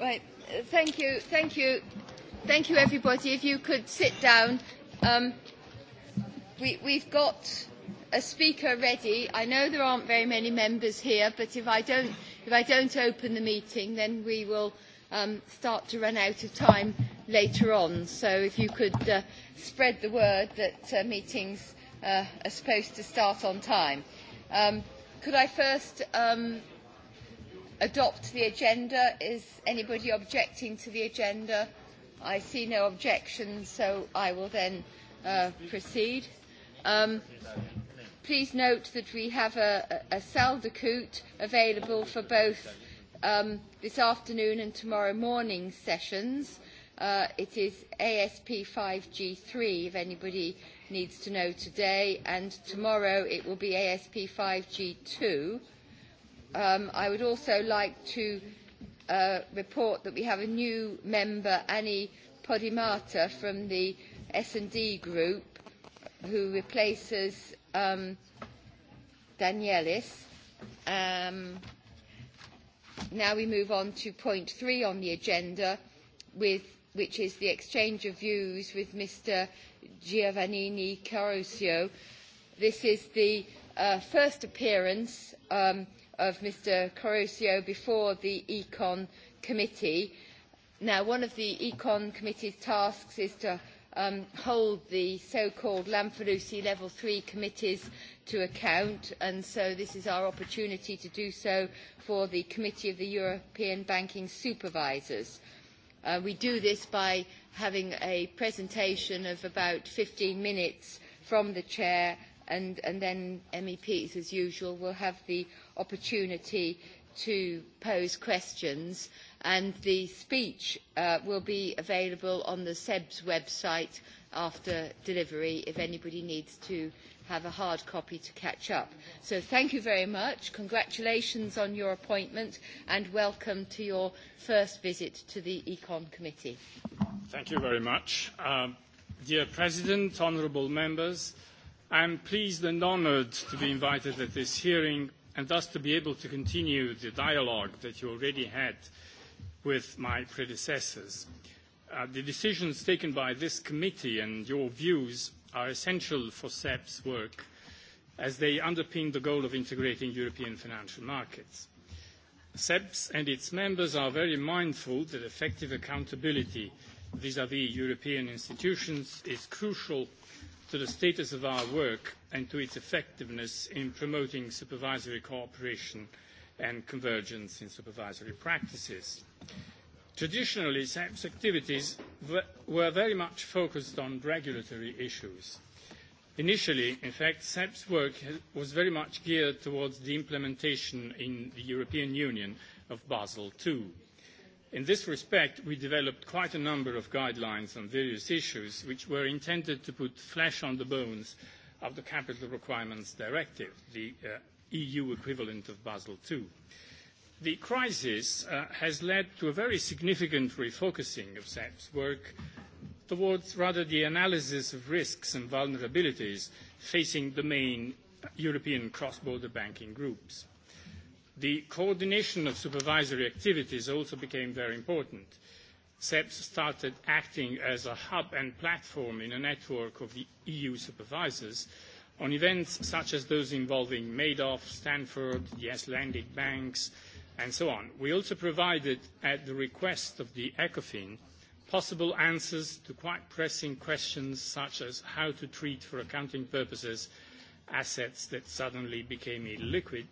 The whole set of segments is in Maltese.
Right, uh, thank you, thank you, thank you everybody. If you could sit down, um, we, we've got a speaker ready. I know there aren't very many members here, but if I don't, if I don't open the meeting, then we will um, start to run out of time later on. So if you could uh, spread the word that uh, meetings uh, are supposed to start on time. Um, Could I first um, adopt the agenda? Is anybody objecting to the agenda? I see no objections, so I will then uh, proceed. Um, please note that we have a, a, de Saldicoot available for both um, this afternoon and tomorrow morning sessions. Uh, it is ASP 5G3 if anybody needs to know today, and tomorrow it will be ASP 5G2. Um, I would also like to uh, report that we have a new member, Annie Podimata from the S&D group, who replaces um, Danielis. Um, now we move on to point three on the agenda, with, which is the exchange of views with Mr. Giovannini Carosio. This is the uh, first appearance um, of Mr. Carosio before the Econ Committee. Now, one of the Econ Committee's tasks is to um, hold the so-called Lamfalusi Level 3 committees to account, and so this is our opportunity to do so for the Committee of the European Banking Supervisors. Uh, we do this by having a presentation of about 15 minutes from the chair and, and then MEPs, as usual, will have the opportunity to pose questions and the speech uh, will be available on the SEB's website after delivery if anybody needs to have a hard copy to catch up. So thank you very much. Congratulations on your appointment and welcome to your first visit to the Econ Committee. Thank you very much. Uh, dear President, honourable members, I am pleased and honoured to be invited at this hearing and thus to be able to continue the dialogue that you already had with my predecessors. Uh, the decisions taken by this committee and your views are essential for SEP's work as they underpin the goal of integrating European financial markets. SEPS and its members are very mindful that effective accountability vis-à-vis -vis European institutions is crucial to the status of our work and to its effectiveness in promoting supervisory cooperation and convergence in supervisory practices. Traditionally, SAP's activities were very much focused on regulatory issues. Initially, in fact, SAP's work was very much geared towards the implementation in the European Union of Basel II. In this respect, we developed quite a number of guidelines on various issues which were intended to put flesh on the bones of the Capital Requirements Directive, the uh, EU equivalent of Basel II. The crisis uh, has led to a very significant refocusing of SEP's work towards rather the analysis of risks and vulnerabilities facing the main European cross-border banking groups. The coordination of supervisory activities also became very important. SEPS started acting as a hub and platform in a network of the EU supervisors on events such as those involving Madoff, Stanford, the Icelandic banks, and so on. We also provided, at the request of the ECOFIN, possible answers to quite pressing questions such as how to treat for accounting purposes assets that suddenly became illiquid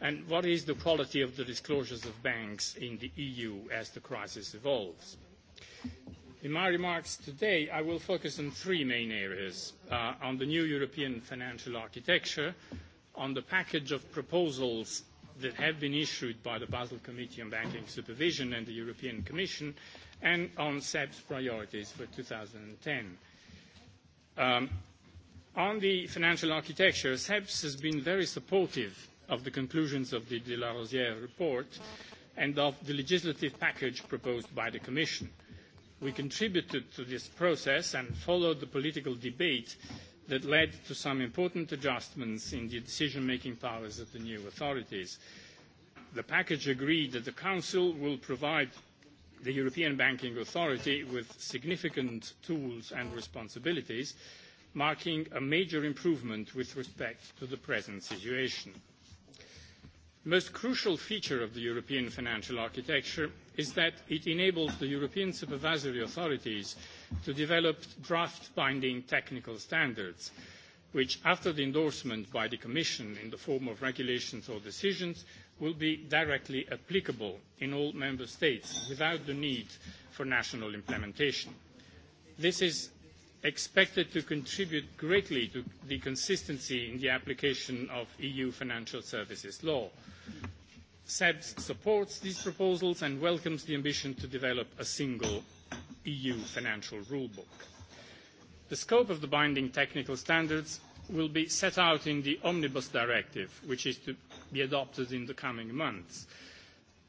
and what is the quality of the disclosures of banks in the EU as the crisis evolves. In my remarks today, I will focus on three main areas, uh, on the new European financial architecture, on the package of proposals that have been issued by the Basel Committee on Banking Supervision and the European Commission and on SEB's priorities for 2010. Um, on the financial architecture, SEBS has been very supportive of the conclusions of the de la Rosière report and of the legislative package proposed by the Commission. We contributed to this process and followed the political debate that led to some important adjustments in the decision-making powers of the new authorities. The package agreed that the Council will provide the European Banking Authority with significant tools and responsibilities, marking a major improvement with respect to the present situation most crucial feature of the European financial architecture is that it enables the European supervisory authorities to develop draft binding technical standards, which after the endorsement by the Commission in the form of regulations or decisions will be directly applicable in all member states without the need for national implementation. This is expected to contribute greatly to the consistency in the application of EU financial services law SEBS supports these proposals and welcomes the ambition to develop a single EU financial rulebook. The scope of the binding technical standards will be set out in the Omnibus Directive, which is to be adopted in the coming months.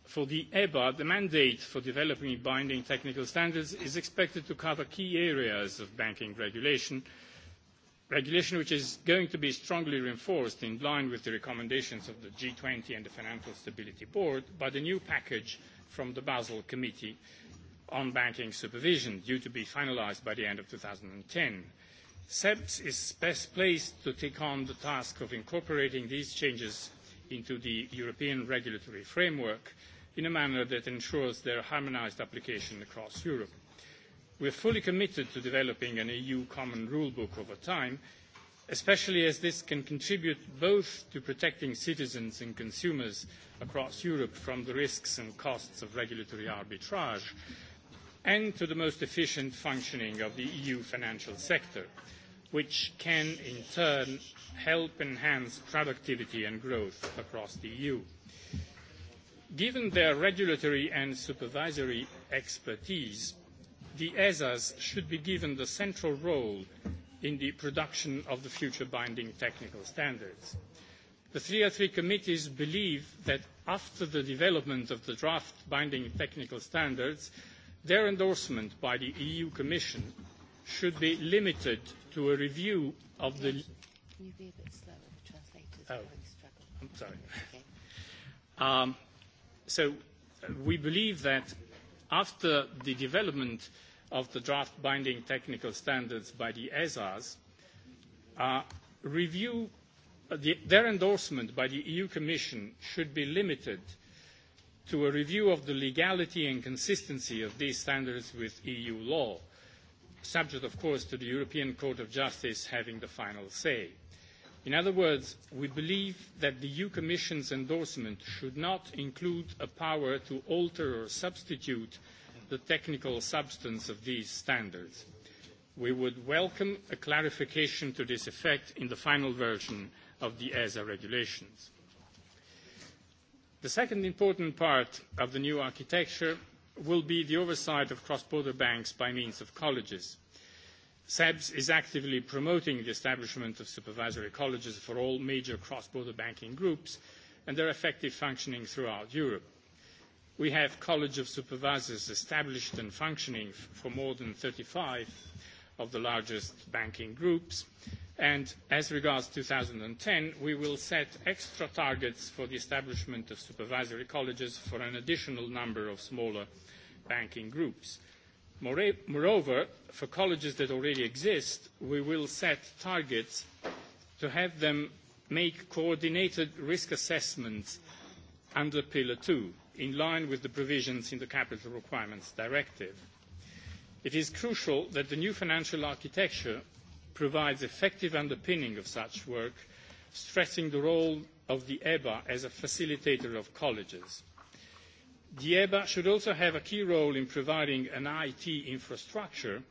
For the EBA, the mandate for developing binding technical standards is expected to cover key areas of banking regulation, regulation which is going to be strongly reinforced in line with the recommendations of the G20 and the Financial Stability Board by the new package from the Basel Committee on Banking Supervision due to be finalised by the end of 2010. SEPS is best placed to take on the task of incorporating these changes into the European regulatory framework in a manner that ensures their harmonised application across Europe. We are fully committed to developing an EU common rulebook over time, especially as this can contribute both to protecting citizens and consumers across Europe from the risks and costs of regulatory arbitrage and to the most efficient functioning of the EU financial sector, which can in turn help enhance productivity and growth across the EU. Given their regulatory and supervisory expertise, the ESAs should be given the central role in the production of the future binding technical standards. The 303 committees believe that after the development of the draft binding technical standards, their endorsement by the EU Commission should be limited to a review of the... Can you be a bit slower? The translators oh, really I'm sorry. Okay. Um, so uh, we believe that after the development of the draft binding technical standards by the ESAs, uh, review, uh, their endorsement by the EU Commission should be limited to a review of the legality and consistency of these standards with EU law, subject, of course, to the European Court of Justice having the final say. In other words, we believe that the EU Commission's endorsement should not include a power to alter or substitute the technical substance of these standards. We would welcome a clarification to this effect in the final version of the ESA regulations. The second important part of the new architecture will be the oversight of cross-border banks by means of colleges. SEBS is actively promoting the establishment of supervisory colleges for all major cross-border banking groups and their effective functioning throughout Europe. We have College of Supervisors established and functioning for more than 35 of the largest banking groups. And as regards 2010, we will set extra targets for the establishment of supervisory colleges for an additional number of smaller banking groups. Moreover, for colleges that already exist, we will set targets to have them make coordinated risk assessments under Pillar 2, in line with the provisions in the Capital Requirements Directive. It is crucial that the new financial architecture provides effective underpinning of such work, stressing the role of the EBA as a facilitator of colleges. The EBA should also have a key role in providing an IT infrastructure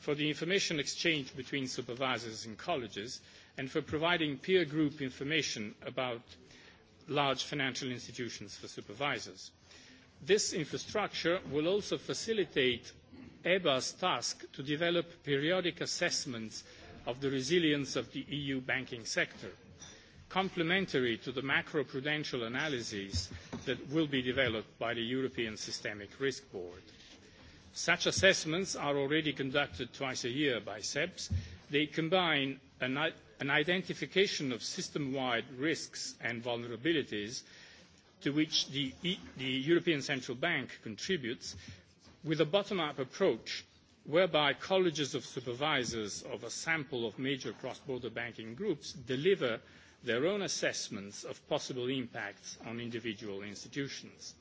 for the information exchange between supervisors and colleges and for providing peer group information about large financial institutions for supervisors. This infrastructure will also facilitate EBA's task to develop periodic assessments of the resilience of the EU banking sector complementary to the macroprudential analyses that will be developed by the European Systemic Risk Board. Such assessments are already conducted twice a year by SEPS. They combine an, identification of system-wide risks and vulnerabilities to which e, the European Central Bank contributes with a bottom-up approach whereby colleges of supervisors of a sample of major cross-border banking groups deliver their own assessments of possible impacts on individual institutions.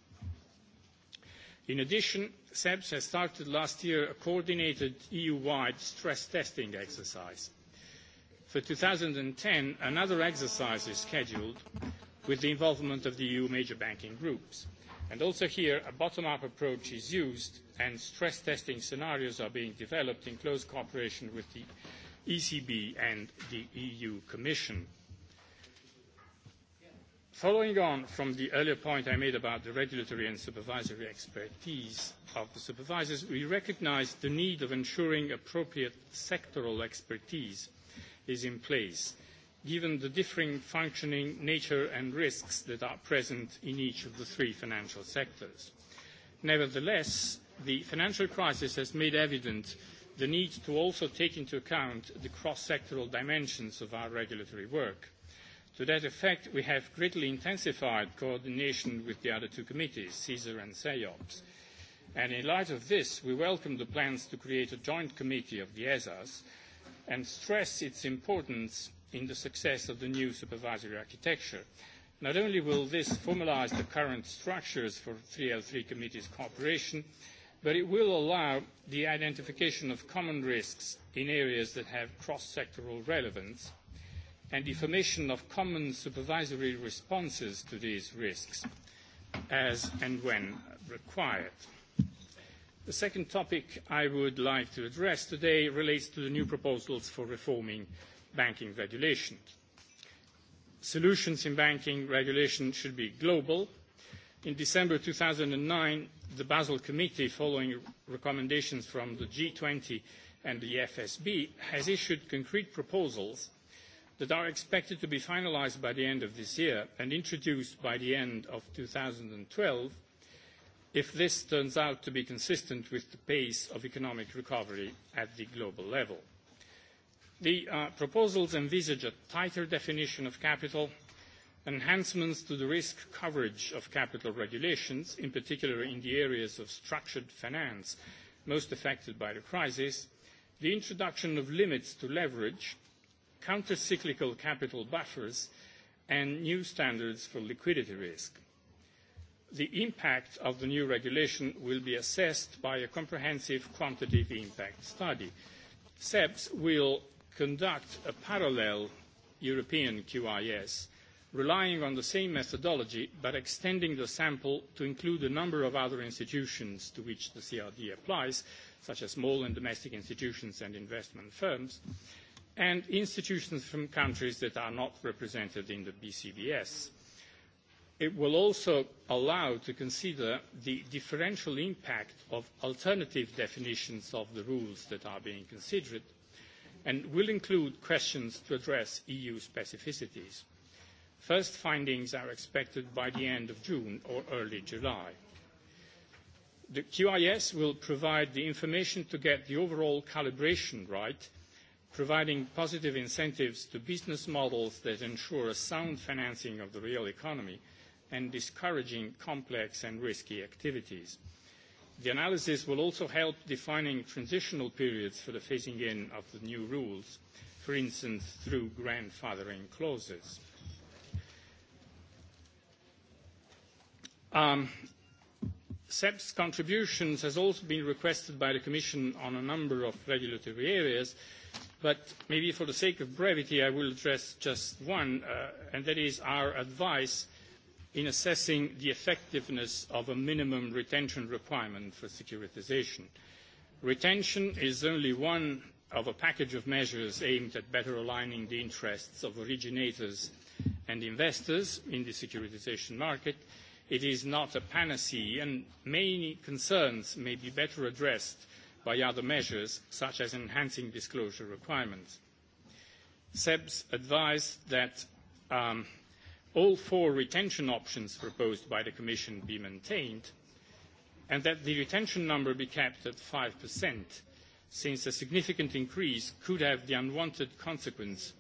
In addition, SEBS has started last year a coordinated EU-wide stress testing exercise. For 2010, another exercise is scheduled with the involvement of the EU major banking groups. And also here, a bottom-up approach is used and stress testing scenarios are being developed in close cooperation with the ECB and the EU Commission. Following on from the earlier point I made about the regulatory and supervisory expertise of the supervisors, we recognise the need of ensuring appropriate sectoral expertise is in place, given the differing functioning nature and risks that are present in each of the three financial sectors. Nevertheless, the financial crisis has made evident the need to also take into account the cross-sectoral dimensions of our regulatory work To that effect, we have greatly intensified coordination with the other two committees, CSER and SEOPS. And in light of this, we welcome the plans to create a joint committee of the ESAs and stress its importance in the success of the new supervisory architecture. Not only will this formalise the current structures for 3L3 committees cooperation, but it will allow the identification of common risks in areas that have cross-sectoral relevance and information of common supervisory responses to these risks as and when required. The second topic I would like to address today relates to the new proposals for reforming banking regulation. Solutions in banking regulation should be global. In December 2009, the Basel Committee, following recommendations from the G20 and the FSB, has issued concrete proposals that are expected to be finalized by the end of this year and introduced by the end of 2012, if this turns out to be consistent with the pace of economic recovery at the global level. The uh, proposals envisage a tighter definition of capital, enhancements to the risk coverage of capital regulations, in particular in the areas of structured finance most affected by the crisis, the introduction of limits to leverage countercyclical capital buffers, and new standards for liquidity risk. The impact of the new regulation will be assessed by a comprehensive quantitative impact study. SEBS e will conduct a parallel European QIS, relying on the same methodology but extending the sample to include a number of other institutions to which the CRD applies, such as small and domestic institutions and investment firms, and institutions from countries that are not represented in the BCBS. It will also allow to consider the differential impact of alternative definitions of the rules that are being considered and will include questions to address EU specificities. First findings are expected by the end of June or early July. The QIS will provide the information to get the overall calibration right – providing positive incentives to business models that ensure a sound financing of the real economy, and discouraging complex and risky activities. The analysis will also help defining transitional periods for the phasing in of the new rules, for instance, through grandfathering clauses. Um, CEP's e contributions has also been requested by the Commission on a number of regulatory areas, but maybe for the sake of brevity, I will address just one, uh, and that is our advice in assessing the effectiveness of a minimum retention requirement for securitization. Retention is only one of a package of measures aimed at better aligning the interests of originators and investors in the securitization market – it is not a panacea and many concerns may be better addressed by other measures such as enhancing disclosure requirements. SEBS advised that um, all four retention options proposed by the Commission be maintained and that the retention number be kept at 5% since a significant increase could have the unwanted consequence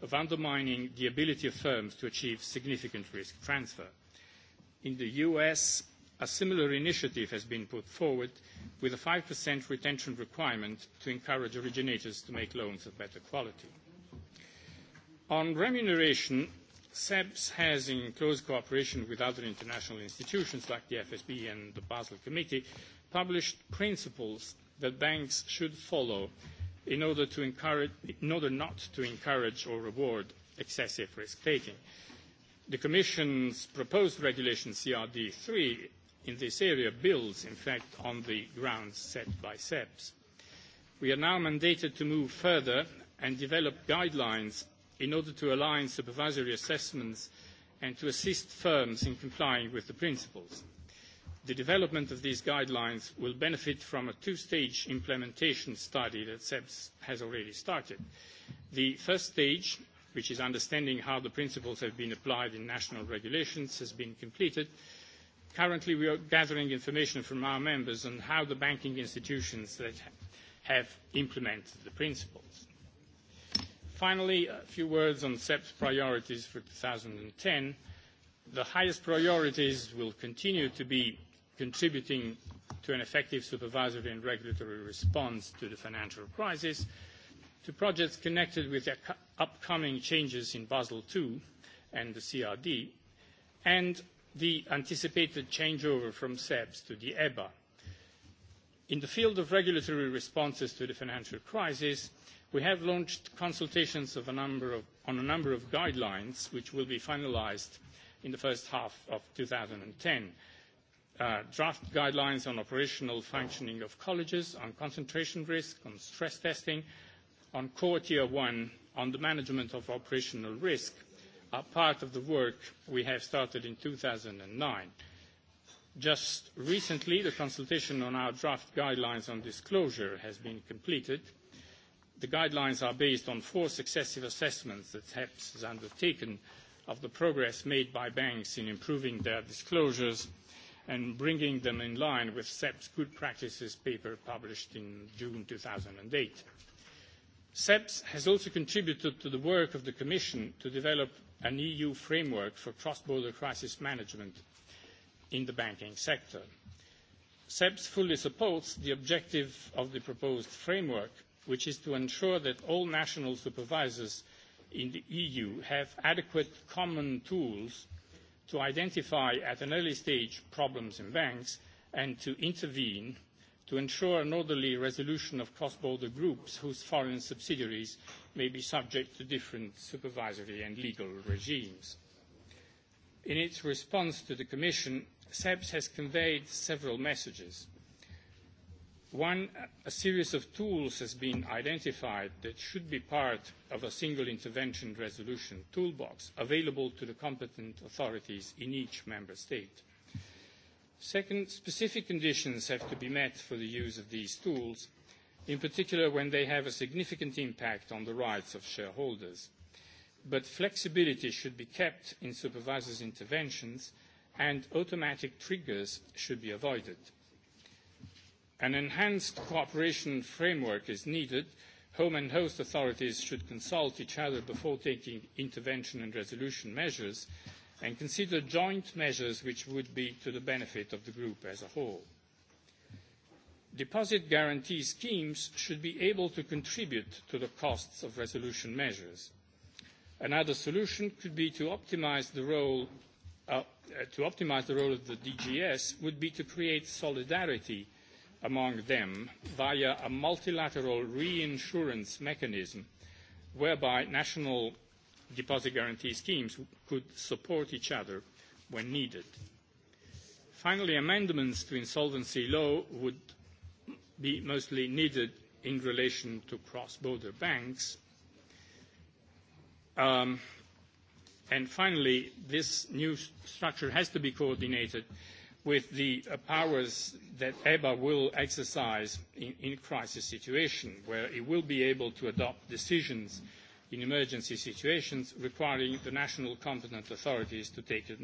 of undermining the ability of firms to achieve significant risk transfer. In the US, a similar initiative has been put forward with a 5% retention requirement to encourage originators to make loans of better quality. On remuneration, SEBS e has, in close cooperation with other international institutions like the FSB and the Basel Committee, published principles that banks should follow in order, in order not to encourage or reward excessive risk-taking. The Commission's proposed regulation CRD3 in this area builds, in fact, on the grounds set by SEPS. We are now mandated to move further and develop guidelines in order to align supervisory assessments and to assist firms in complying with the principles. The development of these guidelines will benefit from a two-stage implementation study that SEPS has already started. The first stage which is understanding how the principles have been applied in national regulations, has been completed. Currently, we are gathering information from our members on how the banking institutions that have implemented the principles. Finally, a few words on SEP's priorities for 2010. The highest priorities will continue to be contributing to an effective supervisory and regulatory response to the financial crisis, to projects connected with the upcoming changes in Basel II and the CRD, and the anticipated changeover from SEBS to the EBA. In the field of regulatory responses to the financial crisis, we have launched consultations of a number of, on a number of guidelines which will be finalised in the first half of 2010. Uh, draft guidelines on operational functioning of colleges, on concentration risk, on stress testing, on Core Tier 1 on the management of operational risk are part of the work we have started in 2009. Just recently, the consultation on our draft guidelines on disclosure has been completed. The guidelines are based on four successive assessments that HEPS has undertaken of the progress made by banks in improving their disclosures and bringing them in line with SEP's good practices paper published in June 2008. CEPS e has also contributed to the work of the Commission to develop an EU framework for cross-border crisis management in the banking sector. CEPS e fully supports the objective of the proposed framework, which is to ensure that all national supervisors in the EU have adequate common tools to identify at an early stage problems in banks and to intervene to ensure an orderly resolution of cross-border groups whose foreign subsidiaries may be subject to different supervisory and legal regimes. In its response to the Commission, SEPS e has conveyed several messages. One, a series of tools has been identified that should be part of a single intervention resolution toolbox available to the competent authorities in each member state. Second, specific conditions have to be met for the use of these tools, in particular when they have a significant impact on the rights of shareholders. But flexibility should be kept in supervisors' interventions and automatic triggers should be avoided. An enhanced cooperation framework is needed. Home and host authorities should consult each other before taking intervention and resolution measures and consider joint measures which would be to the benefit of the group as a whole. Deposit guarantee schemes should be able to contribute to the costs of resolution measures. Another solution could be to optimize the role uh, uh to optimize the role of the DGS would be to create solidarity among them via a multilateral reinsurance mechanism whereby national deposit guarantee schemes could support each other when needed. Finally, amendments to insolvency law would be mostly needed in relation to cross-border banks. Um, and finally, this new structure has to be coordinated with the uh, powers that EBA will exercise in, in crisis situation, where it will be able to adopt decisions in emergency situations requiring the national competent authorities to take the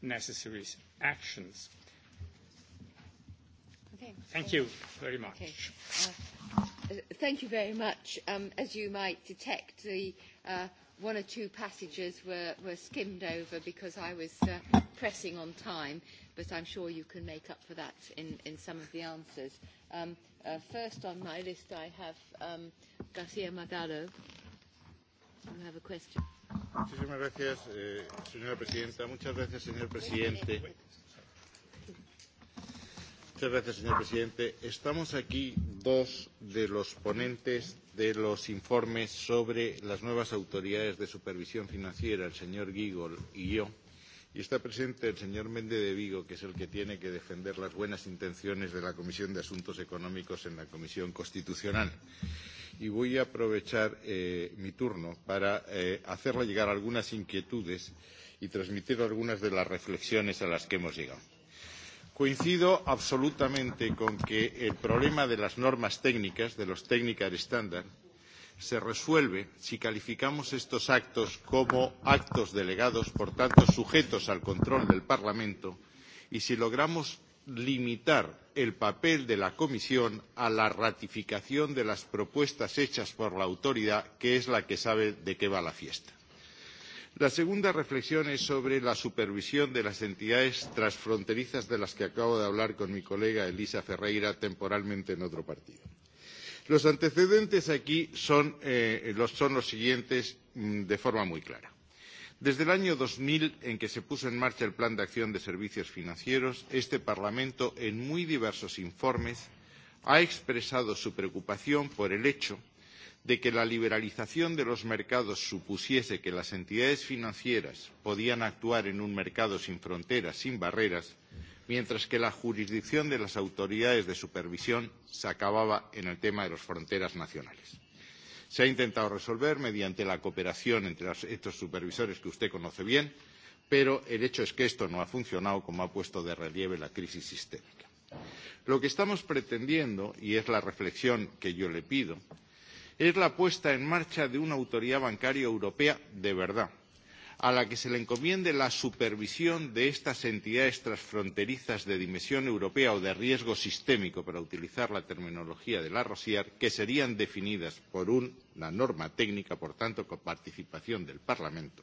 necessary actions. Okay. Thank you very much. Okay. Uh, uh, thank you very much. Um, as you might detect, the uh, one or two passages were, were skimmed over because I was uh, pressing on time, but I'm sure you can make up for that in, in some of the answers. Um, uh, first on my list I have um, Garcia Magallo. Muchísimas gracias, eh, señora presidenta. Muchas gracias, señor presidente. Muchas gracias, señor presidente. Estamos aquí dos de los ponentes de los informes sobre las nuevas autoridades de supervisión financiera, el señor Gigol y yo. Y está presente el señor Méndez de Vigo, que es el que tiene que defender las buenas intenciones de la Comisión de Asuntos Económicos en la Comisión Constitucional y voy a aprovechar eh, mi turno para eh, hacerle llegar algunas inquietudes y transmitir algunas de las reflexiones a las que hemos llegado. Coincido absolutamente con que el problema de las normas técnicas, de los técnicas estándar, se resuelve si calificamos estos actos como actos delegados, por tanto sujetos al control del Parlamento, y si logramos limitar el papel de la Comisión a la ratificación de las propuestas hechas por la autoridad, que es la que sabe de qué va la fiesta. La segunda reflexión es sobre la supervisión de las entidades transfronterizas de las que acabo de hablar con mi colega Elisa Ferreira temporalmente en otro partido. Los antecedentes aquí son, eh, los, son los siguientes mm, de forma muy clara. Desde el año 2000, en que se puso en marcha el Plan de Acción de Servicios Financieros, este Parlamento, en muy diversos informes, ha expresado su preocupación por el hecho de que la liberalización de los mercados supusiese que las entidades financieras podían actuar en un mercado sin fronteras, sin barreras, mientras que la jurisdicción de las autoridades de supervisión se acababa en el tema de las fronteras nacionales se ha intentado resolver mediante la cooperación entre las, estos supervisores que usted conoce bien, pero el hecho es que esto no ha funcionado como ha puesto de relieve la crisis sistémica. Lo que estamos pretendiendo, y es la reflexión que yo le pido, es la puesta en marcha de una autoridad bancaria europea de verdad, a la que se le encomiende la supervisión de estas entidades transfronterizas de dimensión europea o de riesgo sistémico, para utilizar la terminología de la Rosier, que serían definidas por una norma técnica, por tanto, con participación del Parlamento,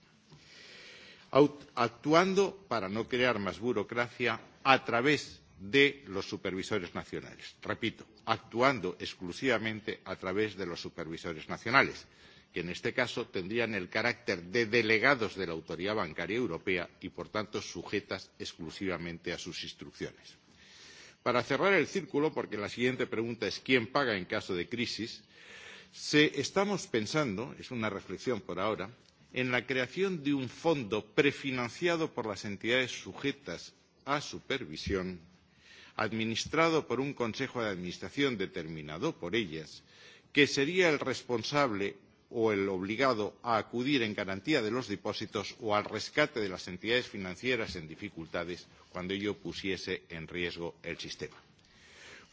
actuando para no crear más burocracia a través de los supervisores nacionales. Repito, actuando exclusivamente a través de los supervisores nacionales que en este caso tendrían el carácter de delegados de la Autoridad Bancaria Europea y, por tanto, sujetas exclusivamente a sus instrucciones. Para cerrar el círculo, porque la siguiente pregunta es quién paga en caso de crisis, se, estamos pensando, es una reflexión por ahora, en la creación de un fondo prefinanciado por las entidades sujetas a supervisión, administrado por un consejo de administración determinado por ellas, que sería el responsable o el obligado a acudir en garantía de los depósitos o al rescate de las entidades financieras en dificultades cuando ello pusiese en riesgo el sistema.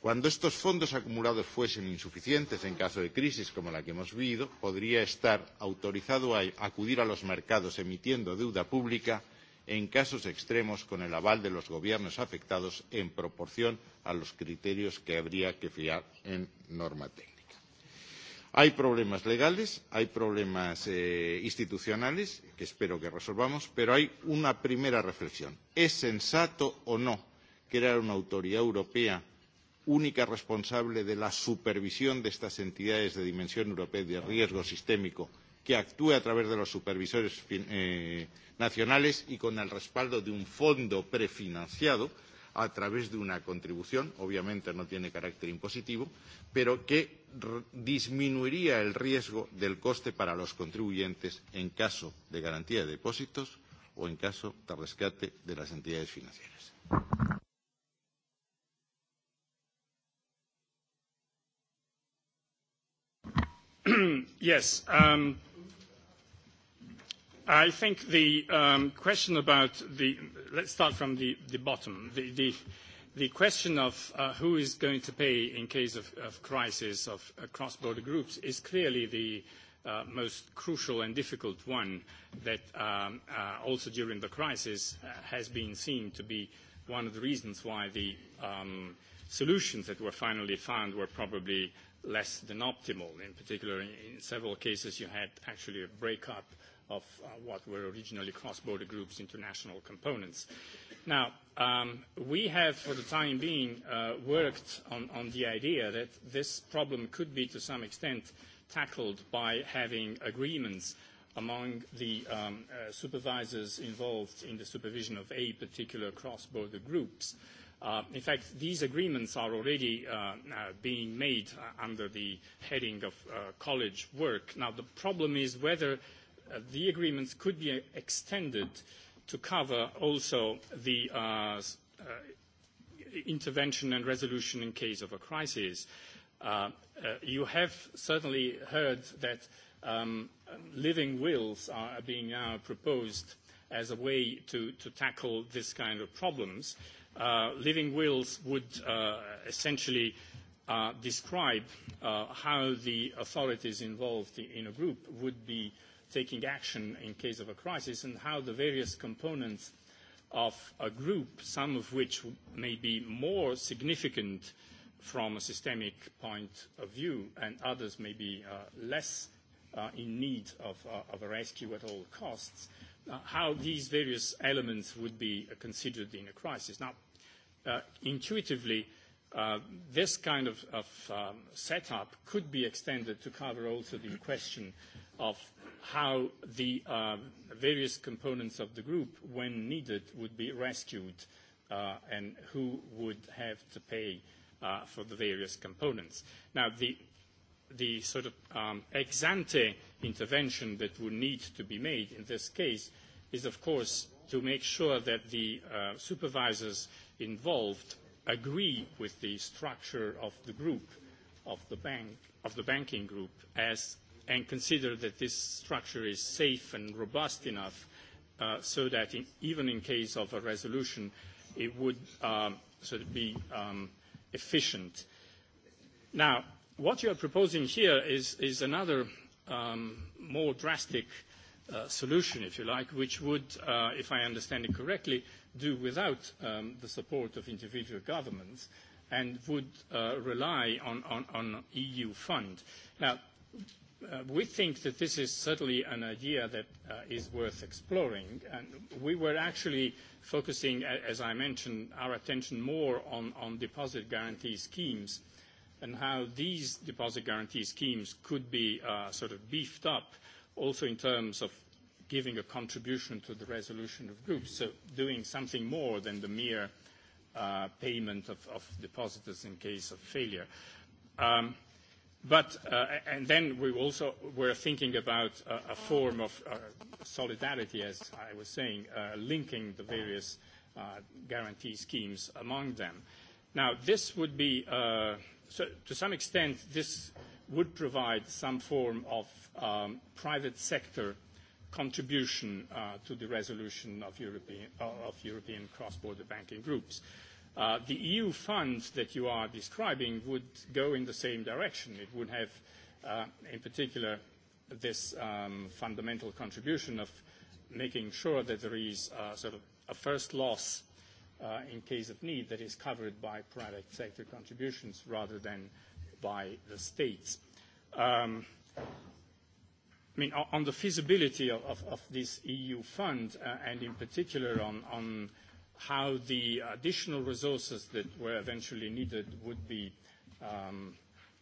Cuando estos fondos acumulados fuesen insuficientes en caso de crisis como la que hemos vivido, podría estar autorizado a acudir a los mercados emitiendo deuda pública en casos extremos con el aval de los gobiernos afectados en proporción a los criterios que habría que fiar en Normatec. Hay problemas legales, hay problemas eh, institucionales, que espero que resolvamos, pero hay una primera reflexión. ¿Es sensato o no crear una autoridad europea única responsable de la supervisión de estas entidades de dimensión europea de riesgo sistémico que actúe a través de los supervisores eh, nacionales y con el respaldo de un fondo prefinanciado? a través de una contribución, obviamente no tiene carácter impositivo, pero que disminuiría el riesgo del coste para los contribuyentes en caso de garantía de depósitos o en caso de rescate de las entidades financieras. yes, um, I think the um, question about the, let's start from the, the bottom. The, the, the question of uh, who is going to pay in case of, of crisis of uh, cross-border groups is clearly the uh, most crucial and difficult one that um, uh, also during the crisis uh, has been seen to be one of the reasons why the um, solutions that were finally found were probably less than optimal. In particular, in, in several cases, you had actually a breakup of uh, what were originally cross-border groups into national components. Now, Um, we have, for the time being, uh, worked on, on the idea that this problem could be, to some extent, tackled by having agreements among the um, uh, supervisors involved in the supervision of a particular cross-border groups. Uh, in fact, these agreements are already uh, uh, being made uh, under the heading of uh, college work. Now, the problem is whether uh, the agreements could be extended uh, to cover also the uh, uh, intervention and resolution in case of a crisis. Uh, uh, you have certainly heard that um, living wills are being now proposed as a way to, to tackle this kind of problems. Uh, living wills would uh, essentially uh, describe uh, how the authorities involved in a group would be uh, taking action in case of a crisis and how the various components of a group, some of which may be more significant from a systemic point of view and others may be uh, less uh, in need of, uh, of a rescue at all costs, uh, how these various elements would be uh, considered in a crisis. Now, uh, intuitively, uh, this kind of, of um, setup could be extended to cover also the question of how the uh, various components of the group, when needed, would be rescued uh, and who would have to pay uh, for the various components. Now, the, the sort of um, ex ante intervention that would need to be made in this case is, of course, to make sure that the uh, supervisors involved agree with the structure of the group, of the, bank, of the banking group, as and consider that this structure is safe and robust enough uh, so that in, even in case of a resolution, it would um, sort of be um, efficient. Now, what you are proposing here is, is another um, more drastic uh, solution, if you like, which would, uh, if I understand it correctly, do without um, the support of individual governments and would uh, rely on, on, on EU fund. Now, Uh, we think that this is certainly an idea that uh, is worth exploring. And we were actually focusing, as I mentioned, our attention more on, on deposit guarantee schemes and how these deposit guarantee schemes could be uh, sort of beefed up also in terms of giving a contribution to the resolution of groups, so doing something more than the mere uh, payment of, of depositors in case of failure. Um, But, uh, and then we also were thinking about uh, a form of uh, solidarity, as I was saying, uh, linking the various uh, guarantee schemes among them. Now, this would be, uh, so to some extent, this would provide some form of um, private sector contribution uh, to the resolution of European, uh, of European cross-border banking groups. Uh, Uh, the EU funds that you are describing would go in the same direction. It would have, uh, in particular, this um, fundamental contribution of making sure that there is uh, sort of a first loss uh, in case of need that is covered by private sector contributions rather than by the states. Um, I mean, on the feasibility of, of, of this EU fund uh, and in particular on, on uh, how the additional resources that were eventually needed would be um,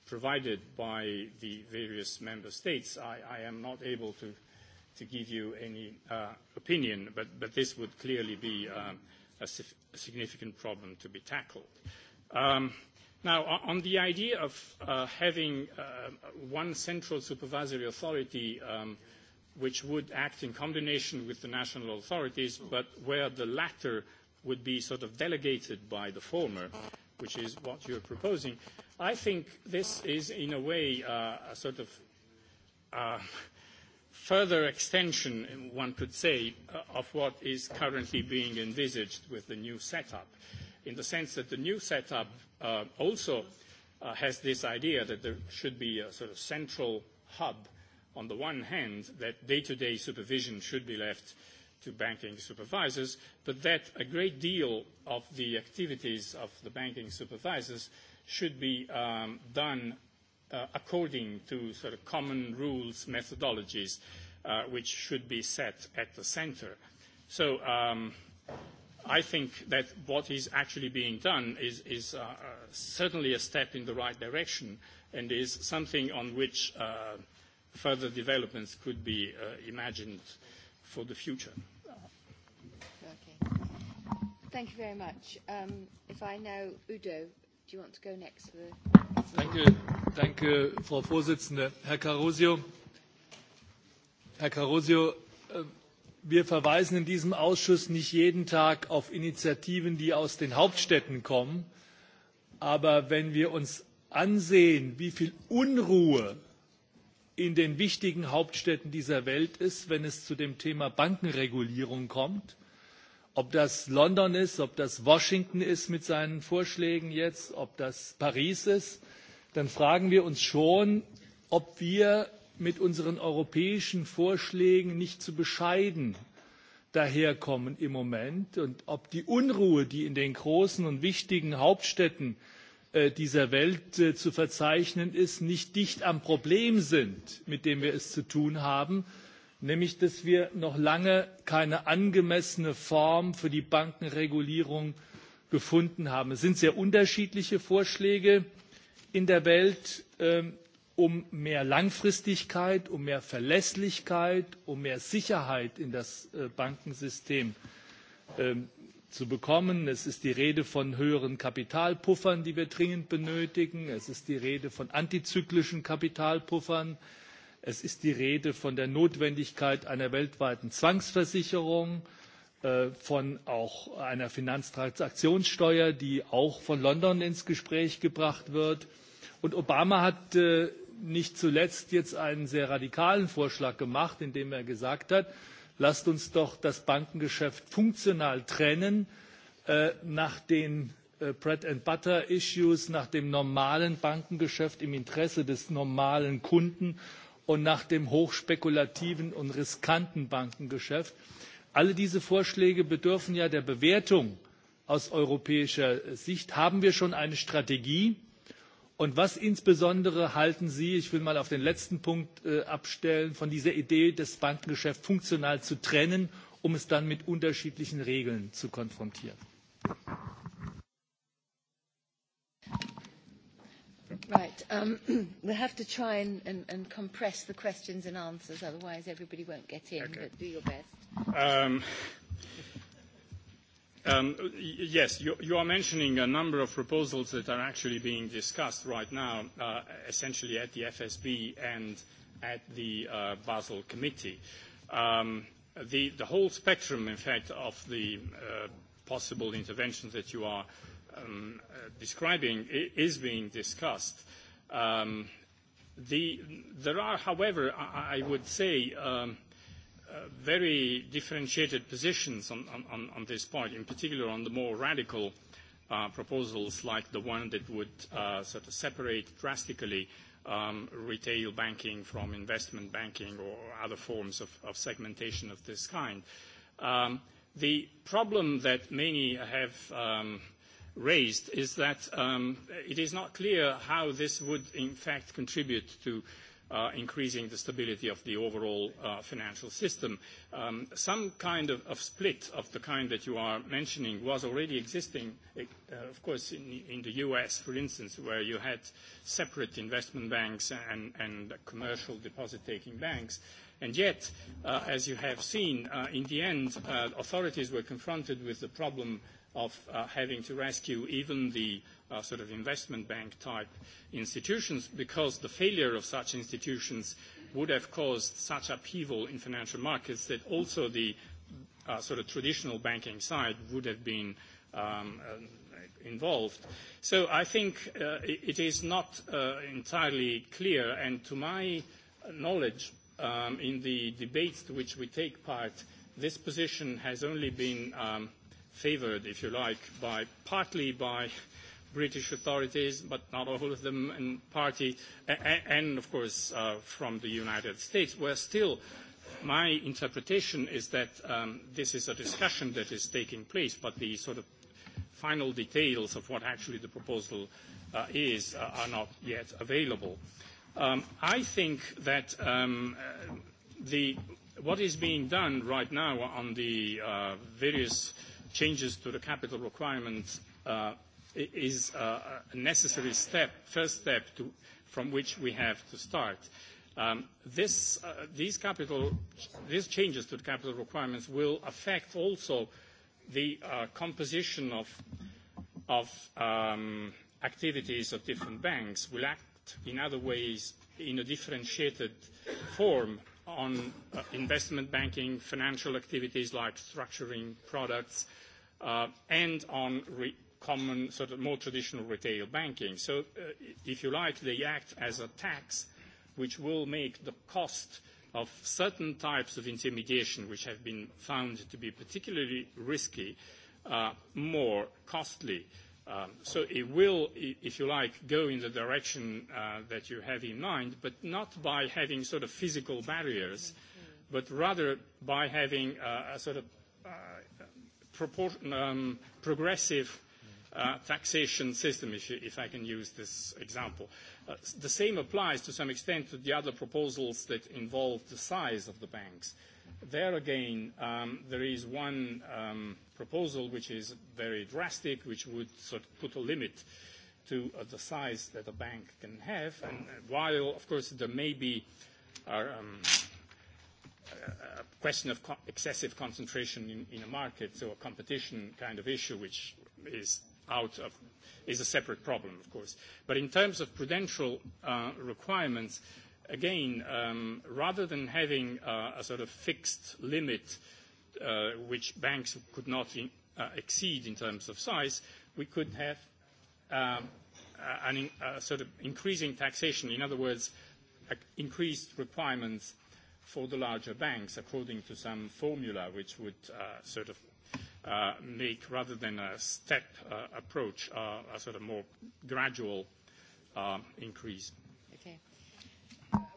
provided by the various member states. I, I am not able to, to give you any uh, opinion, but, but this would clearly be um, a, a significant problem to be tackled. Um, now, on the idea of uh, having uh, one central supervisory authority um, which would act in combination with the national authorities, but where the latter would be sort of delegated by the former, which is what you're proposing. I think this is, in a way, uh, a sort of uh, further extension, one could say, uh, of what is currently being envisaged with the new setup, in the sense that the new setup uh, also uh, has this idea that there should be a sort of central hub on the one hand, that day-to-day -day supervision should be left uh, to banking supervisors, but that a great deal of the activities of the banking supervisors should be um, done uh, according to sort of common rules, methodologies, uh, which should be set at the center. So um, I think that what is actually being done is, is uh, certainly a step in the right direction and is something on which uh, further developments could be uh, imagined for the future. Thank you very much. Um, if I know Udo, do you want to go next? For the... Thank you, Frau Vorsitzende. Herr Carosio, Herr Carosio, äh, wir verweisen in diesem Ausschuss nicht jeden Tag auf Initiativen, die aus den Hauptstädten kommen. Aber wenn wir uns ansehen, wie viel Unruhe in den wichtigen Hauptstädten dieser Welt ist, wenn es zu dem Thema Bankenregulierung kommt, Ob das London ist, ob das Washington ist mit seinen Vorschlägen jetzt, ob das Paris ist, dann fragen wir uns schon, ob wir mit unseren europäischen Vorschlägen nicht zu bescheiden daherkommen im Moment und ob die Unruhe, die in den großen und wichtigen Hauptstädten äh, dieser Welt äh, zu verzeichnen ist, nicht dicht am Problem sind, mit dem wir es zu tun haben, nämlich dass wir noch lange keine angemessene Form für die Bankenregulierung gefunden haben. Es sind sehr unterschiedliche Vorschläge in der Welt, ähm, um mehr Langfristigkeit, um mehr Verlässlichkeit, um mehr Sicherheit in das äh, Bankensystem ähm, zu bekommen. Es ist die Rede von höheren Kapitalpuffern, die wir dringend benötigen. Es ist die Rede von antizyklischen Kapitalpuffern. Es ist die Rede von der Notwendigkeit einer weltweiten Zwangsversicherung, äh, von auch einer Finanztransaktionssteuer, die auch von London ins Gespräch gebracht wird. Und Obama hat äh, nicht zuletzt jetzt einen sehr radikalen Vorschlag gemacht, indem er gesagt hat, lasst uns doch das Bankengeschäft funktional trennen äh, nach den Bread and Butter Issues, nach dem normalen Bankengeschäft im Interesse des normalen Kunden und nach dem hochspekulativen und riskanten Bankengeschäft. Alle diese Vorschläge bedürfen ja der Bewertung aus europäischer Sicht. Haben wir schon eine Strategie? Und was insbesondere halten Sie, ich will mal auf den letzten Punkt äh, abstellen, von dieser Idee, das Bankengeschäft funktional zu trennen, um es dann mit unterschiedlichen Regeln zu konfrontieren? Right. Um, we'll have to try and, and, and compress the questions and answers, otherwise everybody won't get in, okay. but do your best. Um, um, yes, you, you are mentioning a number of proposals that are actually being discussed right now, uh, essentially at the FSB and at the uh, Basel Committee. Um, the, the whole spectrum, in fact, of the uh, possible interventions that you are uh, um, uh, describing is being discussed. Um, the, there are, however, I, I would say, um, uh, very differentiated positions on, on, on this point, in particular on the more radical uh, proposals like the one that would uh, sort of separate drastically um, retail banking from investment banking or other forms of, of segmentation of this kind. Um, the problem that many have um, – raised is that um, it is not clear how this would in fact contribute to uh, increasing the stability of the overall uh, financial system. Um, some kind of, of split of the kind that you are mentioning was already existing, eh, uh, of course, in, in the US, for instance, where you had separate investment banks and, and commercial deposit-taking banks. And yet, uh, as you have seen, uh, in the end, uh, authorities were confronted with the problem of uh, having to rescue even the uh, sort of investment bank type institutions because the failure of such institutions would have caused such upheaval in financial markets that also the uh, sort of traditional banking side would have been um, uh involved. So I think uh, it is not uh, entirely clear, and to my knowledge, um, in the debates to which we take part, this position has only been um, favored, if you like, by partly by British authorities, but not all of them, and party, and, and of course uh, from the United States, where still my interpretation is that um, this is a discussion that is taking place, but the sort of final details of what actually the proposal uh, is uh, are not yet available. Um, I think that um, the, what is being done right now on the uh, various uh, changes to the capital requirements uh, is uh, a necessary step, first step to, from which we have to start. Um, this, uh, these, capital, these changes to the capital requirements will affect also the uh, composition of, of um, activities of different banks, will act in other ways in a differentiated form on uh, investment banking, financial activities like structuring products, uh, uh, and on re common, sort of more traditional retail banking. So, uh, if you like, they act as a tax which will make the cost of certain types of intermediation, which have been found to be particularly risky, uh, more costly. Um, so it will, if you like, go in the direction uh, that you have in mind, but not by having sort of physical barriers, but rather by having uh, a sort of uh, um, progressive uh, taxation system, if, you, if I can use this example. Uh, the same applies to some extent to the other proposals that involve the size of the banks. There again, um, there is one um, proposal which is very drastic, which would sort of put a limit to uh, the size that a bank can have, and uh, while, of course, there may be uh, um, a question of co excessive concentration in, in a market, so a competition kind of issue, which is out of is a separate problem, of course. But in terms of prudential uh, requirements, again, um, rather than having uh, a sort of fixed limit uh, which banks could not in, uh, exceed in terms of size, we could have um, an in, uh, sort of increasing taxation. In other words, uh, increased requirements for the larger banks according to some formula which would uh, sort of uh, make, rather than a step uh, approach, uh, a sort of more gradual uh, increase. Okay.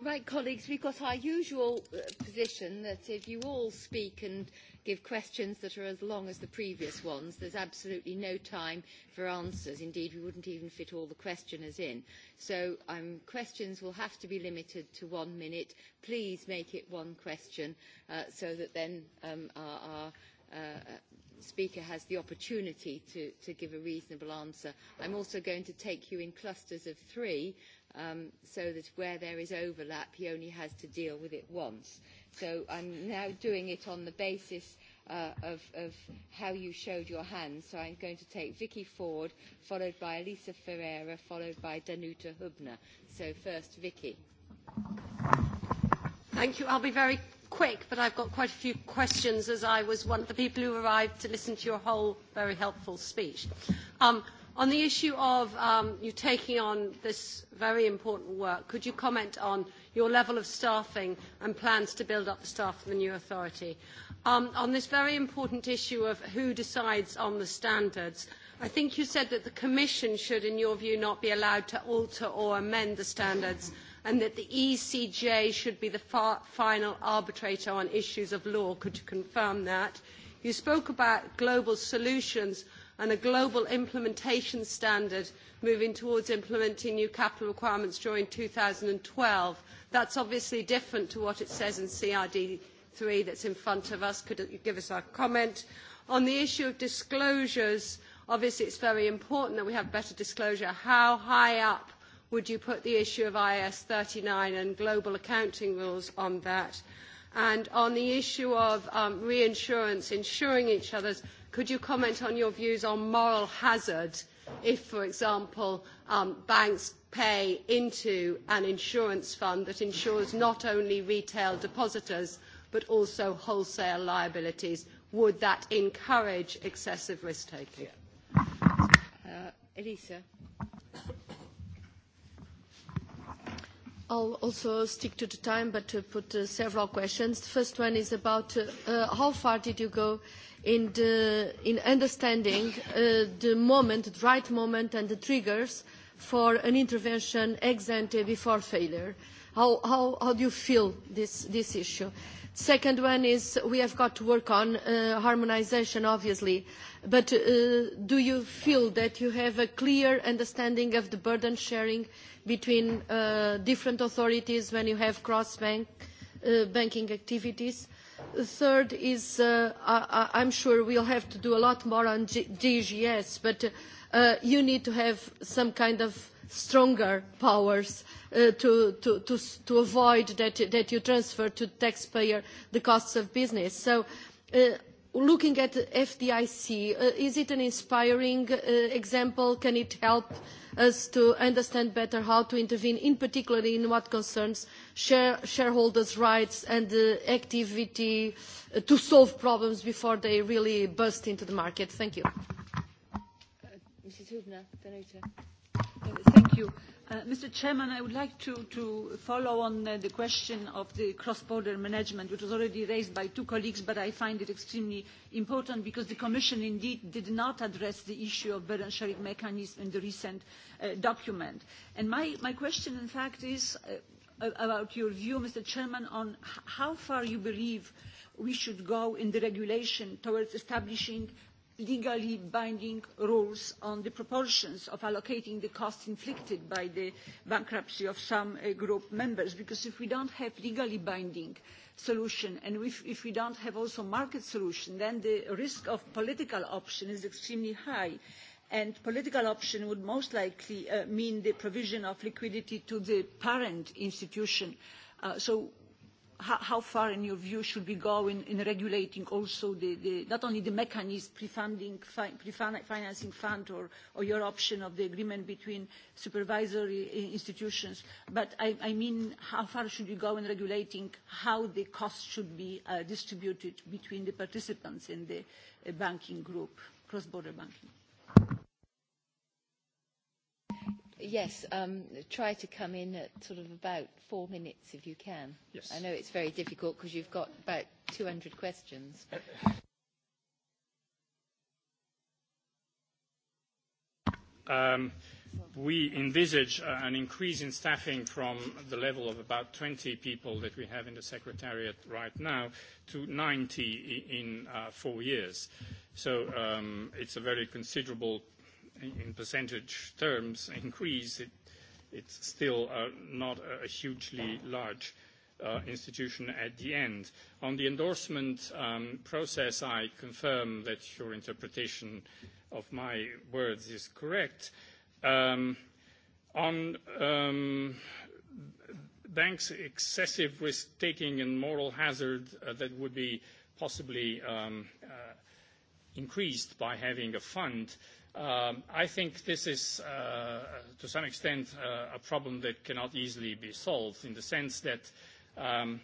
Right, colleagues, we've got our usual uh, position that if you all speak and give questions that are as long as the previous ones. There's absolutely no time for answers. Indeed, we wouldn't even fit all the questioners in. So um, questions will have to be limited to one minute. Please make it one question uh, so that then um, our, our uh, speaker has the opportunity to, to give a reasonable answer. I'm also going to take you in clusters of three um, so that where there is overlap, he only has to deal with it once. So I'm now doing it on the basis uh, of, of how you showed your hands. So I'm going to take Vicky Ford, followed by Elisa Ferreira, followed by Danuta Hubner. So first, Vicky. Thank you. I'll be very quick, but I've got quite a few questions as I was one of the people who arrived to listen to your whole very helpful speech. Um, on the issue of um, you taking on this very important work, could you comment on your level of staffing and plans to build up the staff of the new authority. Um, on this very important issue of who decides on the standards, I think you said that the Commission should, in your view, not be allowed to alter or amend the standards and that the ECJ should be the far, final arbitrator on issues of law. Could you confirm that? You spoke about global solutions and a global implementation standard moving towards implementing new capital requirements during twelve. That is obviously different to what it says in CRD three that is in front of us. Could you give us a comment? On the issue of disclosures, obviously it is very important that we have better disclosure. How high up would you put the issue of IS thirty nine and global accounting rules on that? And on the issue of um, reinsurance, insuring each other's, could you comment on your views on moral hazard if, for example, um, banks pay into an insurance fund that insures not only retail depositors but also wholesale liabilities? Would that encourage excessive risk taking? Uh, Elisa. I'll also stick to the time, but to put uh, several questions. The first one is about uh, uh, how far did you go in, the, in understanding uh, the moment, the right moment and the triggers for an intervention ex ante before failure. How, how, how do you feel this, this issue? Second one is we have got to work on uh, harmonization, obviously, but uh, do you feel that you have a clear understanding of the burden sharing between uh, different authorities when you have cross-bank uh, banking activities? Third is, uh, I, I'm sure we'll have to do a lot more on G DGS, but uh, uh, you need to have some kind of stronger powers uh, to, to, to, to avoid that, that you transfer to taxpayer the costs of business. So uh, looking at FDIC, uh, is it an inspiring uh, example? Can it help us to understand better how to intervene, in particular in what concerns share, shareholders' rights and the uh, activity uh, to solve problems before they really burst into the market? Thank you. Thank you. Uh, Mr. Chairman, I would like to, to follow on uh, the question of the cross-border management, which was already raised by two colleagues, but I find it extremely important because the Commission indeed did not address the issue of burden sharing mechanism in the recent uh, document. And my, my question, in fact, is uh, about your view, Mr. Chairman, on how far you believe we should go in the regulation towards establishing legally binding rules on the proportions of allocating the costs inflicted by the bankruptcy of some uh, group members because if we don't have legally binding solution and if, if we don't have also market solution then the risk of political option is extremely high and political option would most likely uh, mean the provision of liquidity to the parent institution uh, so how, how far, in your view, should we go in, in regulating also the, the, not only the mechanism, pre-funding, fi, pre-financing fund, or, or your option of the agreement between supervisory institutions, but I, I mean, how far should we go in regulating how the costs should be uh, distributed between the participants in the uh, banking group, cross-border banking? Yes, um, try to come in at sort of about four minutes if you can. Yes. I know it's very difficult because you've got about 200 questions. Uh, um, we envisage uh, an increase in staffing from the level of about 20 people that we have in the Secretariat right now to 90 in uh, four years. So um, it's a very considerable in percentage terms increase, it, it's still uh, not a hugely large uh, institution at the end. On the endorsement um, process, I confirm that your interpretation of my words is correct. Um, on um, banks' excessive risk-taking and moral hazard uh, that would be possibly um, uh, increased by having a fund, Um, I think this is, uh, to some extent, uh, a problem that cannot easily be solved in the sense that um,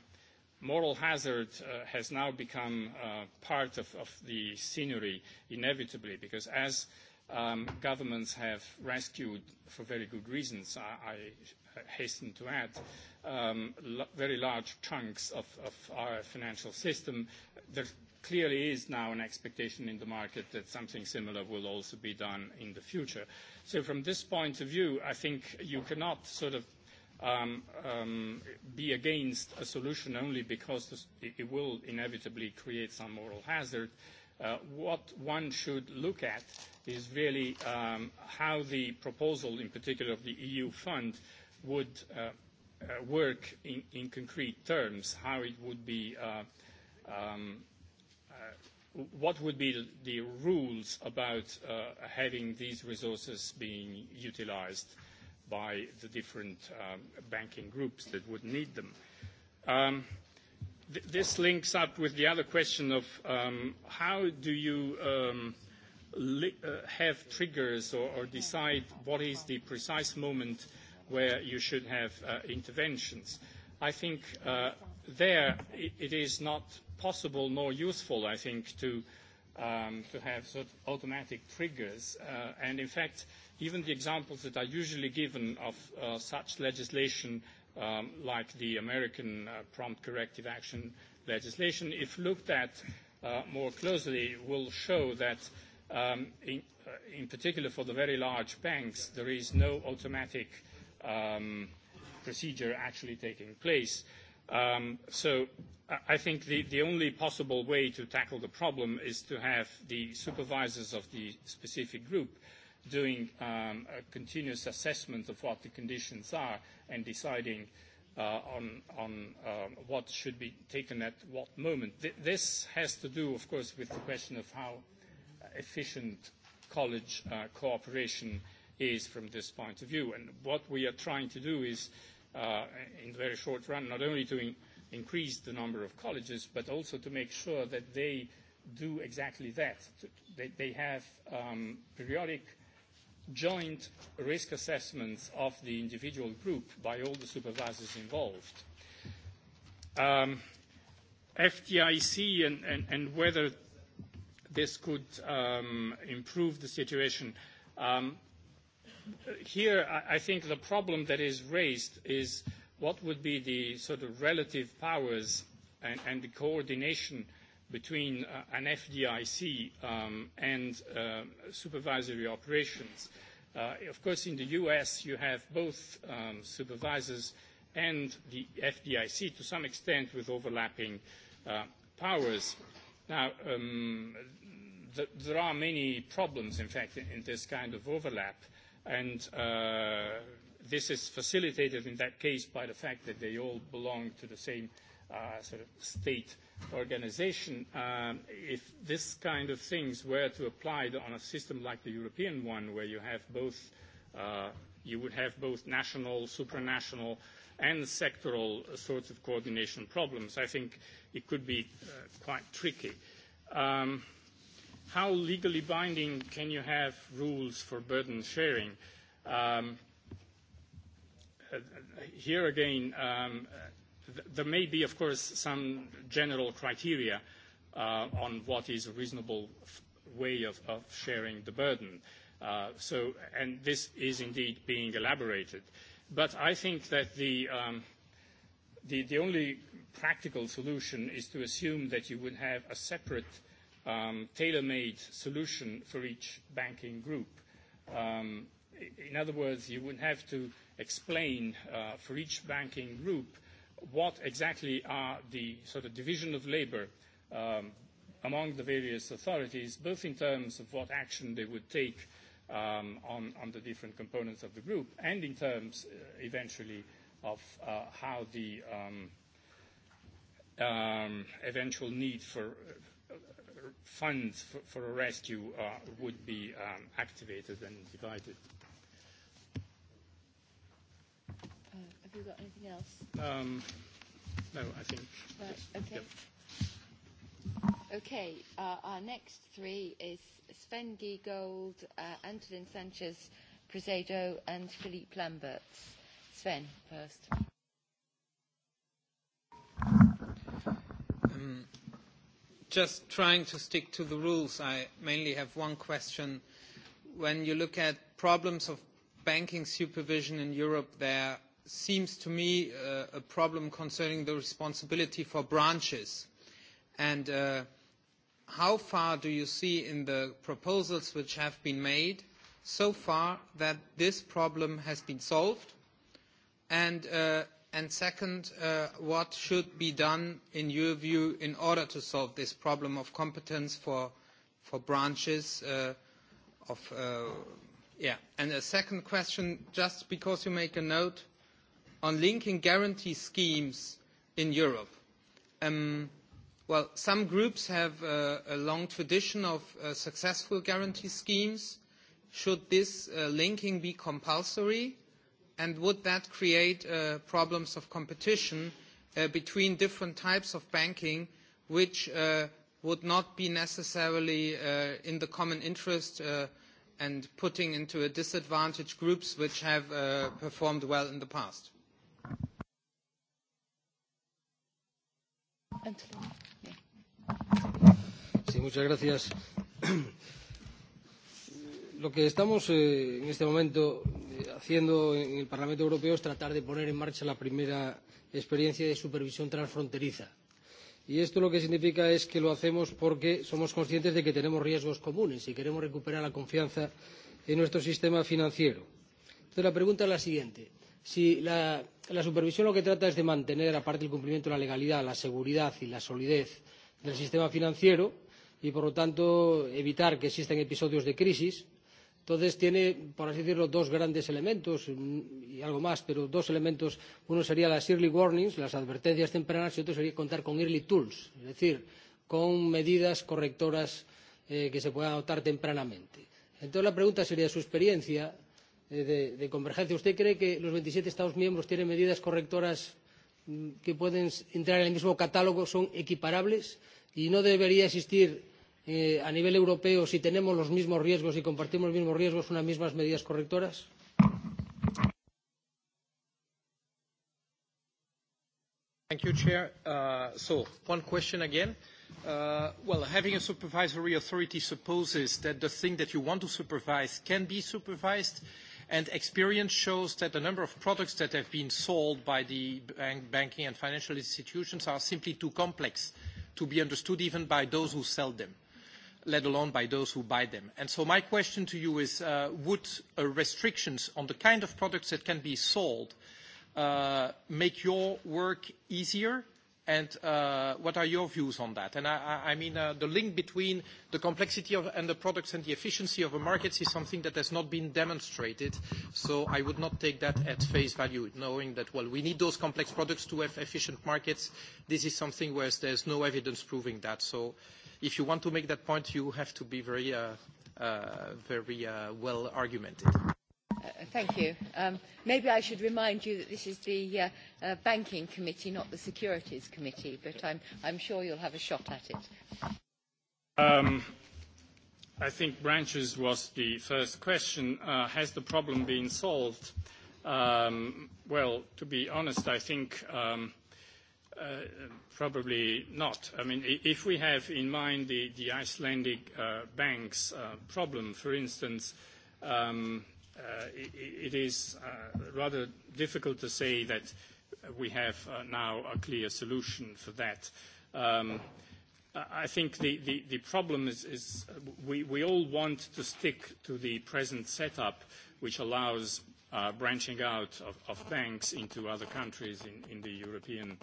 moral hazard uh, has now become uh, part of, of the scenery inevitably because as um, governments have rescued, for very good reasons, I, I hasten to add, um, l very large chunks of, of our financial system, there clearly is now an expectation in the market that something similar will also be done in the future. So from this point of view, I think you cannot sort of um, um, be against a solution only because this, it will inevitably create some moral hazard. Uh, what one should look at is really um, how the proposal, in particular of the EU fund, would uh, uh, work in, in concrete terms, how it would be uh, um, what would be the rules about uh, having these resources being utilized by the different um, banking groups that would need them? Um, th this links up with the other question of um, how do you um, li uh, have triggers or, or decide what is the precise moment where you should have uh, interventions. I think uh, there it, it is not possible nor useful, I think, to, um, to have sort of automatic triggers. Uh, and in fact, even the examples that are usually given of uh, such legislation, um, like the American uh, prompt corrective action legislation, if looked at uh, more closely, will show that um, in, uh, in particular for the very large banks, there is no automatic um, procedure actually taking place. Um, so I think the, the only possible way to tackle the problem is to have the supervisors of the specific group doing um, a continuous assessment of what the conditions are and deciding uh, on, on um, what should be taken at what moment. Th this has to do, of course, with the question of how efficient college uh, cooperation is from this point of view. And what we are trying to do is uh, uh, in the very short run, not only to in increase the number of colleges, but also to make sure that they do exactly that. They, they have um, periodic joint risk assessments of the individual group by all the supervisors involved. Um, FDIC and, and, and whether this could um, improve the situation. Um, here I, I think the problem that is raised is what would be the sort of relative powers and, and the coordination between uh, an FDIC um, and uh, supervisory operations. Uh, of course, in the US, you have both um, supervisors and the FDIC to some extent with overlapping uh, powers. Now, um, th there are many problems, in fact, in, in this kind of overlap. And uh, this is facilitated in that case by the fact that they all belong to the same uh, sort of state organization. Um, if this kind of things were to apply on a system like the European one, where you have both, uh, you would have both national, supranational, and sectoral sorts of coordination problems, I think it could be uh, quite tricky. Um, how legally binding can you have rules for burden sharing? Um, uh, here again, um, th there may be, of course, some general criteria uh, on what is a reasonable f way of, of sharing the burden. Uh, so, and this is indeed being elaborated. But I think that the, um, the, the only practical solution is to assume that you would have a separate uh, um, tailor-made solution for each banking group. Um, in other words, you would have to explain uh, for each banking group what exactly are the sort of division of labor um, among the various authorities, both in terms of what action they would take um, on, on the different components of the group and in terms uh, eventually of uh, how the um, um, eventual need for funds for, for a rescue uh, would be um, activated and divided. Uh, have you got anything else? Um, no, I think. Right, okay. Yep. Okay, uh, our next three is Sven Giegold, uh, Antonin Sanchez Prezedo, and Philippe Lambert. Sven first. Um, just trying to stick to the rules, I mainly have one question. When you look at problems of banking supervision in Europe, there seems to me uh, a problem concerning the responsibility for branches. And uh, how far do you see in the proposals which have been made so far that this problem has been solved? And uh, And second, uh, what should be done, in your view, in order to solve this problem of competence for, for branches uh, of, uh, yeah. And a second question, just because you make a note on linking guarantee schemes in Europe. Um, well, some groups have a, uh, a long tradition of uh, successful guarantee schemes. Should this uh, linking be compulsory? and would that create uh, problems of competition uh, between different types of banking which uh, would not be necessarily uh, in the common interest uh, and putting into a disadvantage groups which have uh, performed well in the past? Sí, muchas gracias lo que estamos eh, en este momento eh, haciendo en el Parlamento Europeo es tratar de poner en marcha la primera experiencia de supervisión transfronteriza. Y esto lo que significa es que lo hacemos porque somos conscientes de que tenemos riesgos comunes y queremos recuperar la confianza en nuestro sistema financiero. Entonces la pregunta es la siguiente. Si la, la supervisión lo que trata es de mantener, aparte del cumplimiento de la legalidad, la seguridad y la solidez del sistema financiero y, por lo tanto, evitar que existan episodios de crisis, Entonces tiene, por así decirlo, dos grandes elementos mm, y algo más, pero dos elementos. Uno sería las early warnings, las advertencias tempranas, y otro sería contar con early tools, es decir, con medidas correctoras eh, que se puedan adoptar tempranamente. Entonces la pregunta sería su experiencia eh, de, de convergencia. ¿Usted cree que los 27 Estados miembros tienen medidas correctoras mm, que pueden entrar en el mismo catálogo, son equiparables y no debería existir eh, a nivel europeo si tenemos los mismos riesgos y compartimos los mismos riesgos unas mismas medidas correctoras? Thank you, Chair. Uh, so, one question again. Uh, well, having a supervisory authority supposes that the thing that you want to supervise can be supervised, and experience shows that the number of products that have been sold by the bank, banking and financial institutions are simply too complex to be understood even by those who sell them let alone by those who buy them. And so my question to you is, uh, would uh, restrictions on the kind of products that can be sold uh, make your work easier? And uh, what are your views on that? And I, I mean, uh, the link between the complexity of, and the products and the efficiency of the markets is something that has not been demonstrated. So I would not take that at face value, knowing that, well, we need those complex products to have efficient markets. This is something where there's no evidence proving that. So if you want to make that point, you have to be very, uh, uh, very uh, well argumented. Uh, thank you. Um, maybe I should remind you that this is the uh, uh, Banking Committee, not the Securities Committee, but I'm, I'm sure you'll have a shot at it. Um, I think branches was the first question. Uh, has the problem been solved? Um, well, to be honest, I think um, Uh, probably not. I mean, if we have in mind the, the Icelandic uh, banks uh, problem, for instance, um, uh, it, it is uh, rather difficult to say that we have uh, now a clear solution for that. Um, I think the, the, the problem is, is uh, we, we all want to stick to the present setup, which allows uh, branching out of, of banks into other countries in, in the European Union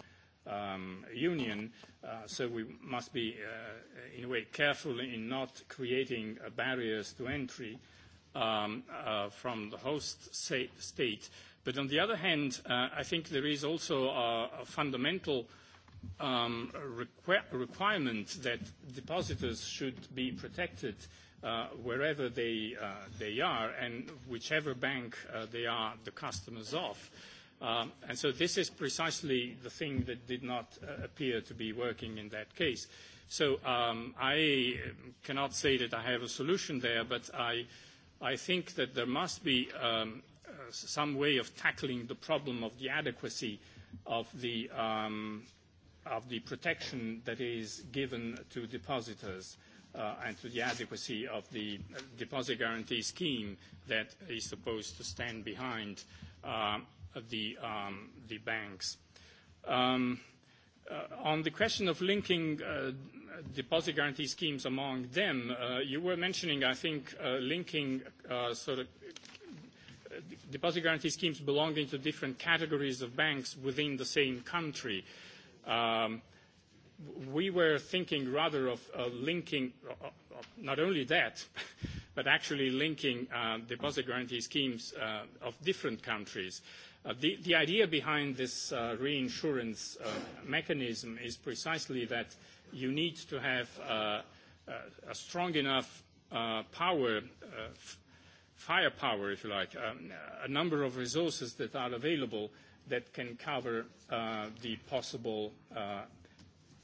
um, union. Uh, so we must be, uh, in a way, careful in not creating uh, barriers to entry um, uh, from the host state. But on the other hand, uh, I think there is also a, a fundamental um, requ requirement that depositors should be protected uh, wherever they, uh, they are and whichever bank uh, they are the customers of. Uh, Um, and so this is precisely the thing that did not uh, appear to be working in that case. So um, I cannot say that I have a solution there, but I, I think that there must be um, uh, some way of tackling the problem of the adequacy of the, um, of the protection that is given to depositors uh, and to the adequacy of the uh, deposit guarantee scheme that is supposed to stand behind uh, the, um, the banks. Um, uh, on the question of linking uh, deposit guarantee schemes among them, uh, you were mentioning, I think, uh, linking uh, sort of deposit guarantee schemes belonging to different categories of banks within the same country. Um, we were thinking rather of uh, linking uh, not only that, but actually linking uh, deposit guarantee schemes uh, of different countries. Uh, Uh, the, the idea behind this uh, reinsurance uh, mechanism is precisely that you need to have uh, uh a strong enough uh, power, uh, firepower, if you like, um, a number of resources that are available that can cover uh, the possible uh,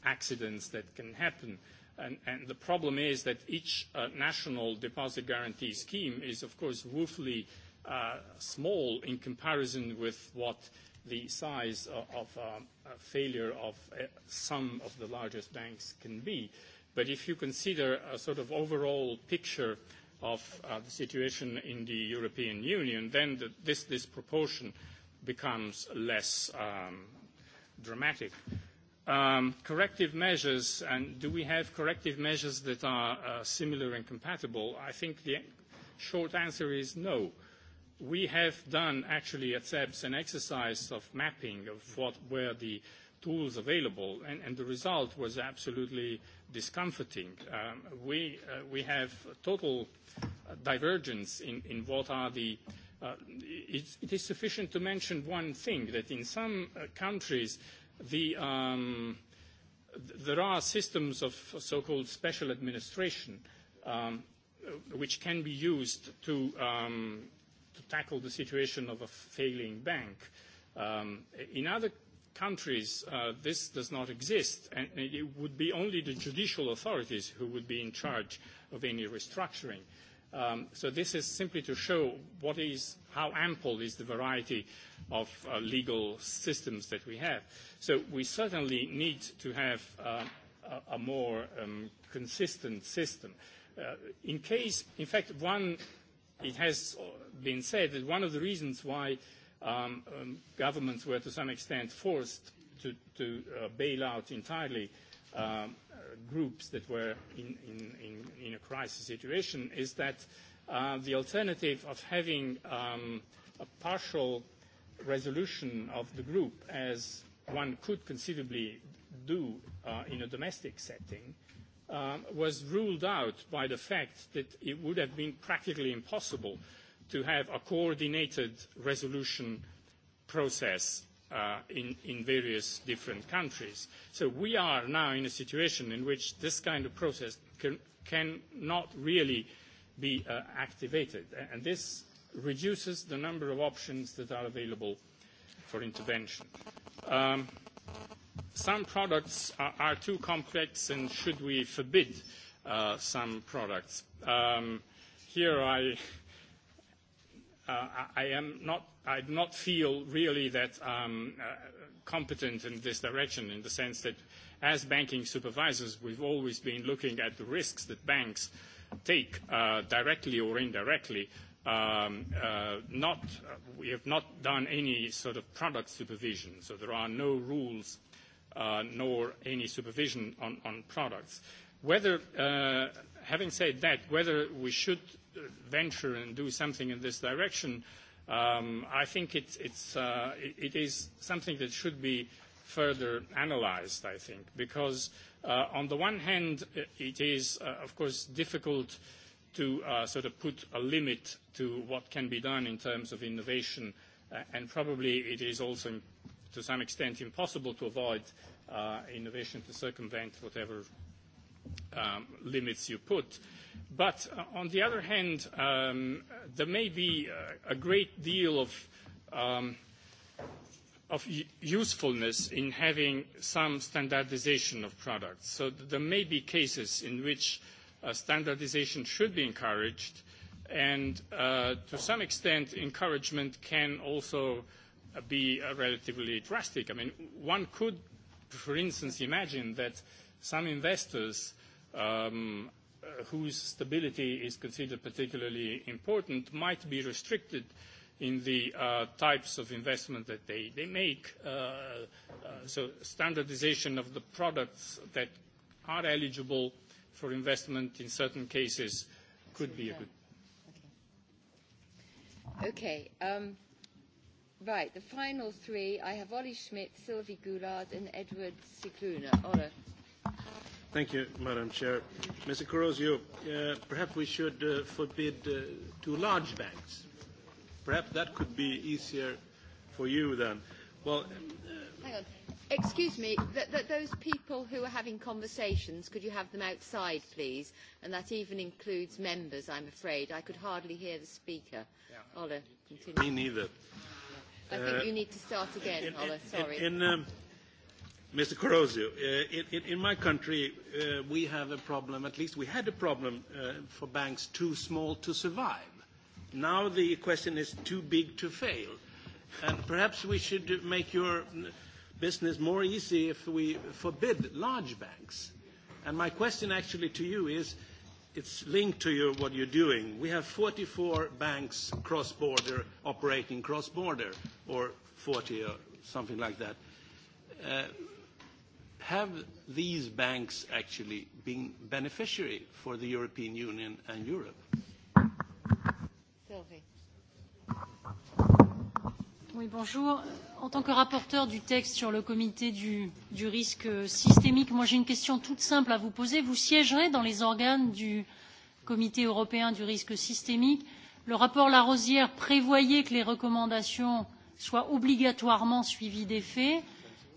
accidents that can happen. And, and the problem is that each uh, national deposit guarantee scheme is, of course, woefully uh, uh, small in comparison with what the size of, uh, a failure of uh, some of the largest banks can be. But if you consider a sort of overall picture of uh, the situation in the European Union, then the, this disproportion becomes less um, dramatic. Um, corrective measures, and do we have corrective measures that are uh, similar and compatible? I think the short answer is no. Uh, we have done actually at SEBS an exercise of mapping of what were the tools available, and, and the result was absolutely discomforting. Um, we, uh, we have total uh, divergence in, in what are the uh, it, it is sufficient to mention one thing that in some uh, countries the um, th there are systems of so-called special administration um, uh, which can be used to um, to tackle the situation of a failing bank. Um, in other countries, uh, this does not exist, and it would be only the judicial authorities who would be in charge of any restructuring. Um, so this is simply to show what is, how ample is the variety of uh, legal systems that we have. So we certainly need to have uh, a, a more um, consistent system. Uh, in case, in fact, one it has been said that one of the reasons why um, um, governments were to some extent forced to, to uh, bail out entirely um, uh, groups that were in, in, in, in a crisis situation is that uh, the alternative of having um, a partial resolution of the group as one could conceivably do uh, in a domestic setting uh, um, was ruled out by the fact that it would have been practically impossible to have a coordinated resolution process uh, in, in various different countries. So we are now in a situation in which this kind of process can, cannot really be uh, activated. And this reduces the number of options that are available for intervention. Um, some products are, are too complex and should we forbid uh, some products? Um, here I, uh, I am not, I do not feel really that um, uh, competent in this direction in the sense that as banking supervisors, we've always been looking at the risks that banks take uh, directly or indirectly um, uh, not, uh, we have not done any sort of product supervision, so there are no rules uh, nor any supervision on, on products. Whether, uh, having said that, whether we should uh, venture and do something in this direction, um, I think it's, it's, uh, it, it is something that should be further analyzed, I think, because uh, on the one hand, uh, it is, uh, of course, difficult to uh, sort of put a limit to what can be done in terms of innovation, uh, and probably it is also to some extent impossible to avoid uh, innovation to circumvent whatever um, limits you put. But uh, on the other hand, um, there may be a, uh, a great deal of, um, of usefulness in having some standardization of products. So there may be cases in which uh, standardization should be encouraged, and uh, to some extent, encouragement can also uh, be uh, relatively drastic. I mean, one could, for instance, imagine that some investors um, uh, whose stability is considered particularly important might be restricted in the uh, types of investment that they, they make. Uh, uh, so standardization of the products that are eligible for investment in certain cases could be a good. okay um, Right, the final three, I have Oli Schmidt, Sylvie Goulard and Edward Sikluna. Ola. Thank you, Madam Chair. Mr. Corozio, uh, perhaps we should uh, forbid uh, two large banks. Perhaps that could be easier for you then. Well, uh, hang on. Excuse me, th th those people who are having conversations, could you have them outside, please? And that even includes members, I'm afraid. I could hardly hear the speaker. Yeah. Ola, continue. Me neither. I think uh, you need to start again, in, sorry. um, Mr. Corozio, uh, in, in my country, uh, we have a problem, at least we had a problem uh, for banks too small to survive. Now the question is too big to fail. And perhaps we should make your business more easy if we forbid large banks. And my question actually to you is, it's linked to your, what you're doing. We have 44 banks cross-border operating cross-border, or 40 or something like that. Uh, have these banks actually been beneficiary for the European Union and Europe? Oui, bonjour. En tant que rapporteur du texte sur le comité du, du risque systémique, moi j'ai une question toute simple à vous poser. Vous siégerez dans les organes du comité européen du risque systémique. Le rapport Larosière prévoyait que les recommandations soient obligatoirement suivies des faits.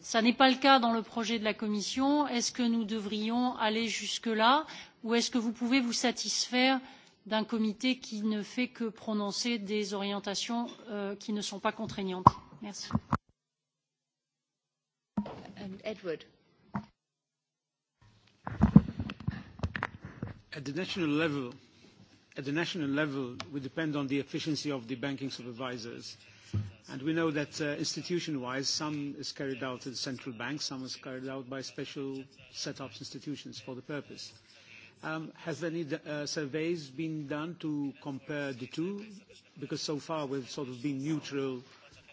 Ce n'est pas le cas dans le projet de la Commission. Est-ce que nous devrions aller jusque-là ou est-ce que vous pouvez vous satisfaire euh, d'un comité qui ne fait que prononcer des orientations euh, qui ne sont pas contraignantes. Merci. And um, Edward. At the national level, at the national level, we depend on the efficiency of the banking supervisors. And we know that uh, institution-wise, some is carried out at the central bank, some is carried out by special set-up institutions for the purpose. Uh, Um, has any uh, surveys been done to compare the two? Because so far we've sort of been neutral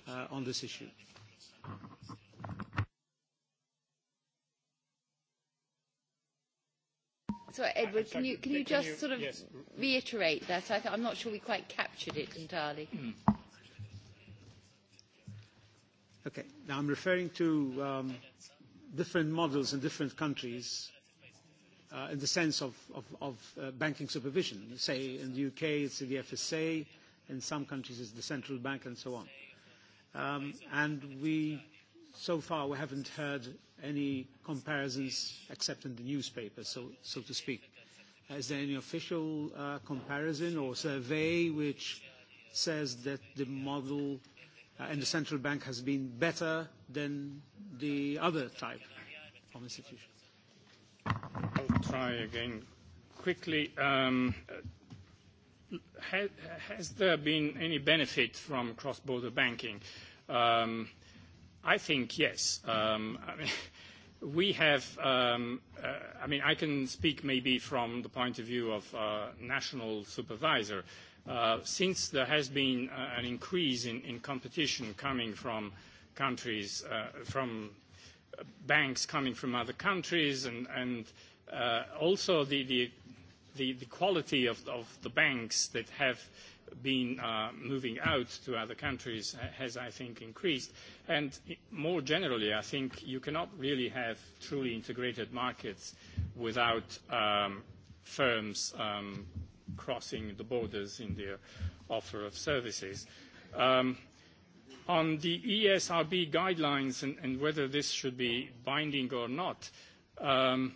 uh, on this issue. So Edward, can you, can you just sort of reiterate that? I th I'm not sure we quite captured it entirely. Hmm. Okay, now I'm referring to um, different models in different countries uh, in the sense of, of, of uh, banking supervision. Say in the UK it's the FSA, in some countries it's the central bank and so on. Um, and we, so far we haven't heard any comparisons except in the newspaper, so, so to speak. Uh, is there any official uh, comparison or survey which says that the model uh, in the central bank has been better than the other type of institution? try again quickly. Um, has, has there been any benefit from cross-border banking? Um, I think yes. Um, I mean, we have, um, uh, I mean, I can speak maybe from the point of view of uh, national supervisor. Uh, since there has been uh, an increase in, in competition coming from countries, uh, from banks coming from other countries and, and uh, Uh, also, the, the, the, the quality of, of the banks that have been uh, moving out to other countries has, I think, increased. And more generally, I think you cannot really have truly integrated markets without um, firms um, crossing the borders in their offer of services. Um, on the ESRB guidelines and, and whether this should be binding or not, um,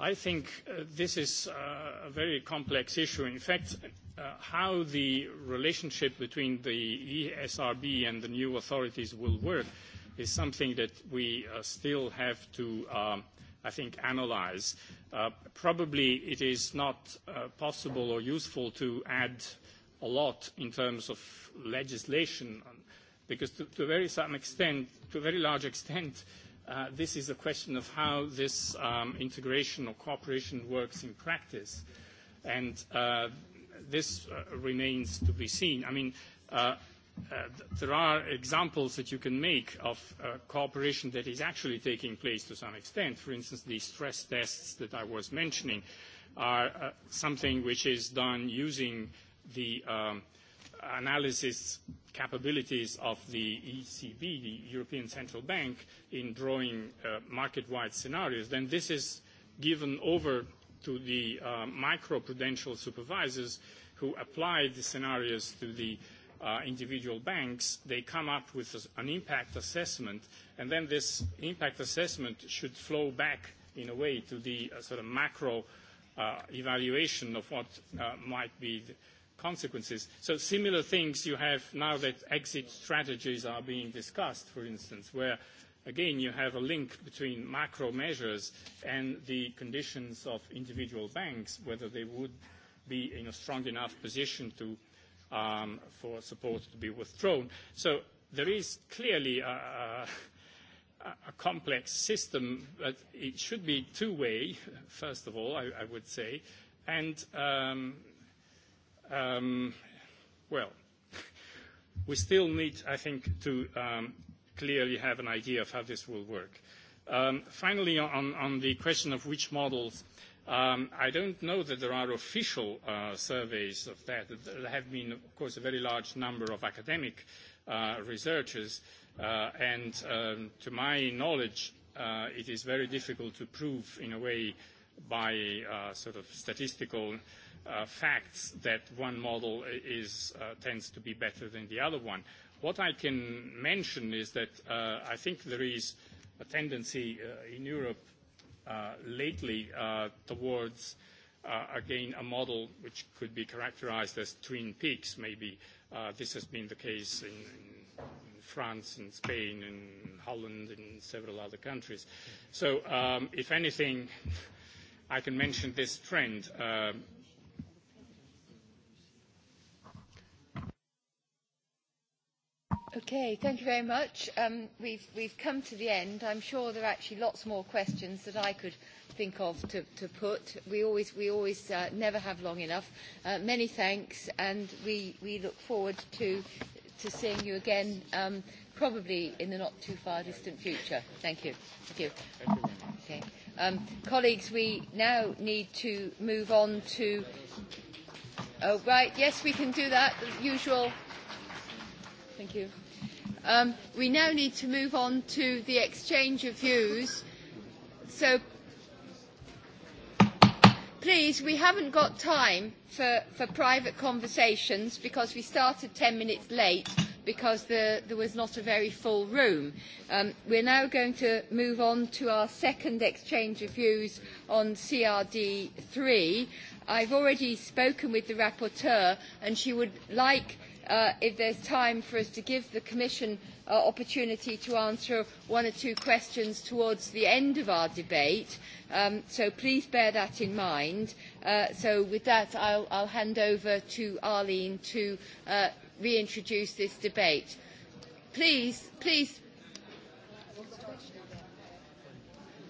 I think uh, this is uh, a very complex issue. In fact, uh, how the relationship between the ESRB and the new authorities will work is something that we uh, still have to, um, I think, analyze. Uh, probably it is not uh, possible or useful to add a lot in terms of legislation because to, to a very some extent, to a very large extent, uh, Uh, this is a question of how this um, integration or cooperation works in practice. And uh, this uh, remains to be seen. I mean, uh, uh, there are examples that you can make of uh, cooperation that is actually taking place to some extent. For instance, the stress tests that I was mentioning are uh, something which is done using the um, analysis capabilities of the ECB, the European Central Bank, in drawing uh, market-wide scenarios, then this is given over to the uh, microprudential supervisors who apply the scenarios to the uh, individual banks. They come up with an impact assessment, and then this impact assessment should flow back in a way to the uh, sort of macro uh, evaluation of what uh, might be the, consequences. So similar things you have now that exit strategies are being discussed, for instance, where again you have a link between macro measures and the conditions of individual banks, whether they would be in a strong enough position to, um, for support to be withdrawn. So there is clearly a, a, a complex system, but it should be two-way, first of all, I, I would say, and um, um, well, we still need, I think, to um, clearly have an idea of how this will work. Um, finally, on, on the question of which models, um, I don't know that there are official uh, surveys of that. There have been, of course, a very large number of academic uh, researchers, uh, and um, to my knowledge, uh, it is very difficult to prove in a way by uh, sort of statistical uh, uh, facts that one model is, uh, tends to be better than the other one. What I can mention is that uh, I think there is a tendency uh, in Europe uh, lately uh, towards, uh, again, a model which could be characterized as twin peaks, maybe. Uh, this has been the case in, in France, and Spain, and Holland, and several other countries. So um, if anything, I can mention this trend. Um, uh, Okay, thank you very much. Um, we've, we've come to the end. I'm sure there are actually lots more questions that I could think of to, to put. We always, we always uh, never have long enough. Uh, many thanks, and we, we look forward to, to seeing you again, um, probably in the not too far distant future. Thank you. Thank you. okay. um, colleagues, we now need to move on to. Oh, right, yes, we can do that, the usual. Thank you. Um, we now need to move on to the exchange of views. So please, we haven't got time for, for private conversations because we started 10 minutes late because the, there was not a very full room. Um, we're now going to move on to our second exchange of views on CRD3. I've already spoken with the rapporteur and she would like uh, if there's time for us to give the Commission uh, opportunity to answer one or two questions towards the end of our debate. Um, so please bear that in mind. Uh, so with that, I'll, I'll hand over to Arlene to uh, reintroduce this debate. Please, please.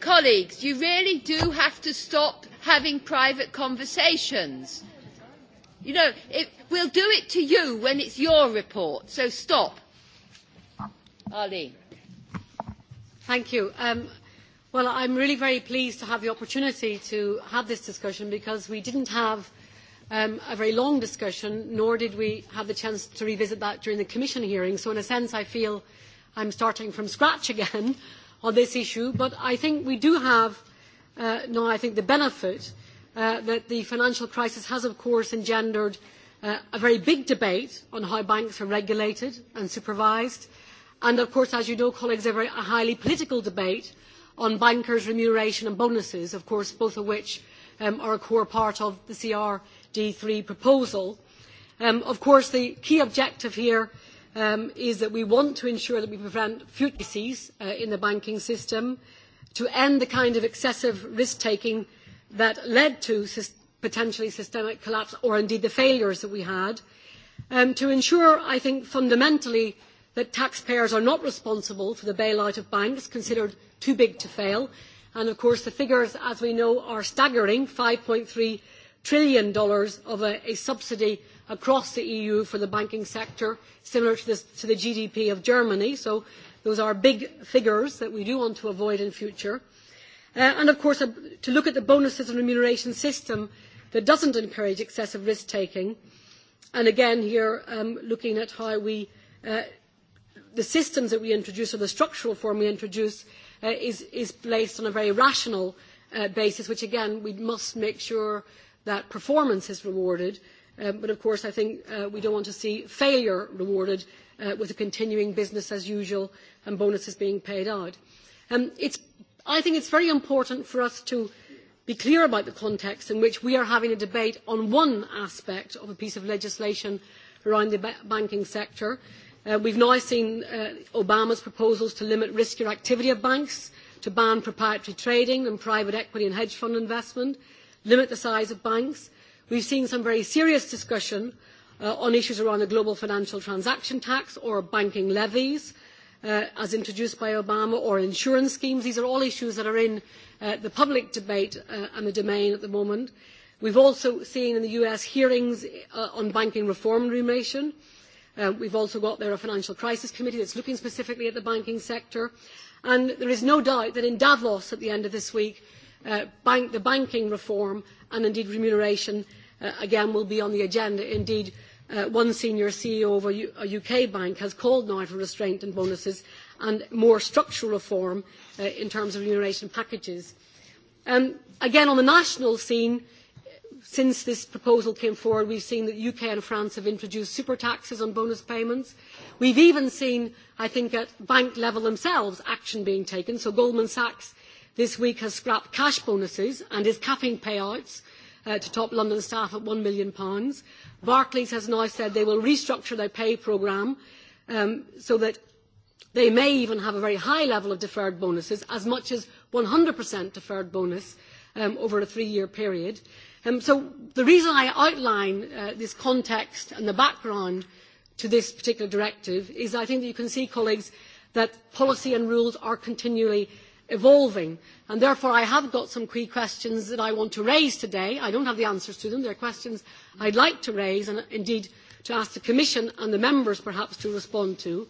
Colleagues, you really do have to stop having private conversations. You know, if, we'll do it to you when it's your report, so stop. Ali. Thank you. Um, well, I'm really very pleased to have the opportunity to have this discussion because we didn't have um, a very long discussion, nor did we have the chance to revisit that during the Commission hearing. So in a sense, I feel I'm starting from scratch again on this issue. But I think we do have uh, now, I think, the benefit uh, that the financial crisis has, of course, engendered – uh, a very big debate on how banks are regulated and supervised. And of course, as you know, colleagues, a very highly political debate on bankers' remuneration and bonuses, of course, both of which um, are a core part of the crd three proposal. Um, of course, the key objective here um, is that we want to ensure that we prevent future crises uh, in the banking system to end the kind of excessive risk-taking that led to systemic potentially systemic collapse or indeed the failures that we had, um, to ensure, I think, fundamentally that taxpayers are not responsible for the bailout of banks considered too big to fail. And of course, the figures, as we know, are staggering, five three trillion dollars of a, a, subsidy across the EU for the banking sector, similar to, this, to the GDP of Germany. So those are big figures that we do want to avoid in future. Uh, and of course, uh, to look at the bonuses and remuneration system that does not encourage excessive risk taking. And again, here um, looking at how we, uh, the systems that we introduce or the structural form we introduce uh, is, is placed on a very rational uh, basis, which again, we must make sure that performance is rewarded. Um, but of course, I think uh, we don't want to see failure rewarded uh, with a continuing business as usual and bonuses being paid out. Um, it's, I think it's very important for us to be clear about the context in which we are having a debate on one aspect of a piece of legislation around the banking sector. Uh, we've now seen uh, Obama's proposals to limit riskier activity of banks, to ban proprietary trading and private equity and hedge fund investment, limit the size of banks. We've seen some very serious discussion uh, on issues around the global financial transaction tax or banking levies. Uh, uh, as introduced by Obama or insurance schemes. These are all issues that are in uh, the public debate uh, and the domain at the moment. We've also seen in the US hearings uh, on banking reform remuneration. Uh, we've also got there a financial crisis committee that's looking specifically at the banking sector. And there is no doubt that in Davos at the end of this week, uh, bank, the banking reform and indeed remuneration uh, again will be on the agenda. Indeed, Uh, one senior CEO of a, U a UK bank has called now for restraint in bonuses and more structural reform uh, in terms of remuneration packages. Um, again, on the national scene, since this proposal came forward, we've seen that the UK and France have introduced super taxes on bonus payments. We've even seen, I think, at bank level themselves, action being taken. So Goldman Sachs this week has scrapped cash bonuses and is capping payouts uh, uh, to top London staff at £1 million. Barclays has now said they will restructure their pay programme um, so that they may even have a very high level of deferred bonuses, as much as 100% deferred bonus um, over a three-year period. Um, so the reason I outline uh, this context and the background to this particular directive is I think that you can see, colleagues, that policy and rules are continually evolving. And therefore, I have got some key questions that I want to raise today. I don't have the answers to them. They are questions I would like to raise and indeed to ask the Commission and the members perhaps to respond to.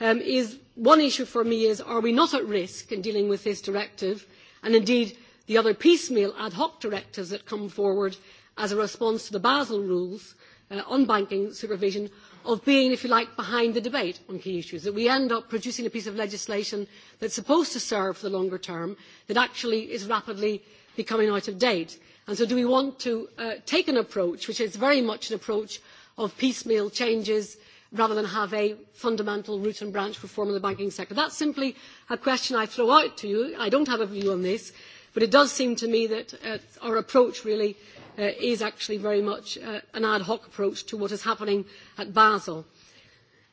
Um, is, one issue for me is, are we not at risk in dealing with this directive and indeed the other piecemeal ad hoc directives that come forward as a response to the Basel rules uh, on banking supervision? of being, if you like, behind the debate on key issues, that we end up producing a piece of legislation that's supposed to serve for the longer term that actually is rapidly becoming out of date. And so do we want to uh, take an approach which is very much an approach of piecemeal changes rather than have a fundamental root and branch reform of the banking sector? That's simply a question I throw out to you. I don't have a view on this, but it does seem to me that uh, our approach really uh, is actually very much uh, an ad hoc approach to what is happening at Basel.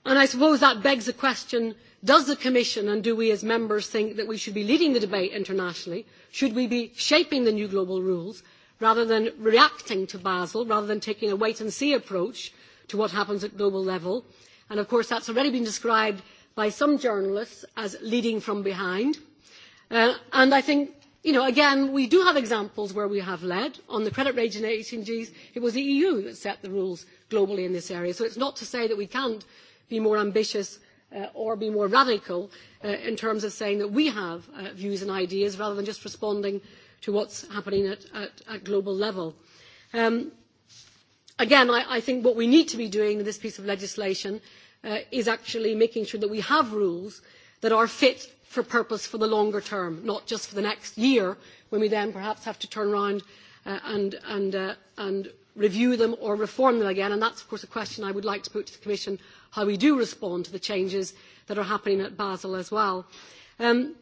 And I suppose that begs the question, does the Commission and do we as members think that we should be leading the debate internationally? Should we be shaping the new global rules rather than reacting to Basel, rather than taking a wait-and-see approach to what happens at global level? And of course, that's already been described by some journalists as leading from behind. Uh, and I think you know, again, we do have examples where we have led. On the credit rating agencies, it was the EU that set the rules globally in this area. So it's not to say that we can't be more ambitious uh, or be more radical uh, in terms of saying that we have uh, views and ideas rather than just responding to what's happening at, at, at global level. Um, again, I, I think what we need to be doing in this piece of legislation uh, is actually making sure that we have rules that are fit for purpose for the longer term, not just for the next year, when we then perhaps have to turn around uh, and, and, uh, and review them or reform them again. And that's, of course, a question I would like to put to the Commission, how we do respond to the changes that are happening at Basel as well. Um,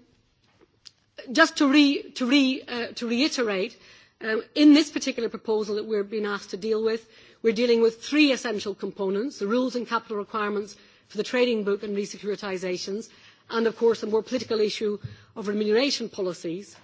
just to, re, to, re, uh, to reiterate, um, in this particular proposal that we're being asked to deal with, we're dealing with three essential components, the rules and capital requirements for the trading book and re-securitisations, and of course the more political issue of remuneration policies.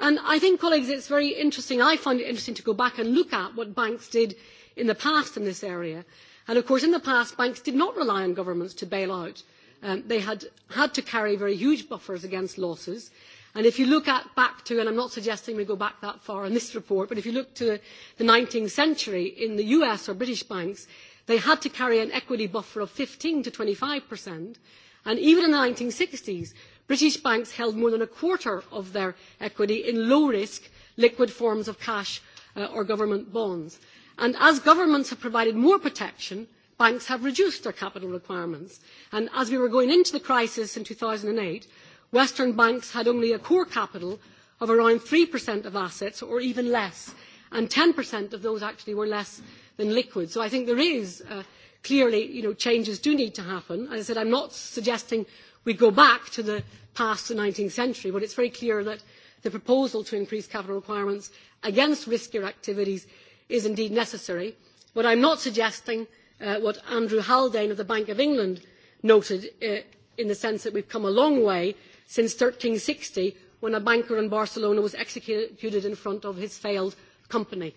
And I think, colleagues, it's very interesting. I find it interesting to go back and look at what banks did in the past in this area. And of course, in the past, banks did not rely on governments to bail out. Um, they had had to carry very huge buffers against losses. And if you look at back to, and I'm not suggesting we go back that far in this report, but if you look to the 19th century in the US or British banks, they had to carry an equity buffer of 15 to 25 percent And even in the 1960s, British banks held more than a quarter of their equity in low-risk liquid forms of cash uh, or government bonds. And as governments have provided more protection, banks have reduced their capital requirements. And as we were going into the crisis in two thousand eight, Western banks had only a core capital of around 3% of assets or even less, and 10% of those actually were less than liquid. So I think there is uh, clearly, you know, changes do need to happen. As I said, I'm not suggesting we go back to the past the 19th century, but it's very clear that the proposal to increase capital requirements against riskier activities is indeed necessary. But I'm not suggesting uh, what Andrew Haldane of the Bank of England noted uh, in the sense that we've come a long way since 1360 when a banker in Barcelona was executed in front of his failed company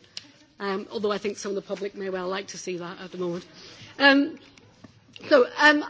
um, although I think some of the public may well like to see that at the moment. Um, so um,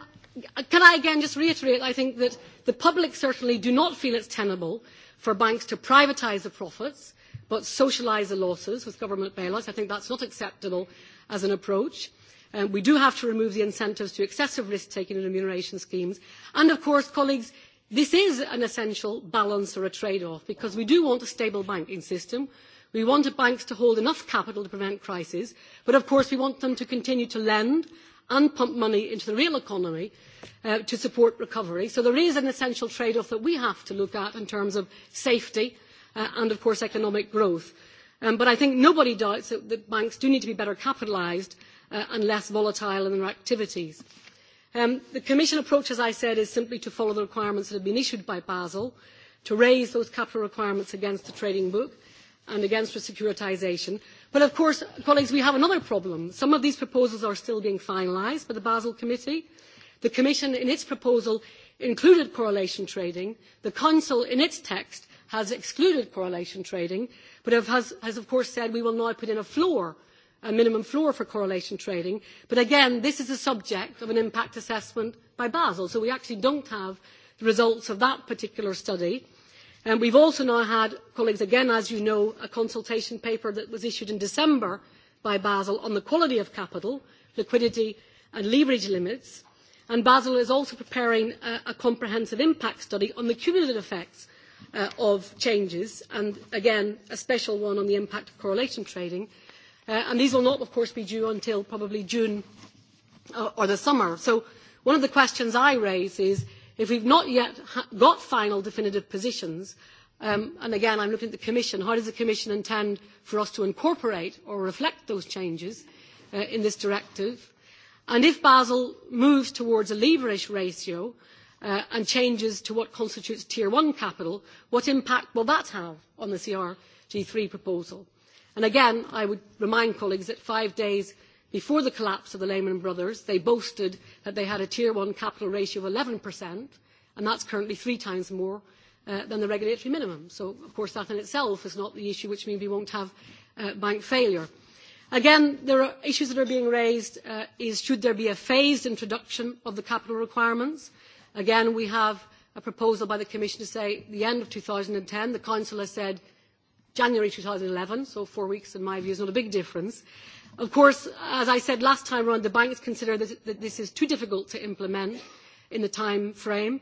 can I again just reiterate, I think that the public certainly do not feel it's tenable for banks to privatise the profits but socialise the losses with government bailouts. I think that's not acceptable as an approach. Um, we do have to remove the incentives to excessive risk-taking and remuneration schemes. And of course, colleagues, this is an essential balance or a trade-off because we do want a stable banking system. We wanted banks to hold enough capital to prevent crises, but of course we want them to continue to lend and pump money into the real economy uh, to support recovery. So there is an essential trade-off that we have to look at in terms of safety uh, and, of course, economic growth. Um, but I think nobody doubts that, that banks do need to be better capitalised uh, and less volatile in their activities. Um, the Commission approach, as I said, is simply to follow the requirements that have been issued by Basel, to raise those capital requirements against the trading book, and against securitization. But of course, colleagues, we have another problem. Some of these proposals are still being finalised by the Basel Committee. The Commission, in its proposal, included correlation trading. The Council, in its text, has excluded correlation trading, but has, has of course said we will now put in a floor, a minimum floor for correlation trading. But again, this is the subject of an impact assessment by Basel, so we actually do not have the results of that particular study. And we've also now had, colleagues, again, as you know, a consultation paper that was issued in December by Basel on the quality of capital, liquidity and leverage limits. And Basel is also preparing a, a comprehensive impact study on the cumulative effects uh, of changes, and again, a special one on the impact of correlation trading. Uh, and these will not, of course, be due until probably June uh, or the summer. So one of the questions I raise is, If we've not yet got final definitive positions, um, and again I'm looking at the Commission, how does the Commission intend for us to incorporate or reflect those changes uh, in this directive? And if Basel moves towards a leverage ratio uh, and changes to what constitutes Tier one capital, what impact will that have on the CRD3 proposal? And again, I would remind colleagues that five days Before the collapse of the Lehman Brothers, they boasted that they had a Tier one capital ratio of 11%, and that's currently three times more uh, than the regulatory minimum. So, of course, that in itself is not the issue, which means we won't have uh, bank failure. Again, there are issues that are being raised uh, is should there be a phased introduction of the capital requirements? Again, we have a proposal by the Commission to say the end of 2010. The Council has said January 2011, so four weeks in my view is not a big difference. Of course, as I said last time around, the banks consider that, that this is too difficult to implement in the time frame.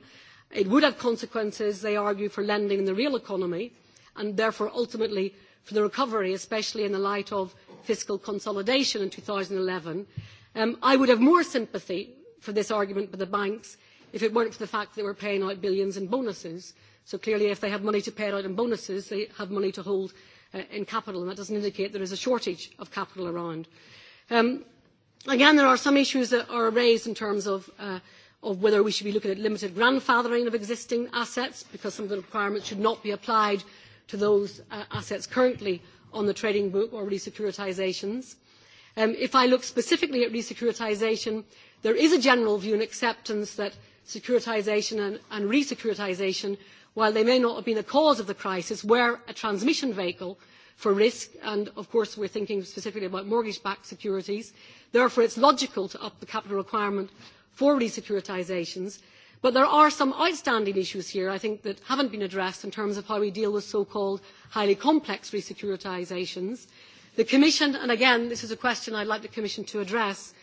It would have consequences, they argue, for lending in the real economy and therefore ultimately for the recovery, especially in the light of fiscal consolidation in 2011. Um, I would have more sympathy for this argument for the banks if it weren't for the fact that they we're paying out billions in bonuses. So clearly, if they have money to pay it out in bonuses, they have money to hold Uh, in capital, and that doesn't indicate there is a shortage of capital around. Um, again, there are some issues that are raised in terms of, uh, of whether we should be looking at limited grandfathering of existing assets, because some of the requirements should not be applied to those uh, assets currently on the trading book or resecuritisations. Um, if I look specifically at resecuritisation, there is a general view and acceptance that securitisation and, and securitisation while they may not have been the cause of the crisis, were a transmission vehicle for risk, and of course we are thinking specifically about mortgage-backed securities. Therefore, it is logical to up the capital requirement for re securitisations. But there are some outstanding issues here, I think, that have not been addressed in terms of how we deal with so-called highly complex resecuritisations. The Commission, and again, this is a question I would like the Commission to address,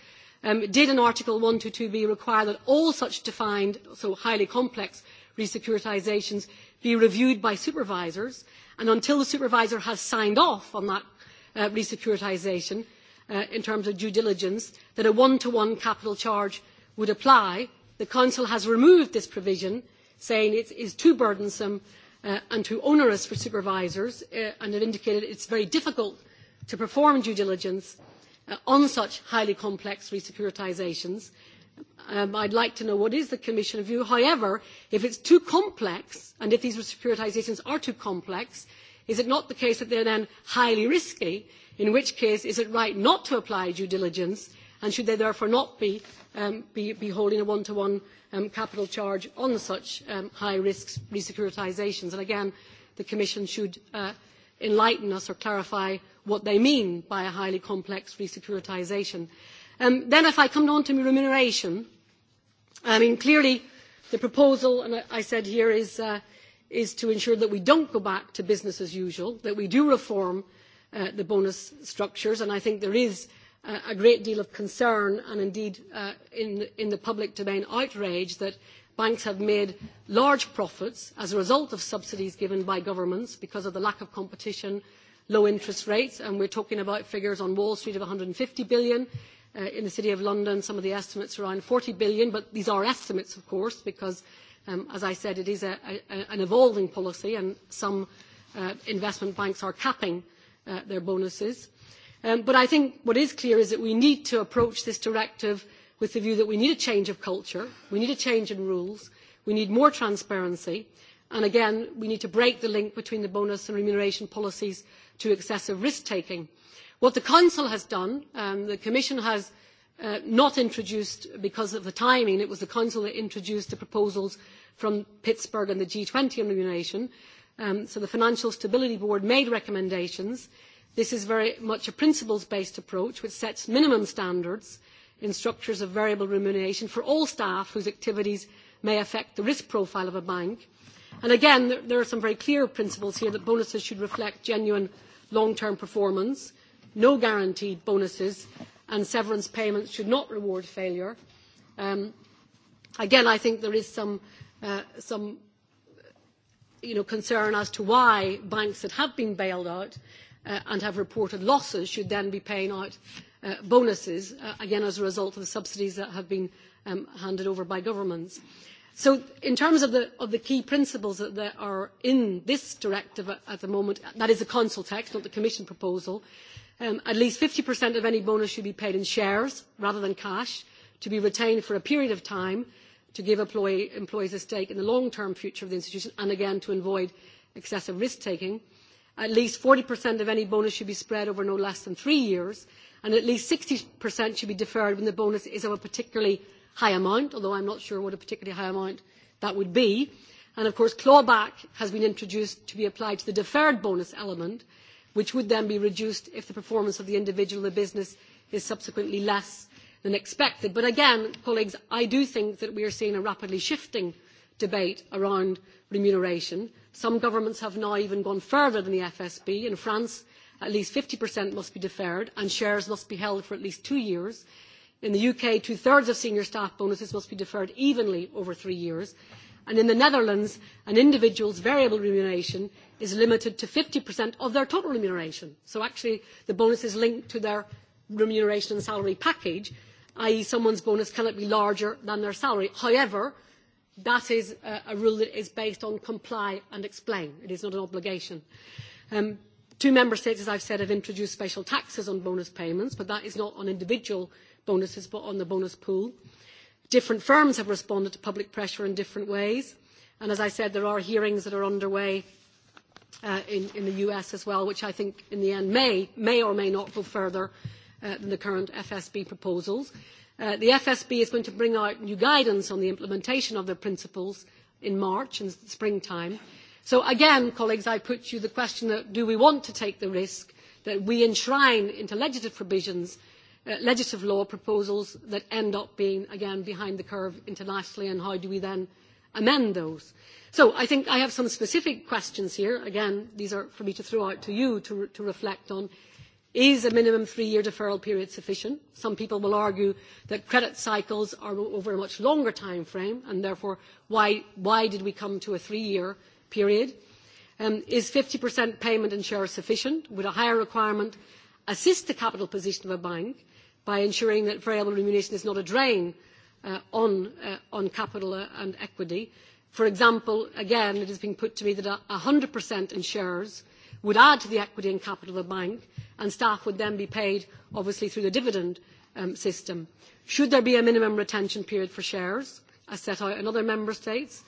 um, did in Article one hundred and two b require that all such defined, so highly complex resecuritisations be reviewed by supervisors, and until the supervisor has signed off on that uh, securitisation uh, in terms of due diligence, that a one-to-one -one capital charge would apply. The Council has removed this provision, saying it is too burdensome uh, and too onerous for supervisors, uh, and it indicated it is very difficult to perform due diligence uh, on such highly complex resecuritisations. Um, I'd like to know what is the Commission view. However, if it's too complex, and if these securitisations are too complex, is it not the case that they're then highly risky? In which case, is it right not to apply due diligence, and should they therefore not be, um, be, be holding a one-to-one um, capital charge on such um, high-risk resecuritisations? And again, the Commission should uh, enlighten us or clarify what they mean by a highly complex resecuritisation. Um, then if I come on to remuneration, I mean, clearly the proposal, and I, said here, is, uh, is to ensure that we don't go back to business as usual, that we do reform uh, the bonus structures, and I think there is uh, a great deal of concern and indeed uh, in, in the public domain outrage that banks have made large profits as a result of subsidies given by governments because of the lack of competition, low interest rates, and we are talking about figures on Wall Street of one hundred and fifty billion, uh, in the City of London, some of the estimates are around 40 billion, but these are estimates, of course, because, um, as I said, it is a, a, an evolving policy and some uh, investment banks are capping uh, their bonuses. Um, but I think what is clear is that we need to approach this directive with the view that we need a change of culture, we need a change in rules, we need more transparency, and again, we need to break the link between the bonus and remuneration policies to excessive risk-taking. What the Council has done, um, the Commission has uh, not introduced, because of the timing, it was the Council that introduced the proposals from Pittsburgh and the g twenty on remuneration. Um, so the Financial Stability Board made recommendations. This is very much a principles-based approach which sets minimum standards in structures of variable remuneration for all staff whose activities may affect the risk profile of a bank. And again, there are some very clear principles here that bonuses should reflect genuine long-term performance no guaranteed bonuses, and severance payments should not reward failure. Um, again, I think there is some, uh, some you know, concern as to why banks that have been bailed out uh, and have reported losses should then be paying out uh, bonuses, uh, again as a result of the subsidies that have been um, handed over by governments. So in terms of the, of the key principles that, that are in this directive at, at the moment, that is a council text, not the commission proposal, Um, at least 50% of any bonus should be paid in shares rather than cash to be retained for a period of time to give employee, employees a stake in the long-term future of the institution and again to avoid excessive risk-taking. At least 40% of any bonus should be spread over no less than three years and at least 60% should be deferred when the bonus is of a particularly high amount, although I am not sure what a particularly high amount that would be. And of course, clawback has been introduced to be applied to the deferred bonus element, which would then be reduced if the performance of the individual or business is subsequently less than expected. But again, colleagues, I do think that we are seeing a rapidly shifting debate around remuneration. Some governments have now even gone further than the FSB. In France, at least fifty must be deferred and shares must be held for at least two years. In the UK, two-thirds of senior staff bonuses must be deferred evenly over three years. And in the Netherlands, an individual's variable remuneration is limited to 50% of their total remuneration. So actually, the bonus is linked to their remuneration and salary package, i.e. someone's bonus cannot be larger than their salary. However, that is a, a rule that is based on comply and explain. It is not an obligation. Um, two member states, as I've said, have introduced special taxes on bonus payments, but that is not on individual bonuses, but on the bonus pool different firms have responded to public pressure in different ways. And as I said, there are hearings that are underway uh, in, in the US as well, which I think in the end may, may or may not go further uh, than the current FSB proposals. Uh, the FSB is going to bring out new guidance on the implementation of their principles in March and springtime. So again, colleagues, I put you the question that do we want to take the risk that we enshrine into legislative provisions Uh, legislative law proposals that end up being, again, behind the curve internationally, and how do we then amend those? So I think I have some specific questions here. Again, these are for me to throw out to you to, re to reflect on. Is a minimum three-year deferral period sufficient? Some people will argue that credit cycles are over a much longer time frame, and therefore, why, why did we come to a three-year period? Um, is 50% payment and share sufficient? Would a higher requirement assist the capital position of a bank? by ensuring that variable remuneration is not a drain uh, uh, on, capital uh, and equity. For example, again, it has been put to me that 100% in shares would add to the equity and capital of the bank, and staff would then be paid, obviously, through the dividend um, system. Should there be a minimum retention period for shares, as set out in other member states?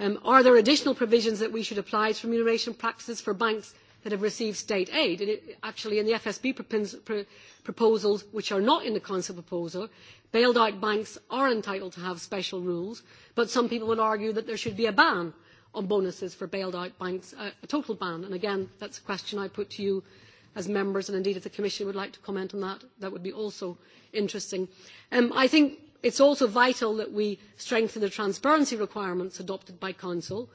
Um, are there additional provisions that we should apply to remuneration practices for banks that have received state aid. And it, actually, in the FSB propins, pr proposals, which are not in the Council proposal, bailed out banks are entitled to have special rules, but some people would argue that there should be a ban on bonuses for bailed out banks, a, a total ban. And again, that's a question I put to you as members, and indeed if the Commission would like to comment on that, that would be also interesting. Um, I think it is also vital that we strengthen the transparency requirements adopted by Council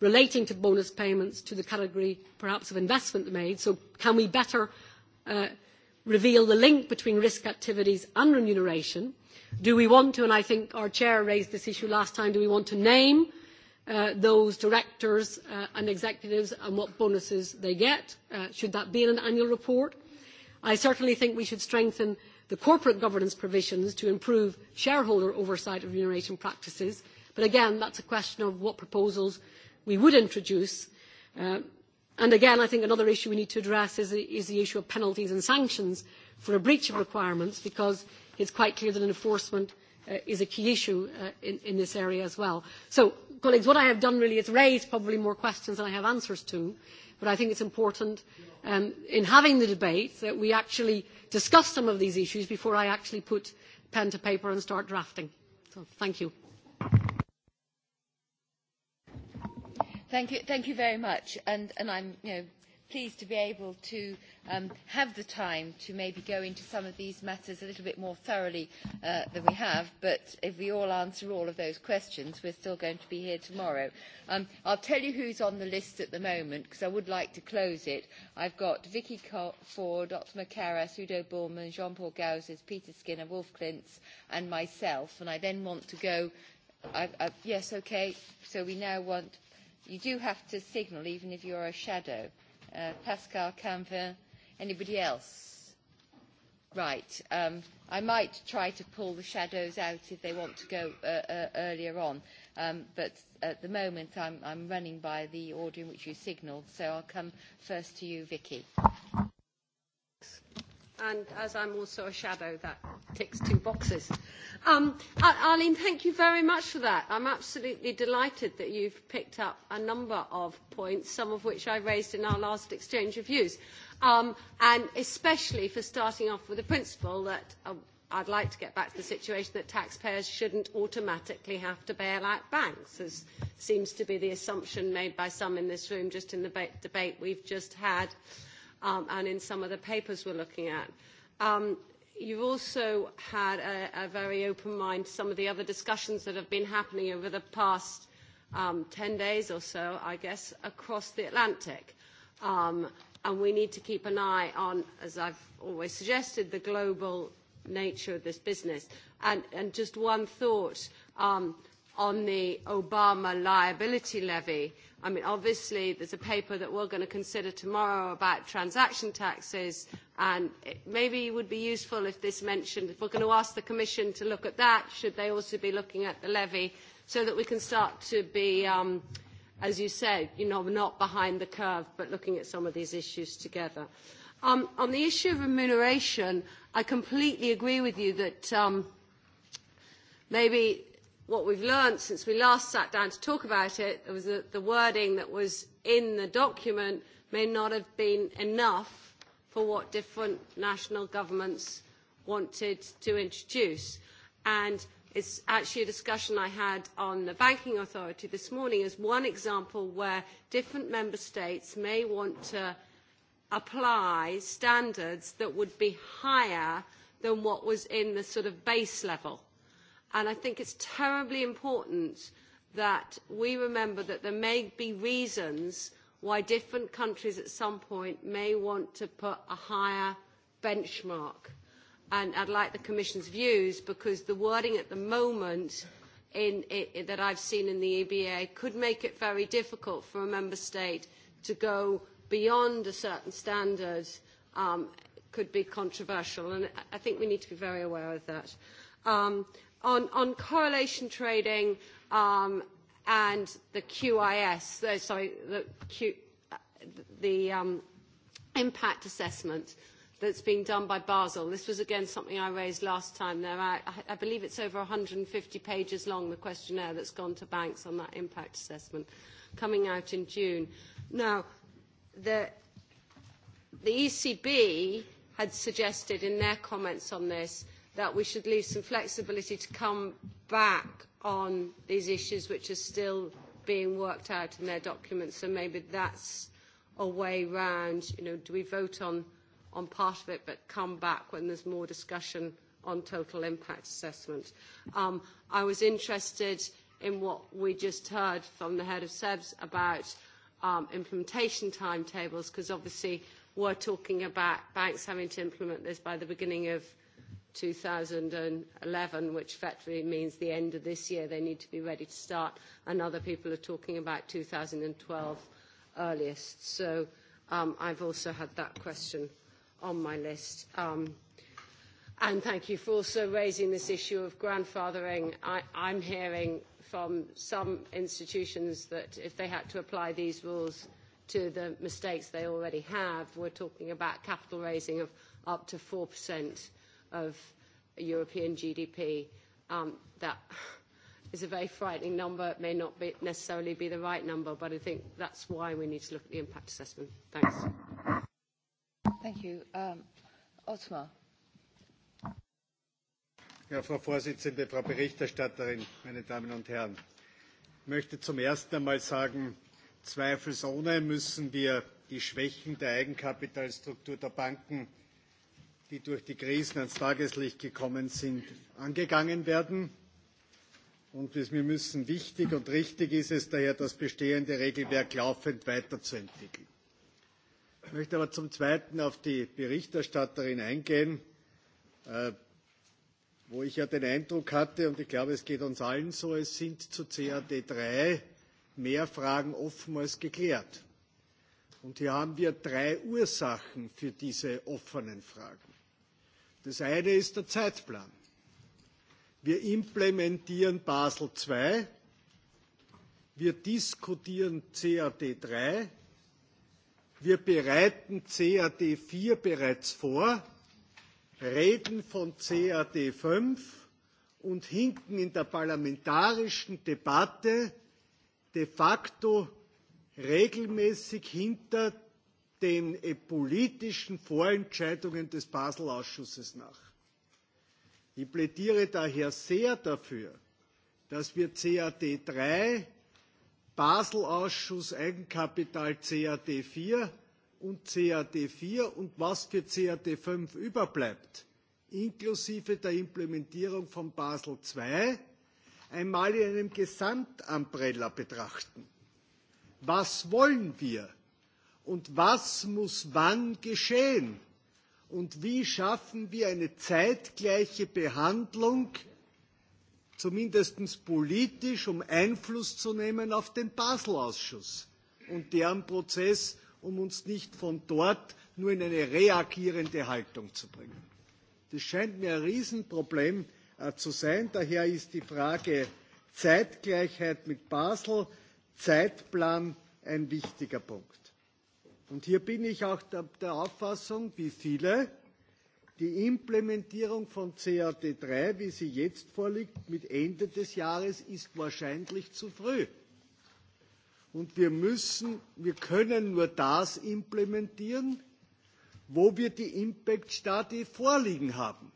relating to bonus payments to the category perhaps of investment made. So can we better uh, reveal the link between risk activities and remuneration? Do we want to, and I think our chair raised this issue last time, do we want to name uh, those directors uh, and executives and what bonuses they get? Uh, should that be in an annual report? I certainly think we should strengthen the corporate governance provisions to improve shareholder oversight of remuneration practices. But again, that is a question of what proposals we would introduce. Uh, and again, I think another issue we need to address is the, is the issue of penalties and sanctions for a breach of requirements, because it's quite clear that enforcement uh, is a key issue uh, in, in this area as well. So, colleagues, what I have done really is raise probably more questions than I have answers to, but I think it's important um, in having the debate that we actually discuss some of these issues before I actually put pen to paper and start drafting. So, thank you. Thank you, thank you very much. And, and I'm you know, pleased to be able to um, have the time to maybe go into some of these matters a little bit more thoroughly uh, than we have, but if we all answer all of those questions, we're still going to be here tomorrow. Um, I'll tell you who's on the list at the moment, because I would like to close it. I've got Vicky Ford, Dr. McCara, Sudo Borman, Jean-Paul Gauzes, Peter Skinner, Wolf Klintz, and myself, and I then want to go... I, I, yes, okay, so we now want you do have to signal, even if you're a shadow. Uh, Pascal, Canvin, anybody else? Right. Um, I might try to pull the shadows out if they want to go uh, uh, earlier on, um, but at the moment I'm, I'm running by the order in which you signalled, so I'll come first to you, Vicky and as I'm also a shadow, that ticks two boxes. Um, Arlene, thank you very much for that. I'm absolutely delighted that you've picked up a number of points, some of which I raised in our last exchange of views, um, and especially for starting off with the principle that uh, I'd like to get back to the situation that taxpayers shouldn't automatically have to bail out banks, as seems to be the assumption made by some in this room just in the debate we've just had. Uh, um, and in some of the papers we're looking at. Um, you've also had a, a very open mind to some of the other discussions that have been happening over the past um, 10 days or so, I guess, across the Atlantic. Um, and we need to keep an eye on, as I've always suggested, the global nature of this business. And, and just one thought um, on the Obama liability levy. I mean, obviously, there's a paper that we're going to consider tomorrow about transaction taxes, and it maybe would be useful if this mentioned, if we're going to ask the Commission to look at that, should they also be looking at the levy, so that we can start to be, um, as you said, you know, not behind the curve, but looking at some of these issues together. Um, on the issue of remuneration, I completely agree with you that um, maybe what we've learned since we last sat down to talk about it was that the wording that was in the document may not have been enough for what different national governments wanted to introduce. And it's actually a discussion I had on the Banking Authority this morning as one example where different member states may want to apply standards that would be higher than what was in the sort of base level And I think it's terribly important that we remember that there may be reasons why different countries at some point may want to put a higher benchmark. And I'd like the Commission's views because the wording at the moment in, it, that I've seen in the EBA could make it very difficult for a member state to go beyond a certain standard um, could be controversial. And I think we need to be very aware of that. Um, on, on correlation trading um, and the QIS, uh, sorry, the, Q, uh, the um, impact assessment that's been done by Basel. This was again something I raised last time. There I, I believe it's over 150 pages long, the questionnaire that's gone to banks on that impact assessment, coming out in June. Now, the, the ECB had suggested in their comments on this that we should leave some flexibility to come back on these issues which are still being worked out in their documents. So maybe that's a way round. You know, do we vote on, on part of it but come back when there's more discussion on total impact assessment? Um, I was interested in what we just heard from the head of SEBS about um, implementation timetables because obviously we're talking about banks having to implement this by the beginning of 2011, which effectively means the end of this year. They need to be ready to start, and other people are talking about 2012 earliest. So um, I've also had that question on my list. Um, and thank you for also raising this issue of grandfathering. I, I'm hearing from some institutions that if they had to apply these rules to the mistakes they already have, we're talking about capital raising of up to 4% of European GDP. Um, that is a very frightening number. It may not be necessarily be the right number, but I think that's why we need to look at the impact assessment. Thanks. Thank you. Um, Otmar. Ja, Frau Vorsitzende, Frau Berichterstatterin, meine Damen und Herren. Ich möchte zum ersten einmal sagen, zweifelsohne müssen wir die Schwächen der Eigenkapitalstruktur der Banken die durch die Krisen ans Tageslicht gekommen sind, angegangen werden. Und wir müssen wichtig und richtig ist es daher, das bestehende Regelwerk laufend weiterzuentwickeln. Ich möchte aber zum Zweiten auf die Berichterstatterin eingehen, äh, wo ich ja den Eindruck hatte, und ich glaube, es geht uns allen so, es sind zu CAD 3 mehr Fragen offen als geklärt. Und hier haben wir drei Ursachen für diese offenen Fragen. Das eine ist der Zeitplan. Wir implementieren Basel II, wir diskutieren CAD III, wir bereiten CAD IV bereits vor, reden von CAD V und hinken in der parlamentarischen Debatte de facto regelmäßig hinter den äh, politischen Vorentscheidungen des Basel-Ausschusses nach. Ich plädiere daher sehr dafür, dass wir CAD 3, Basel-Ausschuss, Eigenkapital CAD 4 und CAD 4 und was für CAD 5 überbleibt, inklusive der Implementierung von Basel II, einmal in einem Gesamtambrella betrachten. Was wollen wir Und was muss wann geschehen? Und wie schaffen wir eine zeitgleiche Behandlung, zumindest politisch, um Einfluss zu nehmen auf den Basel-Ausschuss und deren Prozess, um uns nicht von dort nur in eine reagierende Haltung zu bringen? Das scheint mir ein Riesenproblem äh, zu sein. Daher ist die Frage Zeitgleichheit mit Basel, Zeitplan ein wichtiger Punkt. Und hier bin ich auch der Auffassung, wie viele, die Implementierung von CAD3, wie sie jetzt vorliegt, mit Ende des Jahres ist wahrscheinlich zu früh. Und wir müssen, wir können nur das implementieren, wo wir die Impact Study vorliegen haben.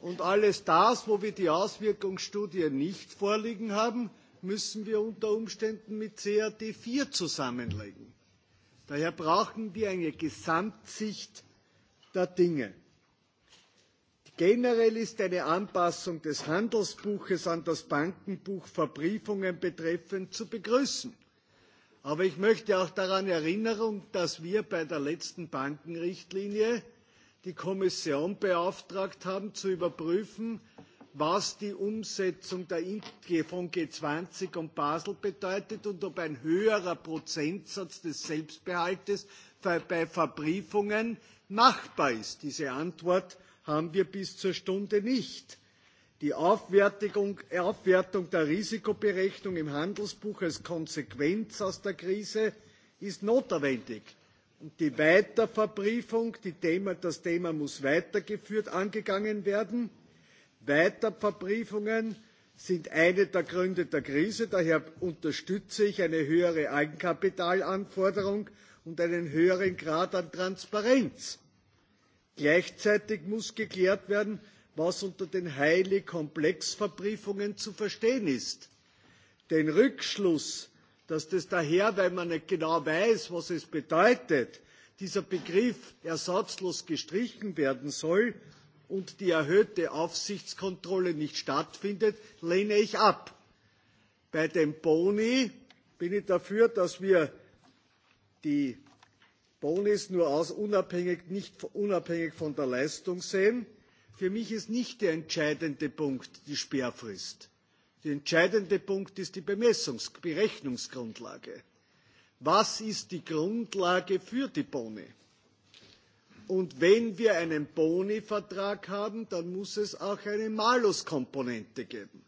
Und alles das, wo wir die Auswirkungsstudie nicht vorliegen haben, müssen wir unter Umständen mit CAD4 zusammenlegen. Daher brauchen wir eine Gesamtsicht der Dinge. Generell ist eine Anpassung des Handelsbuches an das Bankenbuch Verbriefungen betreffend zu begrüßen. Aber ich möchte auch daran erinnern, dass wir bei der letzten Bankenrichtlinie die Kommission beauftragt haben, zu überprüfen, was die Umsetzung der von G20 und Basel bedeutet und ob ein höherer Prozentsatz des Selbstbehaltes bei Verbriefungen machbar ist. Diese Antwort haben wir bis zur Stunde nicht. Die Aufwertung, Aufwertung der Risikoberechnung im Handelsbuch als Konsequenz aus der Krise ist notwendig. Und die Weiterverbriefung, die Thema, das Thema muss weitergeführt angegangen werden. Weiterverbriefungen sind eine der Gründe der Krise. Daher unterstütze ich eine höhere Eigenkapitalanforderung und einen höheren Grad an Transparenz. Gleichzeitig muss geklärt werden, was unter den highly komplex Verbriefungen zu verstehen ist. Den Rückschluss, dass das daher, weil man nicht genau weiß, was es bedeutet, dieser Begriff ersatzlos gestrichen werden soll, und die erhöhte Aufsichtskontrolle nicht stattfindet, lehne ich ab. Bei dem Boni bin ich dafür, dass wir die Bonis nur aus unabhängig, nicht unabhängig von der Leistung sehen. Für mich ist nicht der entscheidende Punkt die Sperrfrist. Der entscheidende Punkt ist die Bemessungs Berechnungsgrundlage. Was ist die Grundlage für die Boni? Und wenn wir einen Boni-Vertrag haben, dann muss es auch eine Malus-Komponente geben.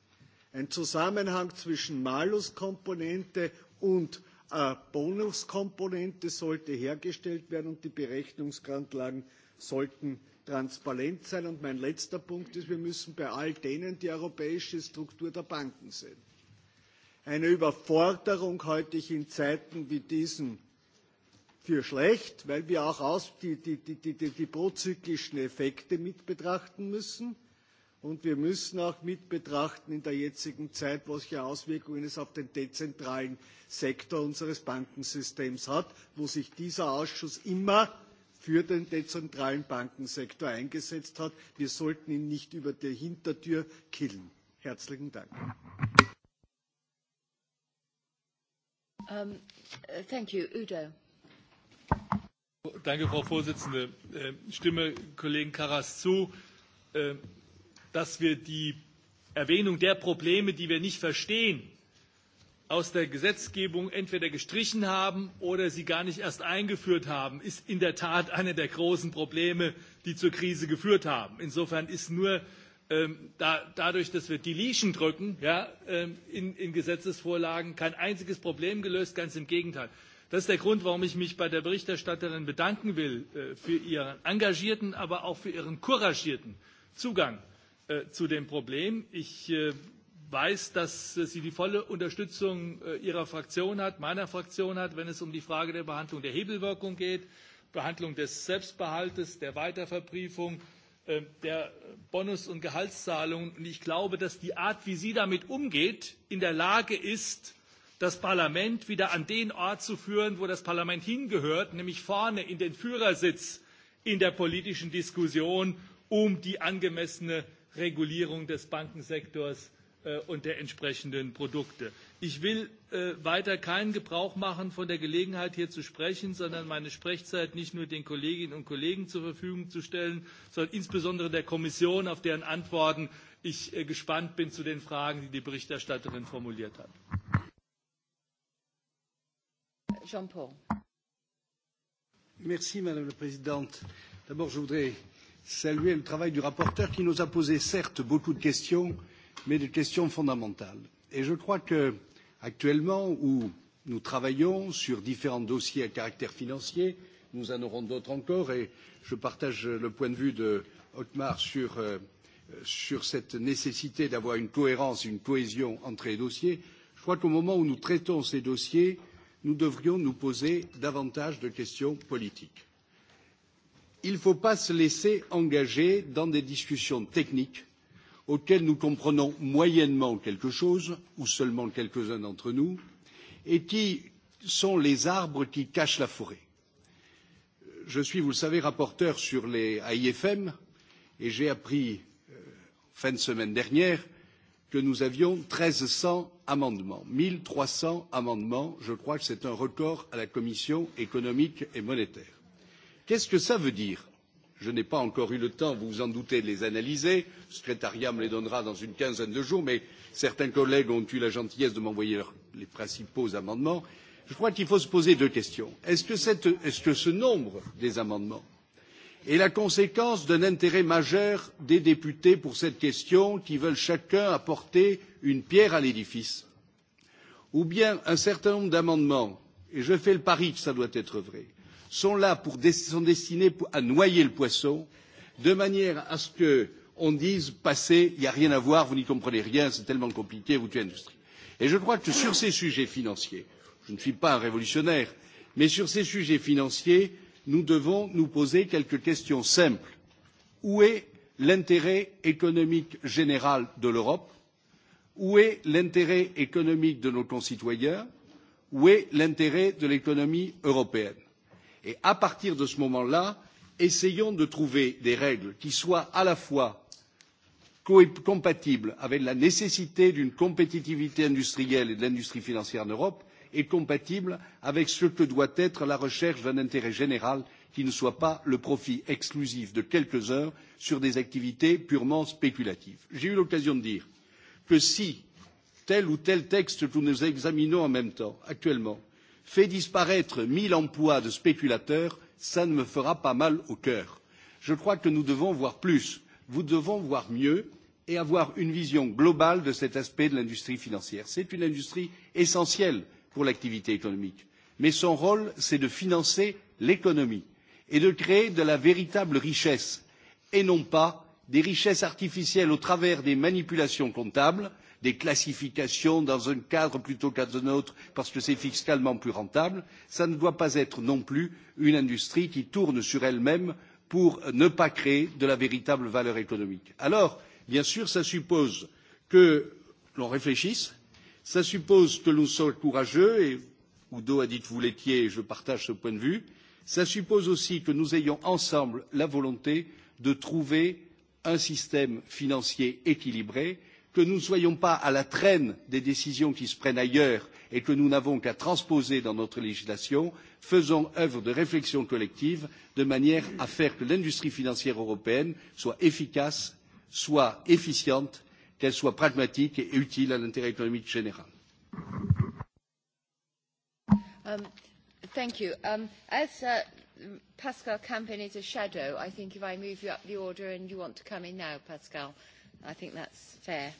Ein Zusammenhang zwischen Malus-Komponente und äh, Bonuskomponente sollte hergestellt werden und die Berechnungsgrundlagen sollten transparent sein. Und mein letzter Punkt ist, wir müssen bei all denen die europäische Struktur der Banken sehen. Eine Überforderung heute in Zeiten wie diesen für schlecht, weil wir auch aus die, die, die, die, die prozyklischen Effekte mit betrachten müssen. Und wir müssen auch mit betrachten in der jetzigen Zeit, welche Auswirkungen es auf den dezentralen Sektor unseres Bankensystems hat, wo sich dieser Ausschuss immer für den dezentralen Bankensektor eingesetzt hat. Wir sollten ihn nicht über die Hintertür killen. Herzlichen Dank. Um, uh, thank you, Udo. Danke, Frau Vorsitzende. Ähm, ich stimme Kollegen Karas zu, ähm, dass wir die Erwähnung der Probleme, die wir nicht verstehen, aus der Gesetzgebung entweder gestrichen haben oder sie gar nicht erst eingeführt haben, ist in der Tat eine der großen Probleme, die zur Krise geführt haben. Insofern ist nur ähm, da, dadurch, dass wir die Lieschen drücken ja, in, in Gesetzesvorlagen, kein einziges Problem gelöst, ganz im Gegenteil. Das ist der Grund, warum ich mich bei der Berichterstatterin bedanken will äh, für ihren engagierten, aber auch für ihren couragierten Zugang äh, zu dem Problem. Ich äh, weiß, dass sie die volle Unterstützung ihrer Fraktion hat, meiner Fraktion hat, wenn es um die Frage der Behandlung der Hebelwirkung geht, Behandlung des Selbstbehaltes, der Weiterverbriefung, der Bonus- und Gehaltszahlungen. Und ich glaube, dass die Art, wie sie damit umgeht, in der Lage ist, das Parlament wieder an den Ort zu führen, wo das Parlament hingehört, nämlich vorne in den Führersitz in der politischen Diskussion um die angemessene Regulierung des Bankensektors äh, und der entsprechenden Produkte. Ich will äh, weiter keinen Gebrauch machen von der Gelegenheit, hier zu sprechen, sondern meine Sprechzeit nicht nur den Kolleginnen und Kollegen zur Verfügung zu stellen, sondern insbesondere der Kommission, auf deren Antworten ich äh, gespannt bin zu den Fragen, die die Berichterstatterin formuliert hat. Jean-Paul. Merci, Madame la Présidente. D'abord, je voudrais saluer le travail du rapporteur qui nous a posé, certes, beaucoup de questions, mais des questions fondamentales. Et je crois que, actuellement, où nous travaillons sur différents dossiers à caractère financier, nous en aurons d'autres encore, et je partage le point de vue de Otmar sur, euh, sur cette nécessité d'avoir une cohérence, une cohésion entre les dossiers. Je crois qu'au moment où nous traitons ces dossiers, nous devrions nous poser davantage de questions politiques. Il ne faut pas se laisser engager dans des discussions techniques auxquelles nous comprenons moyennement quelque chose, ou seulement quelques-uns d'entre nous, et qui sont les arbres qui cachent la forêt. Je suis, vous le savez, rapporteur sur les AIFM, et j'ai appris, euh, fin de semaine dernière, que nous avions 1300 amendements, 1300 amendements. Je crois que c'est un record à la Commission économique et monétaire. Qu'est-ce que ça veut dire Je n'ai pas encore eu le temps, vous vous en doutez, de les analyser. Le secrétariat me les donnera dans une quinzaine de jours, mais certains collègues ont eu la gentillesse de m'envoyer les principaux amendements. Je crois qu'il faut se poser deux questions. Est-ce que, est -ce que ce nombre des amendements est la conséquence d'un intérêt majeur des députés pour cette question qui veulent chacun apporter une pierre à l'édifice. Ou bien un certain nombre d'amendements, et je fais le pari que cela doit être vrai, sont là pour, sont destinés à noyer le poisson, de manière à ce que on dise passez, il n'y a rien à voir, vous n'y comprenez rien, c'est tellement compliqué, vous tuez l'industrie. Et je crois que sur ces sujets financiers, je ne suis pas un révolutionnaire, mais sur ces sujets financiers, nous devons nous poser quelques questions simples. Où est l'intérêt économique général de l'Europe Où est l'intérêt économique de nos concitoyens Où est l'intérêt de l'économie européenne Et à partir de ce moment-là, essayons de trouver des règles qui soient à la fois compatibles avec la nécessité d'une compétitivité industrielle et de l'industrie financière en Europe est compatible avec ce que doit être la recherche d'un intérêt général qui ne soit pas le profit exclusif de quelques uns sur des activités purement spéculatives. J'ai eu l'occasion de dire que si tel ou tel texte que nous examinons en même temps actuellement fait disparaître mille emplois de spéculateurs, cela ne me fera pas mal au cœur. Je crois que nous devons voir plus, nous devons voir mieux et avoir une vision globale de cet aspect de l'industrie financière. C'est une industrie essentielle pour l'activité économique. Mais son rôle, c'est de financer l'économie et de créer de la véritable richesse et non pas des richesses artificielles au travers des manipulations comptables, des classifications dans un cadre plutôt qu'à un autre parce que c'est fiscalement plus rentable. Ça ne doit pas être non plus une industrie qui tourne sur elle-même pour ne pas créer de la véritable valeur économique. Alors, bien sûr, cela suppose que l'on réfléchisse Cela suppose que l'on soit courageux et Udo a dit que vous l'étiez et je partage ce point de vue. Cela suppose aussi que nous ayons ensemble la volonté de trouver un système financier équilibré, que nous ne soyons pas à la traîne des décisions qui se prennent ailleurs et que nous n'avons qu'à transposer dans notre législation, faisons œuvre de réflexion collective de manière à faire que l'industrie financière européenne soit efficace, soit efficiente qu'elle soit pragmatique et utile à l'intérêt économique général. Um, thank you. Um, as uh, Pascal Campen is a shadow, I think if I move you up the order and you want to come in now, Pascal, I think that's fair.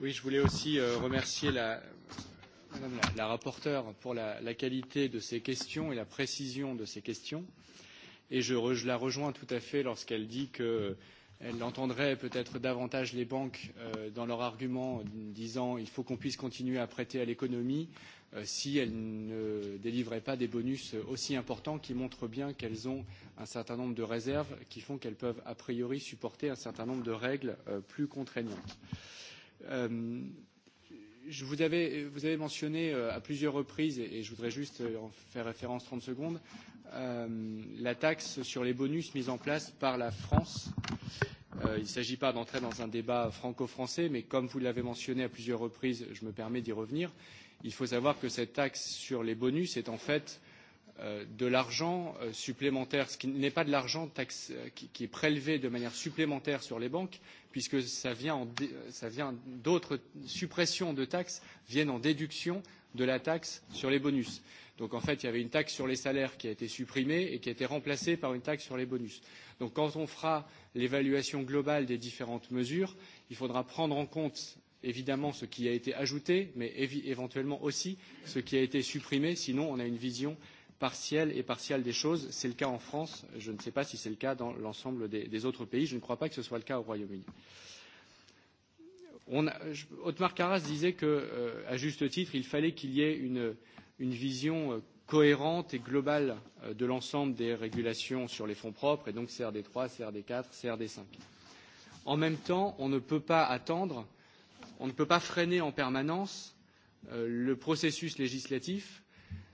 Oui, je voulais aussi euh, remercier la, Madame la, la rapporteure pour la, la qualité de ces questions et la précision de ces questions. Et je, re, je la rejoins tout à fait lorsqu'elle dit qu'elle euh, entendrait peut-être davantage les banques euh, dans leur argument disant il faut qu'on puisse continuer à prêter à l'économie euh, si elles ne délivraient pas des bonus aussi importants qui montrent bien qu'elles ont un certain nombre de réserves qui font qu'elles peuvent a priori supporter un certain nombre de règles euh, plus contraignantes. Euh, je vous, avez, vous avez mentionné euh, à plusieurs reprises, et, et je voudrais juste euh, en faire référence 30 secondes, euh, la taxe sur les bonus mise en place par la France. Euh, il ne s'agit pas d'entrer dans un débat franco-français, mais comme vous l'avez mentionné à plusieurs reprises, je me permets d'y revenir. Il faut savoir que cette taxe sur les bonus est en fait Euh, de l'argent euh, supplémentaire, ce qui n'est pas de l'argent euh, qui est prélevé de manière supplémentaire sur les banques, puisque ça vient, d'autres suppressions de taxes viennent en déduction de la taxe sur les bonus. Donc en fait, il y avait une taxe sur les salaires qui a été supprimée et qui a été remplacée par une taxe sur les bonus. Donc quand on fera l'évaluation globale des différentes mesures, il faudra prendre en compte évidemment ce qui a été ajouté, mais éventuellement aussi ce qui a été supprimé, sinon on a une vision euh, partielle et partielle des choses. C'est le cas en France. Je ne sais pas si c'est le cas dans l'ensemble des, des autres pays. Je ne crois pas que ce soit le cas au Royaume-Uni. Otmar Karas disait que, euh, à juste titre, il fallait qu'il y ait une, une vision euh, cohérente et globale euh, de l'ensemble des régulations sur les fonds propres, et donc CRD3, CRD4, CRD5. En même temps, on ne peut pas attendre, on ne peut pas freiner en permanence euh, le processus législatif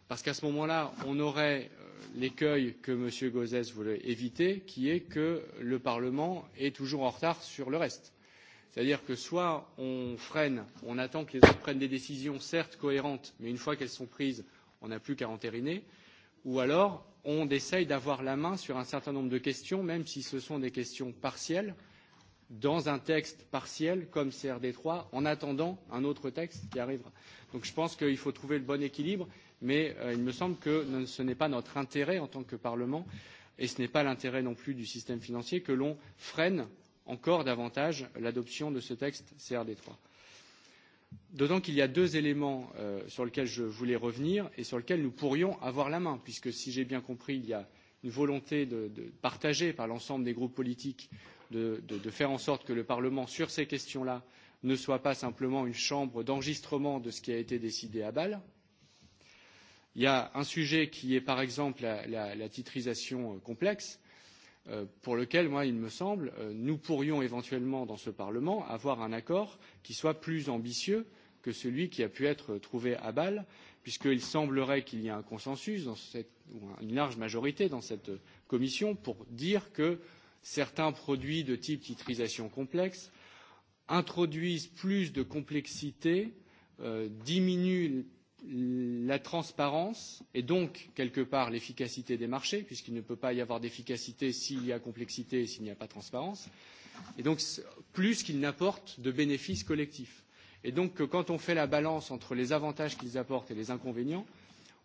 Parce qu'à ce moment-là, on aurait euh, l'écueil que M. Gauzès voulait éviter, qui est que le Parlement est toujours en retard sur le reste. C'est-à-dire que soit on freine, on attend que les autres prennent des décisions, certes cohérentes, mais une fois qu'elles sont prises, on n'a plus qu'à entériner, ou alors on essaye d'avoir la main sur un certain nombre de questions, même si ce sont des questions partielles, dans un texte partiel comme CRD3, en attendant un autre texte qui arrivera. Donc je pense qu'il faut trouver le bon équilibre mais euh, il me semble que ce n'est pas notre intérêt en tant que Parlement et ce n'est pas l'intérêt non plus du système financier que l'on freine encore davantage l'adoption de ce texte CRD3. D'autant qu'il y a deux éléments euh, sur lesquels je voulais revenir et sur lesquels nous pourrions avoir la main, puisque si j'ai bien compris, il y a une volonté de, de partagée par l'ensemble des groupes politiques de, de, de faire en sorte que le Parlement, sur ces questions-là, ne soit pas simplement une chambre d'enregistrement de ce qui a été décidé à Bâle, Il y a un sujet qui est par exemple la, la, la titrisation euh, complexe, euh, pour lequel, moi, il me semble, euh, nous pourrions éventuellement dans ce Parlement avoir un accord qui soit plus ambitieux que celui qui a pu être trouvé à Bâle, puisqu'il semblerait qu'il y ait un consensus dans cette, ou une large majorité dans cette commission pour dire que certains produits de type titrisation complexe introduisent plus de complexité, euh, diminuent la transparence et donc quelque part l'efficacité des marchés, puisqu'il ne peut pas y avoir d'efficacité s'il y a complexité et s'il n'y a pas de transparence, et donc plus qu'ils n'apportent de bénéfices collectifs. Et donc quand on fait la balance entre les avantages qu'ils apportent et les inconvénients,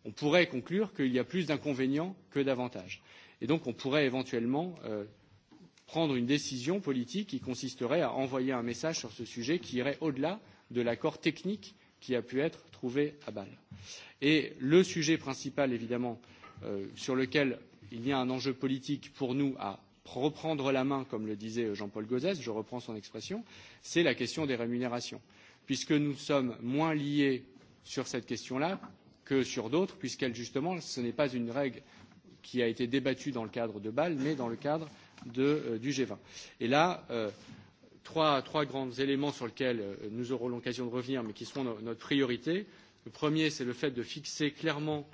on pourrait conclure qu'il y a plus d'inconvénients que d'avantages. Et donc on pourrait éventuellement euh, prendre une décision politique qui consisterait à envoyer un message sur ce sujet qui irait au-delà de l'accord technique qui a pu être trouvé à Bâle. Et le sujet principal, évidemment, euh, sur lequel il y a un enjeu politique pour nous à reprendre la main, comme le disait Jean-Paul Gauzès, je reprends son expression, c'est la question des rémunérations, puisque nous sommes moins liés sur cette question-là que sur d'autres, puisqu'elle, justement, ce n'est pas une règle qui a été débattue dans le cadre de Bâle, mais dans le cadre de, euh, du G20. Et là, euh, trois, trois grands éléments sur lesquels euh, nous aurons l'occasion de revenir, mais qui seront no notre priorité. Le premier, c'est le fait de fixer clairement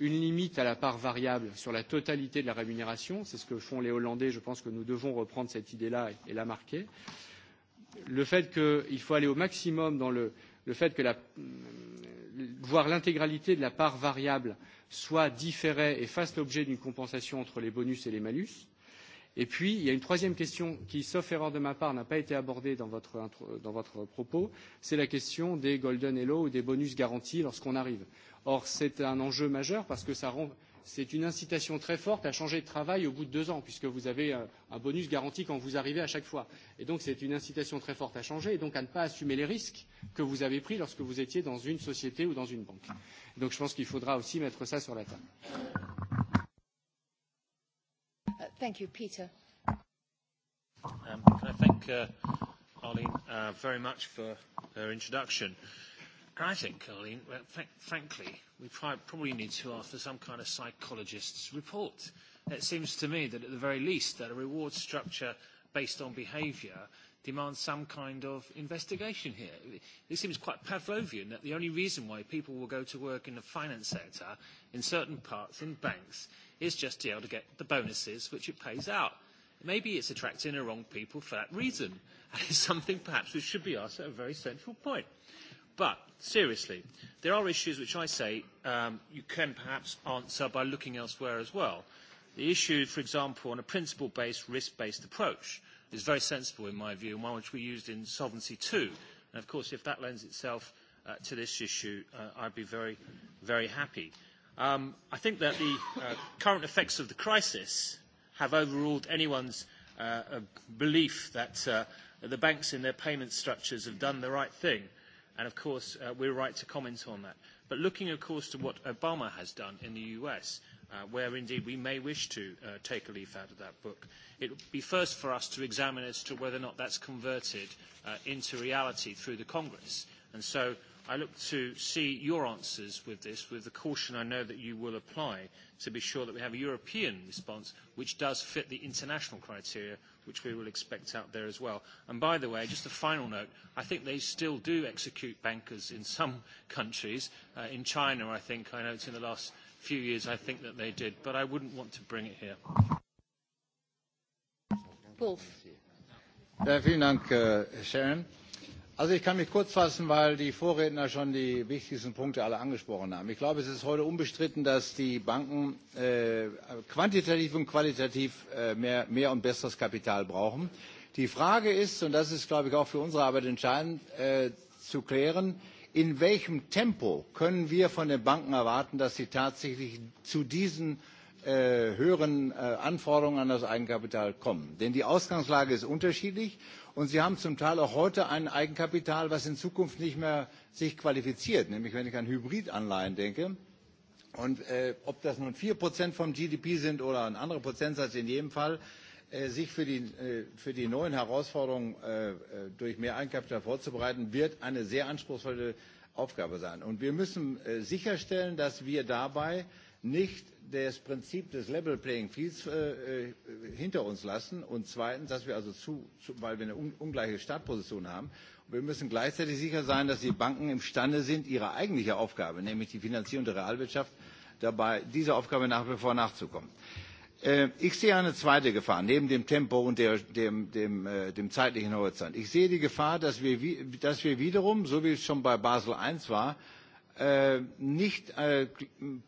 une limite à la part variable sur la totalité de la rémunération. C'est ce que font les Hollandais. Je pense que nous devons reprendre cette idée-là et, et la marquer. Le fait qu'il faut aller au maximum dans le, le fait que la, euh, voir l'intégralité de la part variable soit différée et fasse l'objet d'une compensation entre les bonus et les malus. Et puis, il y a une troisième question qui, sauf erreur de ma part, n'a pas été abordée dans votre, dans votre propos, c'est la question des golden hello ou des bonus garantis lorsqu'on arrive. Or, c'est un enjeu majeur parce que ça rend, c'est une incitation très forte à changer de travail au bout de deux ans, puisque vous avez euh, un bonus garanti quand vous arrivez à chaque fois. Et donc, c'est une incitation très forte à changer et donc à ne pas assumer les risques que vous avez pris lorsque vous étiez dans une société ou dans une banque. Donc, je pense qu'il faudra aussi mettre ça sur la table. Thank you, Peter. Um, can I thank uh, Arlene uh, very much for her introduction. I think, Arlene, frankly, we probably need to ask for some kind of psychologist's report. It seems to me that at the very least that a reward structure based on behaviour demands some kind of investigation here. This seems quite Pavlovian that the only reason why people will go to work in the finance sector in certain parts, in banks, is just to be able to get the bonuses which it pays out. Maybe it's attracting the wrong people for that reason. And it's something perhaps which should be asked at a very central point. But seriously, there are issues which I say um, you can perhaps answer by looking elsewhere as well. The issue, for example, on a principle-based, risk-based approach is very sensible in my view and one which we used in Solvency II. And of course, if that lends itself uh, to this issue, uh, I'd be very, very happy. Um, I think that the uh, current effects of the crisis have overruled anyone's uh, uh, belief that uh, the banks in their payment structures have done the right thing. And of course, uh, we're right to comment on that. But looking, of course, to what Obama has done in the US, uh, where indeed we may wish to uh, take a leaf out of that book, it would be first for us to examine as to whether or not that's converted uh, into reality through the Congress. And so I look to see your answers with this, with the caution I know that you will apply, to be sure that we have a European response which does fit the international criteria which we will expect out there as well. And by the way, just a final note, I think they still do execute bankers in some countries. Uh, in China, I think, I know it's in the last few years, I think that they did, but I wouldn't want to bring it here. Wolf. Ja, vielen äh, Sharon. Also ich kann mich kurz fassen, weil die Vorredner schon die wichtigsten Punkte alle angesprochen haben. Ich glaube, es ist heute unbestritten, dass die Banken äh, quantitativ und qualitativ äh, mehr, mehr und besseres Kapital brauchen. Die Frage ist, und das ist, glaube ich, auch für unsere Arbeit entscheidend äh, zu klären, in welchem Tempo können wir von den Banken erwarten, dass sie tatsächlich zu diesen äh, höheren äh, Anforderungen an das Eigenkapital kommen. Denn die Ausgangslage ist unterschiedlich und Sie haben zum Teil auch heute ein Eigenkapital, was in Zukunft nicht mehr sich qualifiziert, nämlich wenn ich an Hybridanleihen denke. Und äh, ob das nun 4% vom GDP sind oder ein anderer Prozentsatz in jedem Fall, äh, sich für die, äh, für die neuen Herausforderungen äh, äh, durch mehr Eigenkapital vorzubereiten, wird eine sehr anspruchsvolle Aufgabe sein. Und wir müssen äh, sicherstellen, dass wir dabei äh, nicht das Prinzip des Level Playing Fields äh, äh, hinter uns lassen und zweitens, dass wir also zu, zu weil wir eine un, ungleiche Startposition haben, wir müssen gleichzeitig sicher sein, dass die Banken imstande sind, ihre eigentliche Aufgabe, nämlich die Finanzierung der Realwirtschaft, dabei dieser Aufgabe nach wie vor nachzukommen. Äh, ich sehe eine zweite Gefahr neben dem Tempo und der, dem, dem, äh, dem zeitlichen Horizont. Ich sehe die Gefahr, dass wir, dass wir wiederum, so wie es schon bei Basel I war, Äh, nicht äh,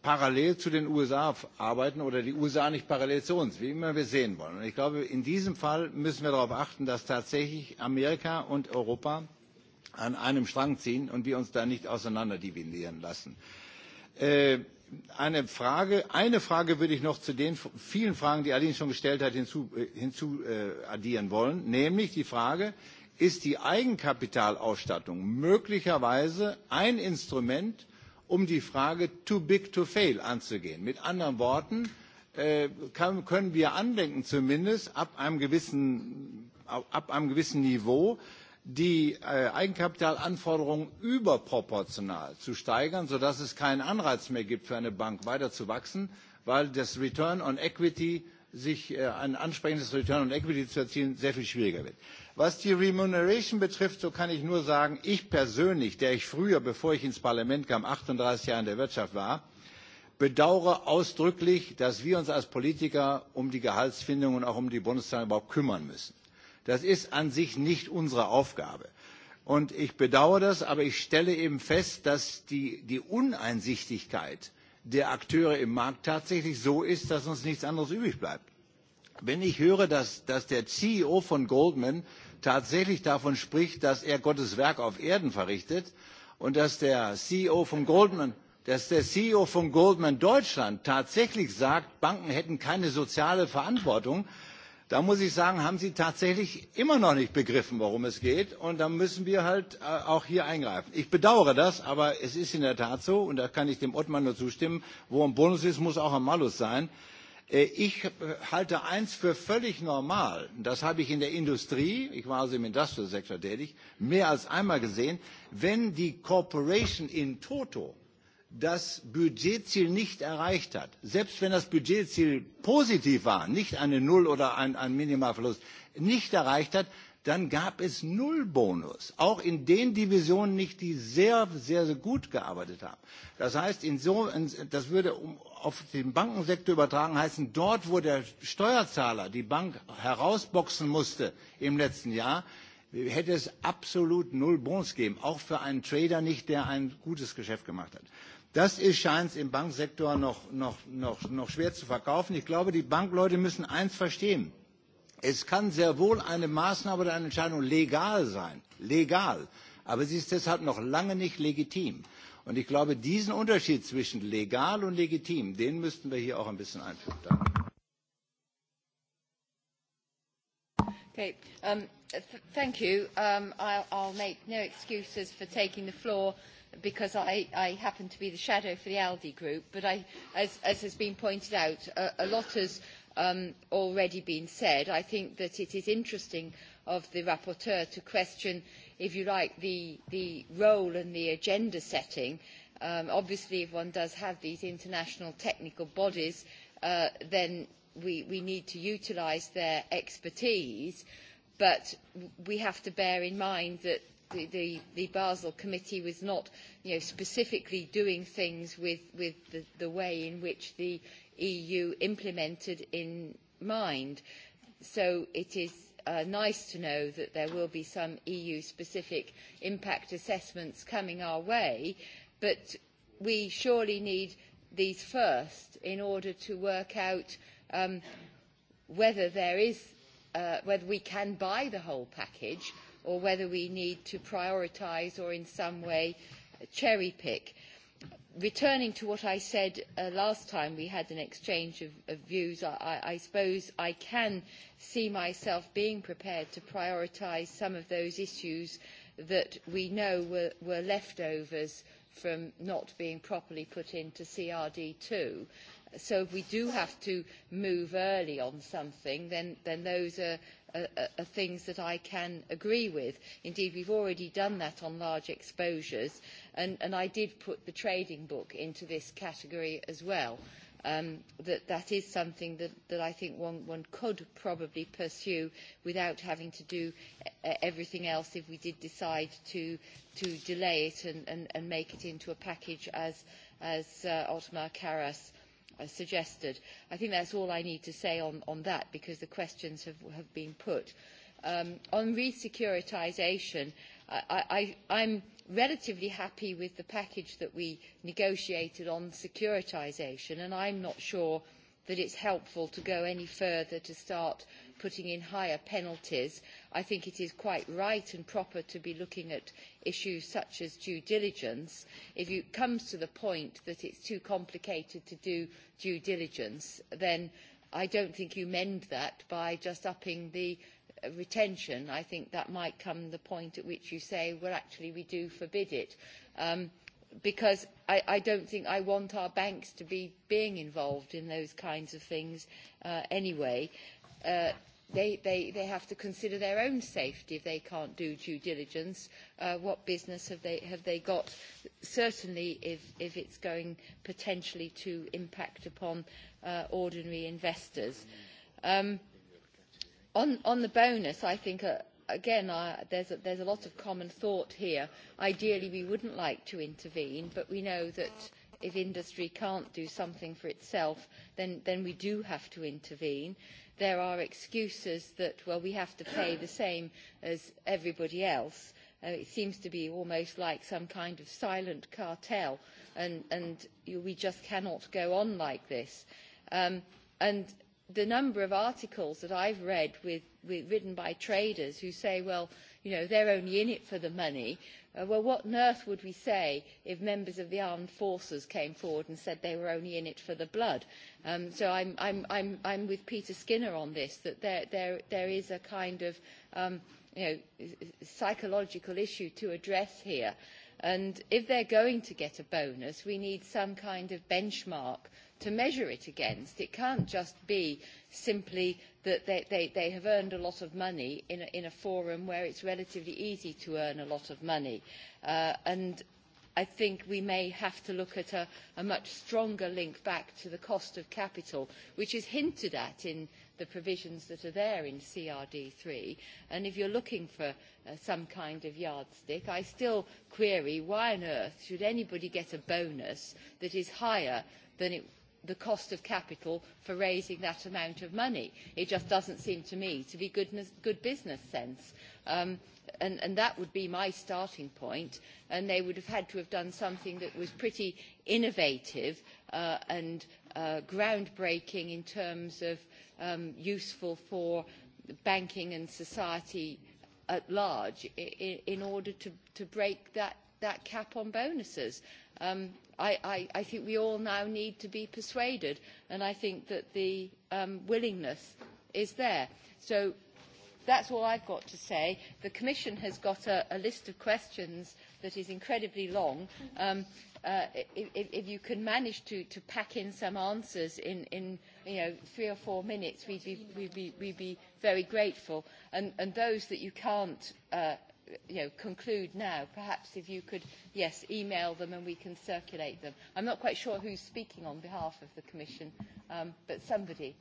parallel zu den USA arbeiten oder die USA nicht parallel zu uns, wie immer wir sehen wollen. Und ich glaube, in diesem Fall müssen wir darauf achten, dass tatsächlich Amerika und Europa an einem Strang ziehen und wir uns da nicht auseinanderdividieren lassen. Äh, eine Frage, eine Frage würde ich noch zu den vielen Fragen, die Aline schon gestellt hat, hinzu, äh, hinzu äh, addieren wollen, nämlich die Frage, äh, ist die Eigenkapitalausstattung möglicherweise ein Instrument, um die Frage too big to fail anzugehen. Mit anderen Worten, äh, können wir andenken zumindest ab einem gewissen, ab einem gewissen Niveau, die äh, Eigenkapitalanforderungen überproportional zu steigern, sodass es keinen Anreiz mehr gibt für eine Bank weiter zu wachsen, weil das Return on Equity sich äh, ein ansprechendes Return on Equity zu erzielen sehr viel schwieriger wird. Was die Remuneration betrifft, so kann ich nur sagen, ich persönlich, der ich früher, bevor ich ins Parlament kam, 38 Jahre in der Wirtschaft war, bedauere ausdrücklich, dass wir uns als Politiker um die Gehaltsfindung und auch um die Bundeszahlen überhaupt kümmern müssen. Das ist an sich nicht unsere Aufgabe. Und ich bedauere das, aber ich stelle eben fest, dass die, die Uneinsichtigkeit der Akteure im Markt tatsächlich so ist, dass uns nichts anderes übrig bleibt. Wenn ich höre, dass, dass der CEO von Goldman tatsächlich davon spricht, dass er Gottes Werk auf Erden verrichtet und dass der CEO von Goldman, dass der CEO von Goldman Deutschland tatsächlich sagt, Banken hätten keine soziale Verantwortung, da muss ich sagen, haben Sie tatsächlich immer noch nicht begriffen, worum es geht. Und da müssen wir halt äh, auch hier eingreifen. Ich bedauere das, aber es ist in der Tat so, und da kann ich dem Ottmann nur zustimmen, wo ein Bonus ist, muss auch ein Malus sein. Äh, ich äh, halte eins für völlig normal, das habe ich in der Industrie, ich war also im Industrial Sektor tätig, mehr als einmal gesehen, wenn die Corporation in Toto das Budgetziel nicht erreicht hat, selbst wenn das Budgetziel positiv war, nicht eine Null oder ein, ein Minimalverlust, nicht erreicht hat, dann gab es null Bonus. Auch in den Divisionen nicht, die sehr, sehr, sehr gut gearbeitet haben. Das heißt, in so, das würde um, auf den Bankensektor übertragen heißen, dort, wo der Steuerzahler die Bank herausboxen musste im letzten Jahr, hätte es absolut null Bonus gegeben. Auch für einen Trader nicht, der ein gutes Geschäft gemacht hat. Das ist, scheint es im Banksektor noch, noch, noch, noch schwer zu verkaufen. Ich glaube, die Bankleute müssen eins verstehen. Es kann sehr wohl eine Maßnahme oder eine Entscheidung legal sein, legal, aber sie ist deshalb noch lange nicht legitim. Und ich glaube, diesen Unterschied zwischen legal und legitim, den müssten wir hier auch ein bisschen einführen. Danke. Okay, um, th thank you. Um, I'll, I'll make no excuses for taking the floor because I, I happen to be the shadow for the ALDI group, but I, as, as has been pointed out, a, a lot has um, already been said, I think that it is interesting of the rapporteur to question, if you like, the, the role and the agenda setting. Um, obviously, if one does have these international technical bodies, uh, then we, we need to utilise their expertise, but we have to bear in mind that the, the, the Basel Committee was not you know, specifically doing things with, with the, the way in which the EU implemented in mind. So it is uh, nice to know that there will be some EU-specific impact assessments coming our way, but we surely need these first in order to work out um, whether there is, uh, whether we can buy the whole package or whether we need to prioritise or in some way cherry pick returning to what I said uh, last time we had an exchange of, of views, I, I, suppose I can see myself being prepared to prioritise some of those issues that we know were, were leftovers from not being properly put into CRD2 So if we do have to move early on something, then, then those are, are, uh, uh, are things that I can agree with. Indeed, we've already done that on large exposures, and, and I did put the trading book into this category as well. Um, that that is something that, that I think one, one could probably pursue without having to do uh, everything else if we did decide to, to delay it and, and, and make it into a package as, as uh, Otmar Karas as suggested. I think that's all I need to say on, on that because the questions have, have been put. Um, on re securitisation I, I, I'm relatively happy with the package that we negotiated on securitisation, and I'm not sure that it's helpful to go any further to start putting in higher penalties, I think it is quite right and proper to be looking at issues such as due diligence. If it comes to the point that it is too complicated to do due diligence, then I don't think you mend that by just upping the uh, retention. I think that might come the point at which you say, well, actually, we do forbid it. Um, because I, I don't think I want our banks to be being involved in those kinds of things uh, anyway. Uh, they, they, they have to consider their own safety if they can't do due diligence. Uh, what business have they, have they got? Certainly if, if it's going potentially to impact upon uh, ordinary investors. Um, on, on the bonus, I think uh, again, uh, there's, a, there's a lot of common thought here. Ideally, we wouldn't like to intervene, but we know that if industry can't do something for itself, then, then we do have to intervene there are excuses that, well, we have to pay the same as everybody else. Uh, it seems to be almost like some kind of silent cartel, and, and we just cannot go on like this. Um, and the number of articles that I've read with, with, written by traders who say, well, you know, they're only in it for the money. Uh, well, what on earth would we say if members of the armed forces came forward and said they were only in it for the blood? Um, so I'm, I'm, I'm, I'm with Peter Skinner on this, that there, there, there is a kind of um, you know, psychological issue to address here. And if they're going to get a bonus, we need some kind of benchmark to measure it against. It can't just be simply that they, they, they have earned a lot of money in a, in a forum where it's relatively easy to earn a lot of money. Uh, and I think we may have to look at a, a much stronger link back to the cost of capital, which is hinted at in the provisions that are there in CRD3. And if you're looking for uh, some kind of yardstick, I still query why on earth should anybody get a bonus that is higher than it the cost of capital for raising that amount of money. It just doesn't seem to me to be good, good business sense. Um, and, and that would be my starting point. And they would have had to have done something that was pretty innovative uh, and uh, groundbreaking in terms of um, useful for banking and society at large in, in order to, to break that, that cap on bonuses. Um, I, I, I think we all now need to be persuaded, and I think that the um, willingness is there. So that's all I've got to say. The Commission has got a, a list of questions that is incredibly long. Um, uh, if, if you can manage to, to pack in some answers in, in you know, three or four minutes, we'd be, we'd be, we'd be very grateful. And, and those that you can't uh, you know, conclude now, perhaps if you could, yes, email them and we can circulate them. I'm not quite sure who's speaking on behalf of the Commission, um, but somebody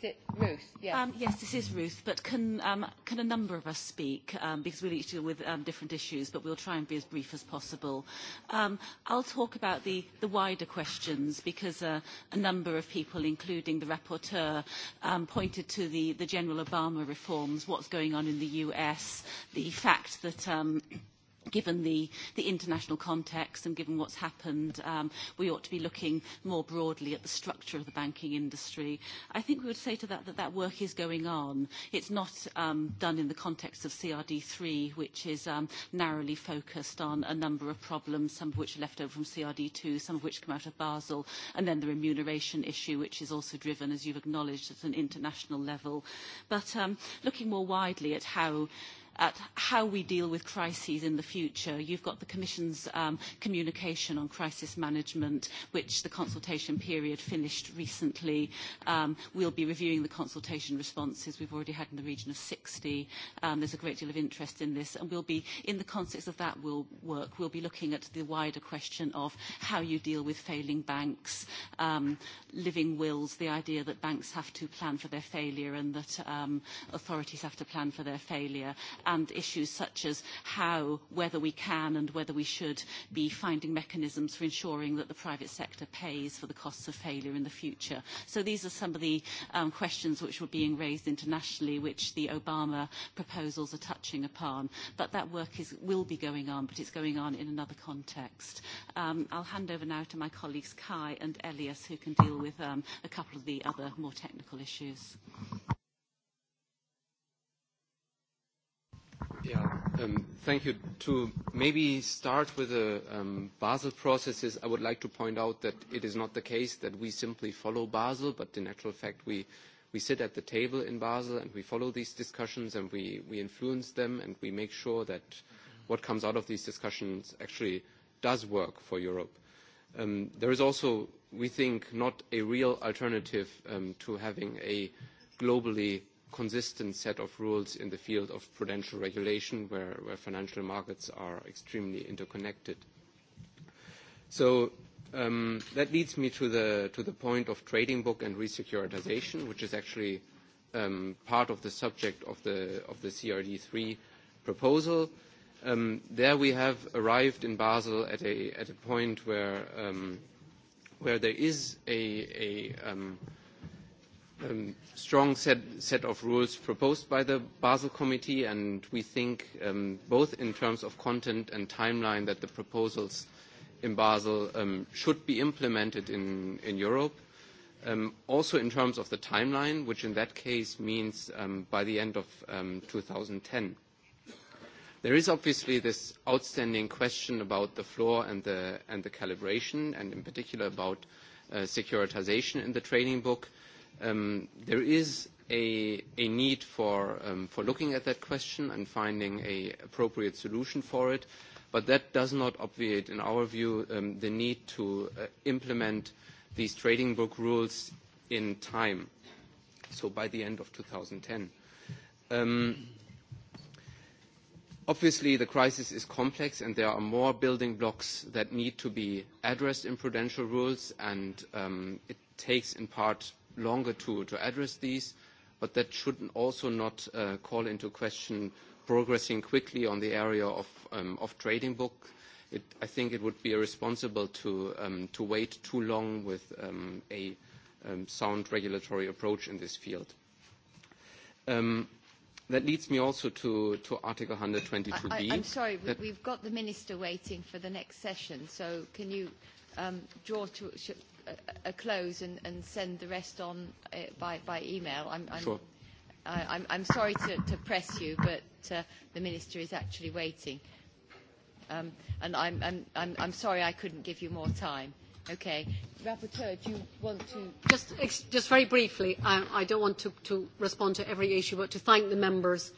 Is it Ruth? Yeah. Um, yes, this is Ruth, but can, um, can a number of us speak? Um, because we'll each deal with um, different issues, but we'll try and be as brief as possible. Um, I'll talk about the, the wider questions because uh, a number of people, including the rapporteur, um, pointed to the, the General Obama reforms, what's going on in the US, the fact that um, given the, the international context and given what's happened, um, we ought to be looking more broadly at the structure of the banking industry. I think we would say to that that that work is going on. It's not um, done in the context of CRD3, which is um, narrowly focused on a number of problems, some of which are left over from CRD2, some of which come out of Basel, and then the remuneration issue, which is also driven, as you've acknowledged, at an international level. But um, looking more widely at how at how we deal with crises in the future. You've got the Commission's um, communication on crisis management, which the consultation period finished recently. Um, we'll be reviewing the consultation responses we've already had in the region of 60. Um, there's a great deal of interest in this, and we'll be, in the context of that we'll work, we'll be looking at the wider question of how you deal with failing banks, um, living wills, the idea that banks have to plan for their failure and that um, authorities have to plan for their failure, and issues such as how, whether we can and whether we should be finding mechanisms for ensuring that the private sector pays for the costs of failure in the future. So these are some of the um, questions which were being raised internationally, which the Obama proposals are touching upon. But that work is, will be going on, but it's going on in another context. Um, I'll hand over now to my colleagues Kai and Elias, who can deal with um, a couple of the other more technical issues. Yeah, um, thank you. To maybe start with the um, Basel processes, I would like to point out that it is not the case that we simply follow Basel, but in actual fact we, we sit at the table in Basel and we follow these discussions and we, we influence them and we make sure that what comes out of these discussions actually does work for Europe. Um, there is also, we think, not a real alternative um, to having a globally consistent set of rules in the field of prudential regulation where, where financial markets are extremely interconnected. So um, that leads me to the, to the point of trading book and resecuritization, which is actually um, part of the subject of the, of the CRD3 proposal. Um, there we have arrived in Basel at a, at a point where, um, where there is a, a um, – um, strong set, set of rules proposed by the Basel Committee, and we think um, both in terms of content and timeline that the proposals in Basel um, should be implemented in, in Europe. Um, also in terms of the timeline, which in that case means um, by the end of um, 2010. There is obviously this outstanding question about the floor and the, and the calibration, and in particular about uh, securitization in the training book um, there is a, a need for, um, for looking at that question and finding an appropriate solution for it, but that does not obviate, in our view, um, the need to uh, implement these trading book rules in time, so by the end of 2010. Um, Obviously, the crisis is complex, and there are more building blocks that need to be addressed in prudential rules, and um, it takes in part longer to, to address these, but that should also not uh, call into question progressing quickly on the area of, um, of trading book. It, I think it would be irresponsible to, um, to wait too long with um, a um, sound regulatory approach in this field. Um, that leads me also to, to Article 122b. I, I'm sorry, we, we've got the Minister waiting for the next session, so can you um, draw to, a close and, and send the rest on uh, by, by email. I'm, I'm, sure. I, I'm, I'm sorry to, to press you, but uh, the Minister is actually waiting. Um, and I'm, I'm, I'm, I'm sorry I couldn't give you more time. Okay. Rapporteur, do you want to... Just, ex just very briefly, I, I don't want to, to respond to every issue, but to thank the members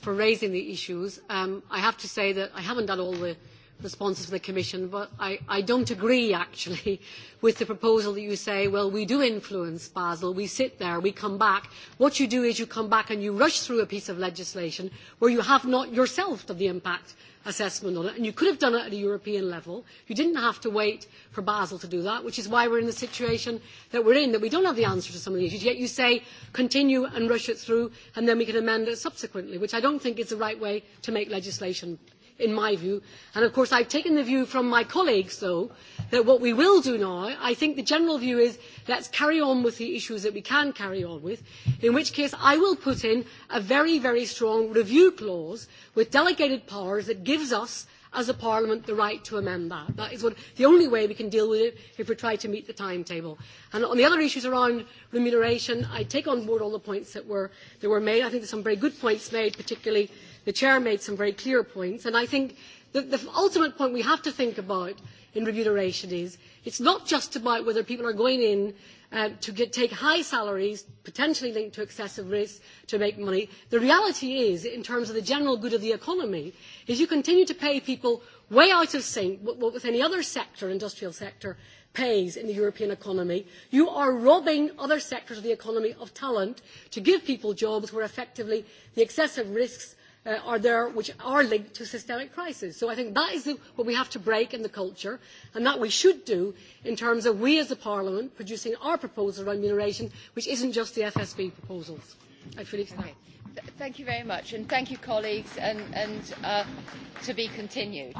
for raising the issues. Um, I have to say that I haven't done all the responses from the Commission, but I, I don't agree actually with the proposal that you say, well, we do influence Basel, we sit there, we come back. What you do is you come back and you rush through a piece of legislation where you have not yourself done the impact assessment on it, and you could have done it at a European level. You didn't have to wait for Basel to do that, which is why we're in the situation that we're in, that we don't have the answer to some of the issues, yet you say continue and rush it through, and then we can amend it subsequently, which I don't think is the right way to make legislation in my view. And of course, I've taken the view from my colleagues, though, that what we will do now, I think the general view is let's carry on with the issues that we can carry on with, in which case I will put in a very, very strong review clause with delegated powers that gives us as a parliament the right to amend that. That is what, the only way we can deal with it if we try to meet the timetable. And on the other issues around remuneration, I take on board all the points that were, that were made. I think there are some very good points made, particularly The Chair made some very clear points, and I think the, the ultimate point we have to think about in remuneration is it's not just about whether people are going in uh, to get, take high salaries, potentially linked to excessive risk, to make money. The reality is, in terms of the general good of the economy, is you continue to pay people way out of sync with what with any other sector, industrial sector, pays in the European economy. You are robbing other sectors of the economy of talent to give people jobs where effectively the excessive risks uh, are there which are linked to systemic crisis. So I think that is the, what we have to break in the culture and that we should do in terms of we as a parliament producing our proposal around remuneration, which isn't just the FSB proposals. I Okay. thank you very much and thank you colleagues and, and uh, to be continued.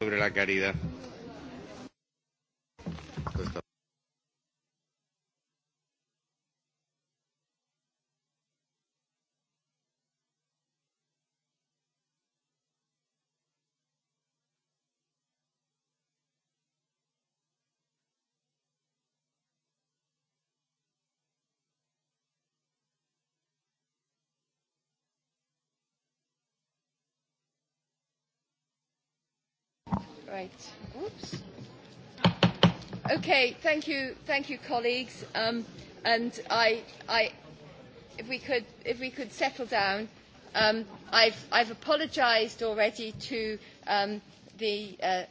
sobre la caridad. Right. Oops. Okay, thank you, thank you, colleagues. Um, and I, I, if we could, if we could settle down, um, I've, I've apologised already to um, the. Uh,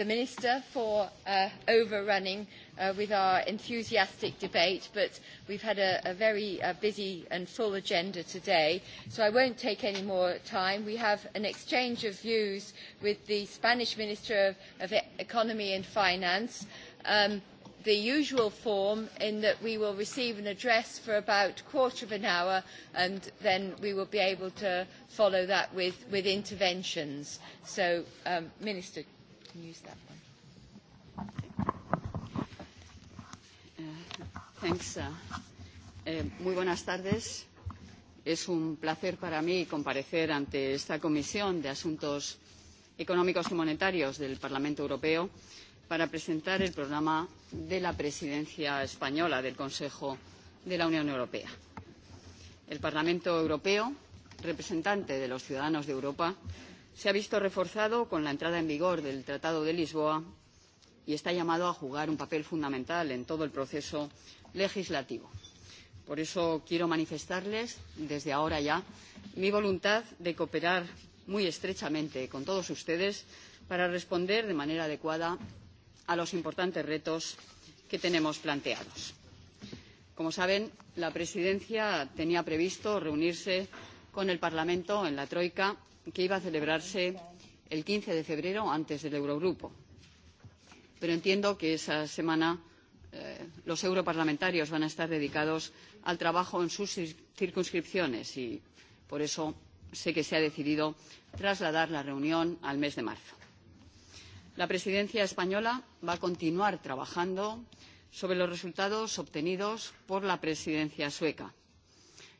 the Minister for uh, overrunning uh, with our enthusiastic debate, but we've had a, a very uh, busy and full agenda today, so I won't take any more time. We have an exchange of views with the Spanish Minister of, of e-, Economy and Finance, um, the usual form in that we will receive an address for about a quarter of an hour and then we will be able to follow that with, with interventions. So, um, Minister, can use that one. Uh, thanks. Uh, muy buenas tardes. Es un placer para mí comparecer ante esta Comisión de Asuntos Económicos y Monetarios del Parlamento Europeo para presentar el programa de la presidencia española del Consejo de la Unión Europea. El Parlamento Europeo, representante de los ciudadanos de Europa, se ha visto reforzado con la entrada en vigor del Tratado de Lisboa y está llamado a jugar un papel fundamental en todo el proceso legislativo. Por eso quiero manifestarles desde ahora ya mi voluntad de cooperar muy estrechamente con todos ustedes para responder de manera adecuada a los importantes retos que tenemos planteados. Como saben, la Presidencia tenía previsto reunirse con el Parlamento en la Troika que iba a celebrarse el 15 de febrero antes del Eurogrupo. Pero entiendo que esa semana eh, los europarlamentarios van a estar dedicados al trabajo en sus circunscripciones y por eso sé que se ha decidido trasladar la reunión al mes de marzo. La presidencia española va a continuar trabajando sobre los resultados obtenidos por la presidencia sueca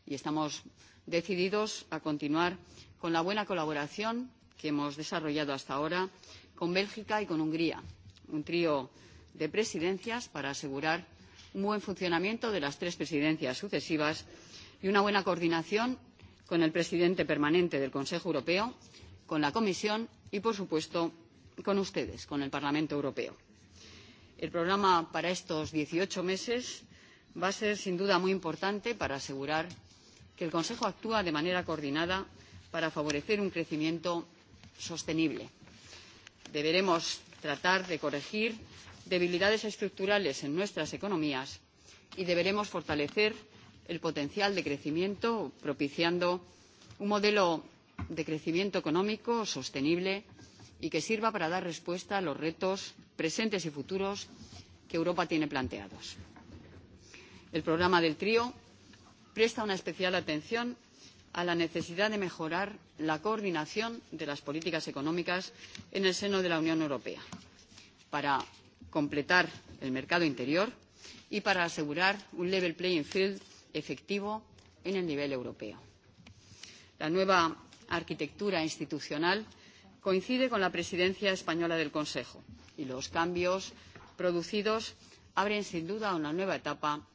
y estamos decididos a continuar con la buena colaboración que hemos desarrollado hasta ahora con Bélgica y con Hungría, un trío de presidencias para asegurar un buen funcionamiento de las tres presidencias sucesivas y una buena coordinación con el presidente permanente del Consejo Europeo, con la Comisión y, por supuesto, con ustedes, con el Parlamento Europeo. El programa para estos dieciocho meses va a ser, sin duda, muy importante para asegurar que el Consejo actúa de manera coordinada para favorecer un crecimiento sostenible. Deberemos tratar de corregir debilidades estructurales en nuestras economías y deberemos fortalecer el potencial de crecimiento propiciando un modelo de crecimiento económico sostenible y que sirva para dar respuesta a los retos presentes y futuros que Europa tiene planteados. El programa del trío presta una especial atención a la necesidad de mejorar la coordinación de las políticas económicas en el seno de la Unión Europea para completar el mercado interior y para asegurar un level playing field efectivo en el nivel europeo. La nueva arquitectura institucional coincide con la presidencia española del Consejo y los cambios producidos abren sin duda una nueva etapa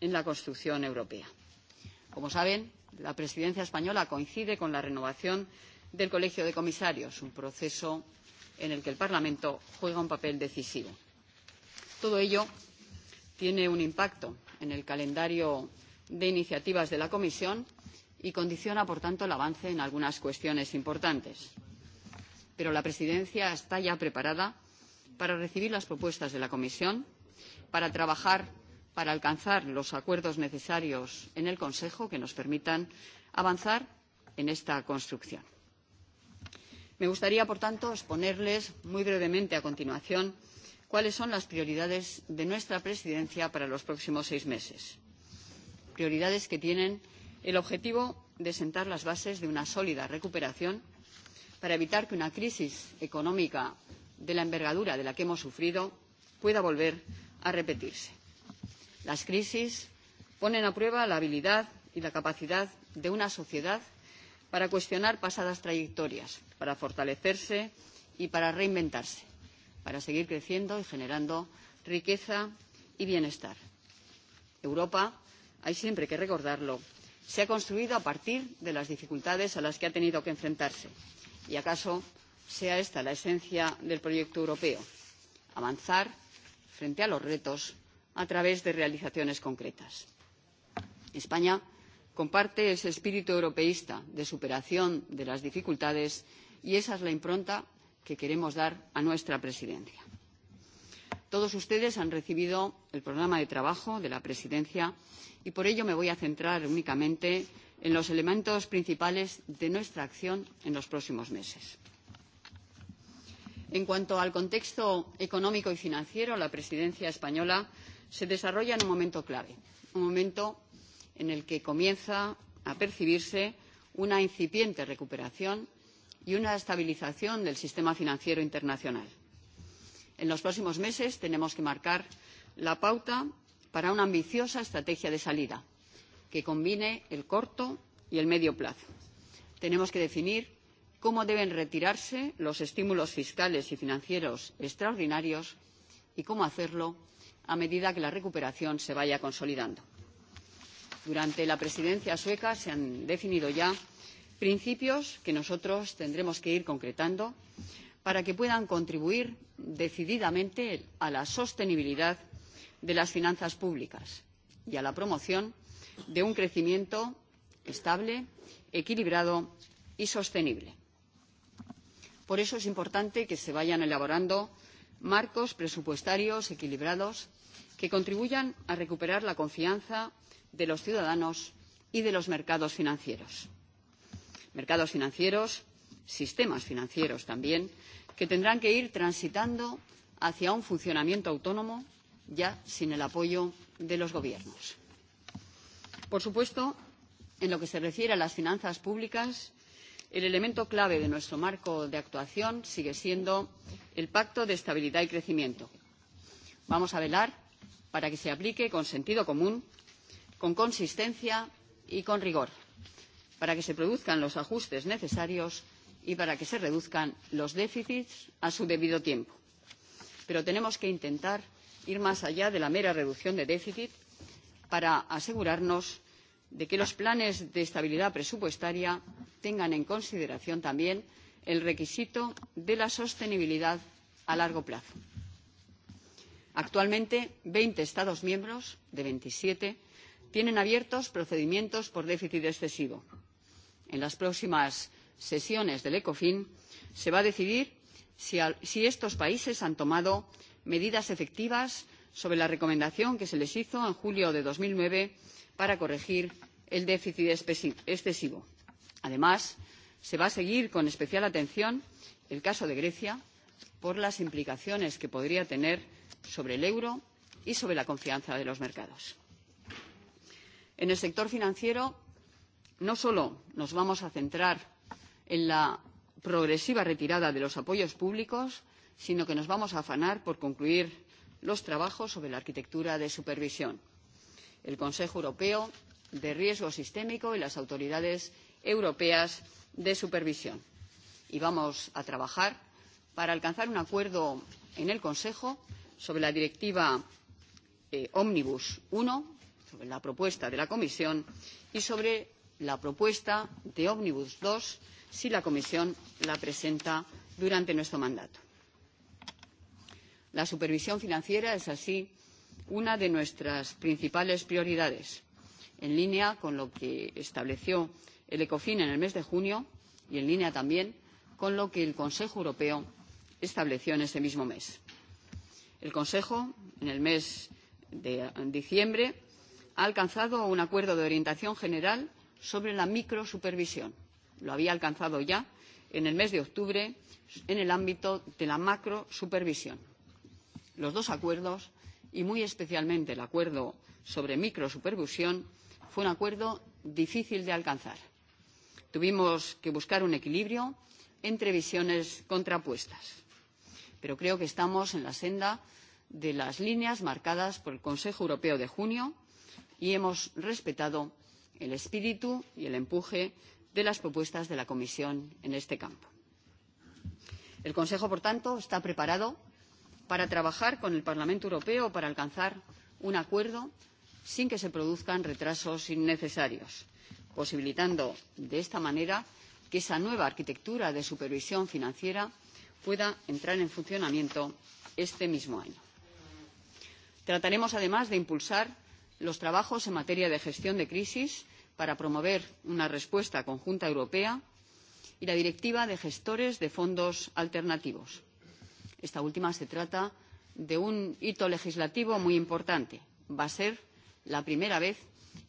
en la construcción europea. Como saben, la presidencia española coincide con la renovación del Colegio de Comisarios, un proceso en el que el Parlamento juega un papel decisivo. Todo ello tiene un impacto en el calendario de iniciativas de la Comisión y condiciona, por tanto, el avance en algunas cuestiones importantes. Pero la Presidencia está ya preparada para recibir las propuestas de la Comisión, para trabajar para alcanzar los acuerdos necesarios en el Consejo que nos permitan avanzar en esta construcción. Me gustaría, por tanto, exponerles muy brevemente a continuación cuáles son las prioridades de nuestra presidencia para los próximos seis meses. Prioridades que tienen el objetivo de sentar las bases de una sólida recuperación para evitar que una crisis económica de la envergadura de la que hemos sufrido pueda volver a repetirse. Las crisis ponen a prueba la habilidad y la capacidad de una sociedad para cuestionar pasadas trayectorias, para fortalecerse y para reinventarse, para seguir creciendo y generando riqueza y bienestar. Europa, hay siempre que recordarlo, se ha construido a partir de las dificultades a las que ha tenido que enfrentarse. ¿Y acaso sea esta la esencia del proyecto europeo? Avanzar frente a los retos a través de realizaciones concretas. España comparte ese espíritu europeísta de superación de las dificultades y esa es la impronta que queremos dar a nuestra presidencia. Todos ustedes han recibido el programa de trabajo de la presidencia y por ello me voy a centrar únicamente en los elementos principales de nuestra acción en los próximos meses. En cuanto al contexto económico y financiero, la presidencia española se desarrolla en un momento clave, un momento en el que comienza a percibirse una incipiente recuperación y una estabilización del sistema financiero internacional. En los próximos meses tenemos que marcar la pauta para una ambiciosa estrategia de salida que combine el corto y el medio plazo. Tenemos que definir cómo deben retirarse los estímulos fiscales y financieros extraordinarios y cómo hacerlo a medida que la recuperación se vaya consolidando. Durante la presidencia sueca se han definido ya principios que nosotros tendremos que ir concretando para que puedan contribuir decididamente a la sostenibilidad de las finanzas públicas y a la promoción de un crecimiento estable, equilibrado y sostenible. Por eso es importante que se vayan elaborando marcos presupuestarios equilibrados que contribuyan a recuperar la confianza de los ciudadanos y de los mercados financieros. Mercados financieros, sistemas financieros también, que tendrán que ir transitando hacia un funcionamiento autónomo ya sin el apoyo de los gobiernos. Por supuesto, en lo que se refiere a las finanzas públicas, el elemento clave de nuestro marco de actuación sigue siendo el Pacto de Estabilidad y Crecimiento. Vamos a velar para que se aplique con sentido común, con consistencia y con rigor, para que se produzcan los ajustes necesarios y para que se reduzcan los déficits a su debido tiempo. Pero tenemos que intentar ir más allá de la mera reducción de déficit para asegurarnos de que los planes de estabilidad presupuestaria tengan en consideración también el requisito de la sostenibilidad a largo plazo. Actualmente, 20 Estados miembros, de 27, tienen abiertos procedimientos por déficit excesivo. En las próximas sesiones del ECOFIN se va a decidir si, al, si estos países han tomado medidas efectivas sobre la recomendación que se les hizo en julio de dos mil nueve para corregir el déficit excesivo. Además, se va a seguir con especial atención el caso de Grecia por las implicaciones que podría tener sobre el euro y sobre la confianza de los mercados. En el sector financiero no solo nos vamos a centrar en la progresiva retirada de los apoyos públicos, sino que nos vamos a afanar por concluir los trabajos sobre la arquitectura de supervisión. El Consejo Europeo de Riesgo Sistémico y las autoridades europeas de supervisión. Y vamos a trabajar para alcanzar un acuerdo en el Consejo sobre la directiva eh, Omnibus 1, sobre la propuesta de la Comisión y sobre la propuesta de Omnibus 2 si la Comisión la presenta durante nuestro mandato. La supervisión financiera es así una de nuestras principales prioridades, en línea con lo que estableció el ECOFIN en el mes de junio y en línea también con lo que el Consejo Europeo estableció en ese mismo mes. El Consejo, en el mes de diciembre, ha alcanzado un acuerdo de orientación general sobre la microsupervisión. Lo había alcanzado ya en el mes de octubre en el ámbito de la macrosupervisión. Los dos acuerdos, y muy especialmente el acuerdo sobre microsupervisión, fue un acuerdo difícil de alcanzar. Tuvimos que buscar un equilibrio entre visiones contrapuestas pero creo que estamos en la senda de las líneas marcadas por el Consejo Europeo de junio y hemos respetado el espíritu y el empuje de las propuestas de la Comisión en este campo. El Consejo, por tanto, está preparado para trabajar con el Parlamento Europeo para alcanzar un acuerdo sin que se produzcan retrasos innecesarios, posibilitando de esta manera que esa nueva arquitectura de supervisión financiera pueda entrar en funcionamiento este mismo año. Trataremos además de impulsar los trabajos en materia de gestión de crisis para promover una respuesta conjunta europea y la directiva de gestores de fondos alternativos. Esta última se trata de un hito legislativo muy importante. Va a ser la primera vez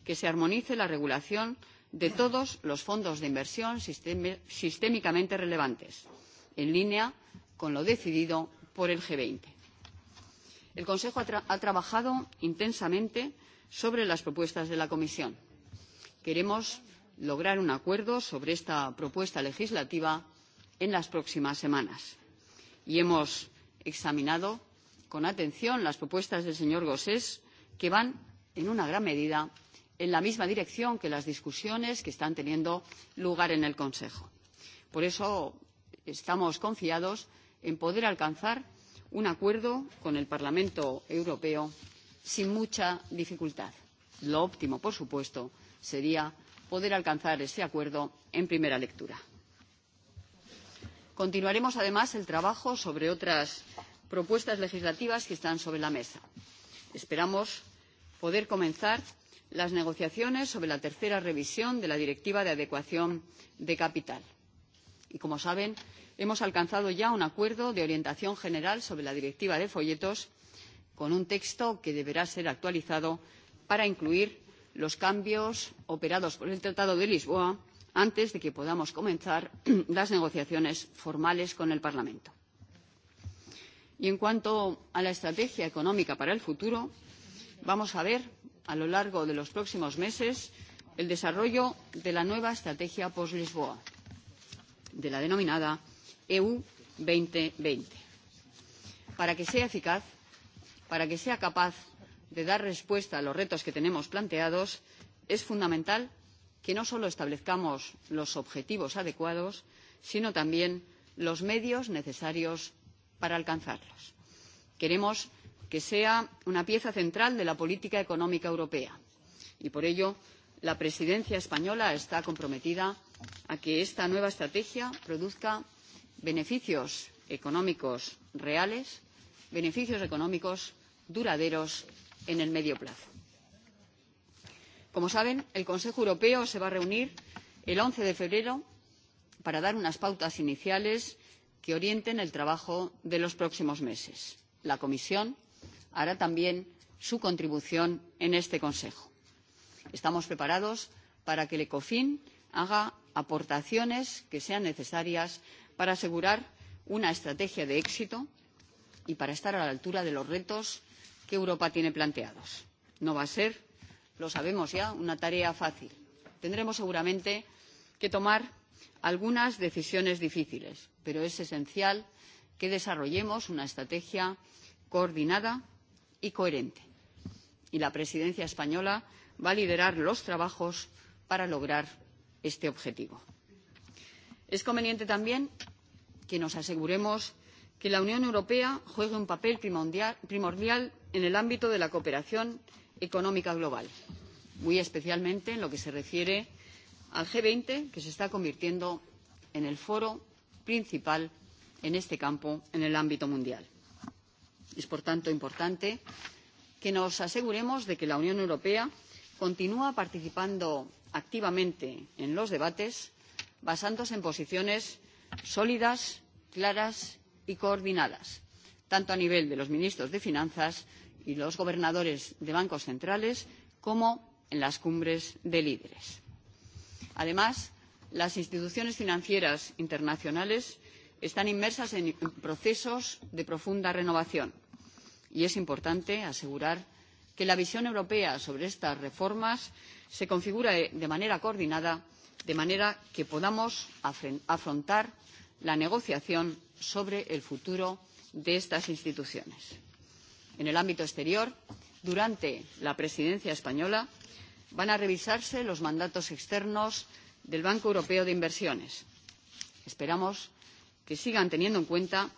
que se armonice la regulación de todos los fondos de inversión sistémicamente relevantes en línea con lo decidido por el g veinte. El Consejo ha, tra ha trabajado intensamente sobre las propuestas de la Comisión. Queremos lograr un acuerdo sobre esta propuesta legislativa en las próximas semanas y hemos examinado con atención las propuestas del señor Gossés, que van, en una gran medida, en la misma dirección que las discusiones que están teniendo lugar en el Consejo. Por eso estamos confiados en poder alcanzar un acuerdo con el Parlamento Europeo sin mucha dificultad. Lo óptimo, por supuesto, sería poder alcanzar ese acuerdo en primera lectura. Continuaremos, además, el trabajo sobre otras propuestas legislativas que están sobre la mesa. Esperamos poder comenzar las negociaciones sobre la tercera revisión de la Directiva de Adecuación de Capital. Y como saben, hemos alcanzado ya un acuerdo de orientación general sobre la directiva de folletos con un texto que deberá ser actualizado para incluir los cambios operados por el Tratado de Lisboa antes de que podamos comenzar las negociaciones formales con el Parlamento. Y en cuanto a la estrategia económica para el futuro, vamos a ver a lo largo de los próximos meses el desarrollo de la nueva estrategia post-Lisboa de la denominada EU 2020. Para que sea eficaz, para que sea capaz de dar respuesta a los retos que tenemos planteados, es fundamental que no solo establezcamos los objetivos adecuados, sino también los medios necesarios para alcanzarlos. Queremos que sea una pieza central de la política económica europea y por ello la presidencia española está comprometida a que esta nueva estrategia produzca beneficios económicos reales, beneficios económicos duraderos en el medio plazo. Como saben, el Consejo Europeo se va a reunir el 11 de febrero para dar unas pautas iniciales que orienten el trabajo de los próximos meses. La Comisión hará también su contribución en este Consejo. Estamos preparados para que el ECOFIN haga aportaciones que sean necesarias para asegurar una estrategia de éxito y para estar a la altura de los retos que Europa tiene planteados. No va a ser, lo sabemos ya, una tarea fácil. Tendremos seguramente que tomar algunas decisiones difíciles, pero es esencial que desarrollemos una estrategia coordinada y coherente. Y la presidencia española va a liderar los trabajos para lograr este objetivo. Es conveniente también que nos aseguremos que la Unión Europea juegue un papel primordial en el ámbito de la cooperación económica global, muy especialmente en lo que se refiere al g veinte, que se está convirtiendo en el foro principal en este campo en el ámbito mundial. Es, por tanto, importante que nos aseguremos de que la Unión Europea continúa participando activamente en los debates basándose en posiciones sólidas, claras y coordinadas, tanto a nivel de los ministros de Finanzas y los gobernadores de bancos centrales como en las cumbres de líderes. Además, las instituciones financieras internacionales están inmersas en procesos de profunda renovación y es importante asegurar que la visión europea sobre estas reformas se configura de manera coordinada, de manera que podamos afrontar la negociación sobre el futuro de estas instituciones. En el ámbito exterior, durante la presidencia española, van a revisarse los mandatos externos del Banco Europeo de Inversiones. Esperamos que sigan teniendo en cuenta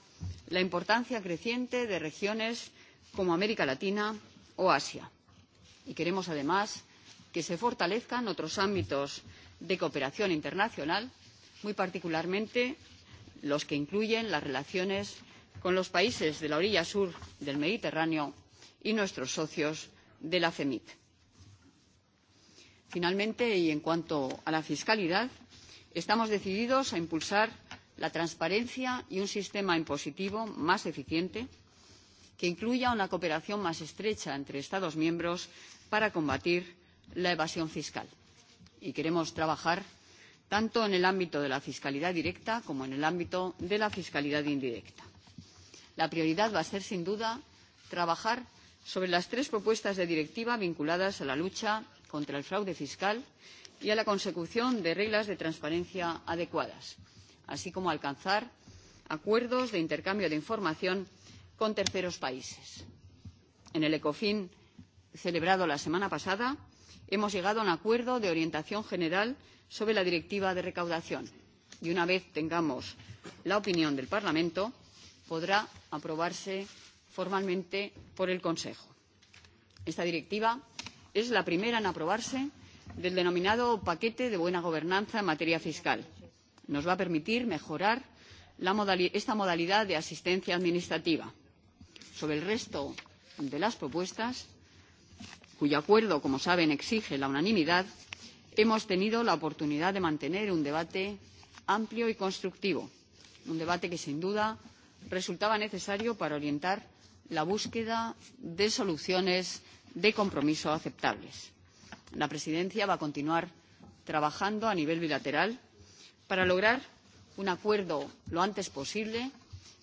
la importancia creciente de regiones como América Latina o Asia. Y queremos, además, que se fortalezcan otros ámbitos de cooperación internacional, muy particularmente los que incluyen las relaciones con los países de la orilla sur del Mediterráneo y nuestros socios de la CEMIT. Finalmente, y en cuanto a la fiscalidad, estamos decididos a impulsar la transparencia y un sistema impositivo más eficiente que incluya una cooperación más estrecha entre Estados miembros para combatir la evasión fiscal. Y queremos trabajar tanto en el ámbito de la fiscalidad directa como en el ámbito de la fiscalidad indirecta. La prioridad va a ser, sin duda, trabajar sobre las tres propuestas de directiva vinculadas a la lucha contra el fraude fiscal y a la consecución de reglas de transparencia adecuadas, así como alcanzar acuerdos de intercambio de información con terceros países. En el ECOFIN celebrado la semana pasada, hemos llegado a un acuerdo de orientación general sobre la directiva de recaudación y una vez tengamos la opinión del Parlamento podrá aprobarse formalmente por el Consejo. Esta directiva es la primera en aprobarse del denominado paquete de buena gobernanza en materia fiscal. Nos va a permitir mejorar la modali esta modalidad de asistencia administrativa. Sobre el resto de las propuestas, cuyo acuerdo, como saben, exige la unanimidad, hemos tenido la oportunidad de mantener un debate amplio y constructivo, un debate que, sin duda, resultaba necesario para orientar la búsqueda de soluciones de compromiso aceptables. La Presidencia va a continuar trabajando a nivel bilateral para lograr un acuerdo lo antes posible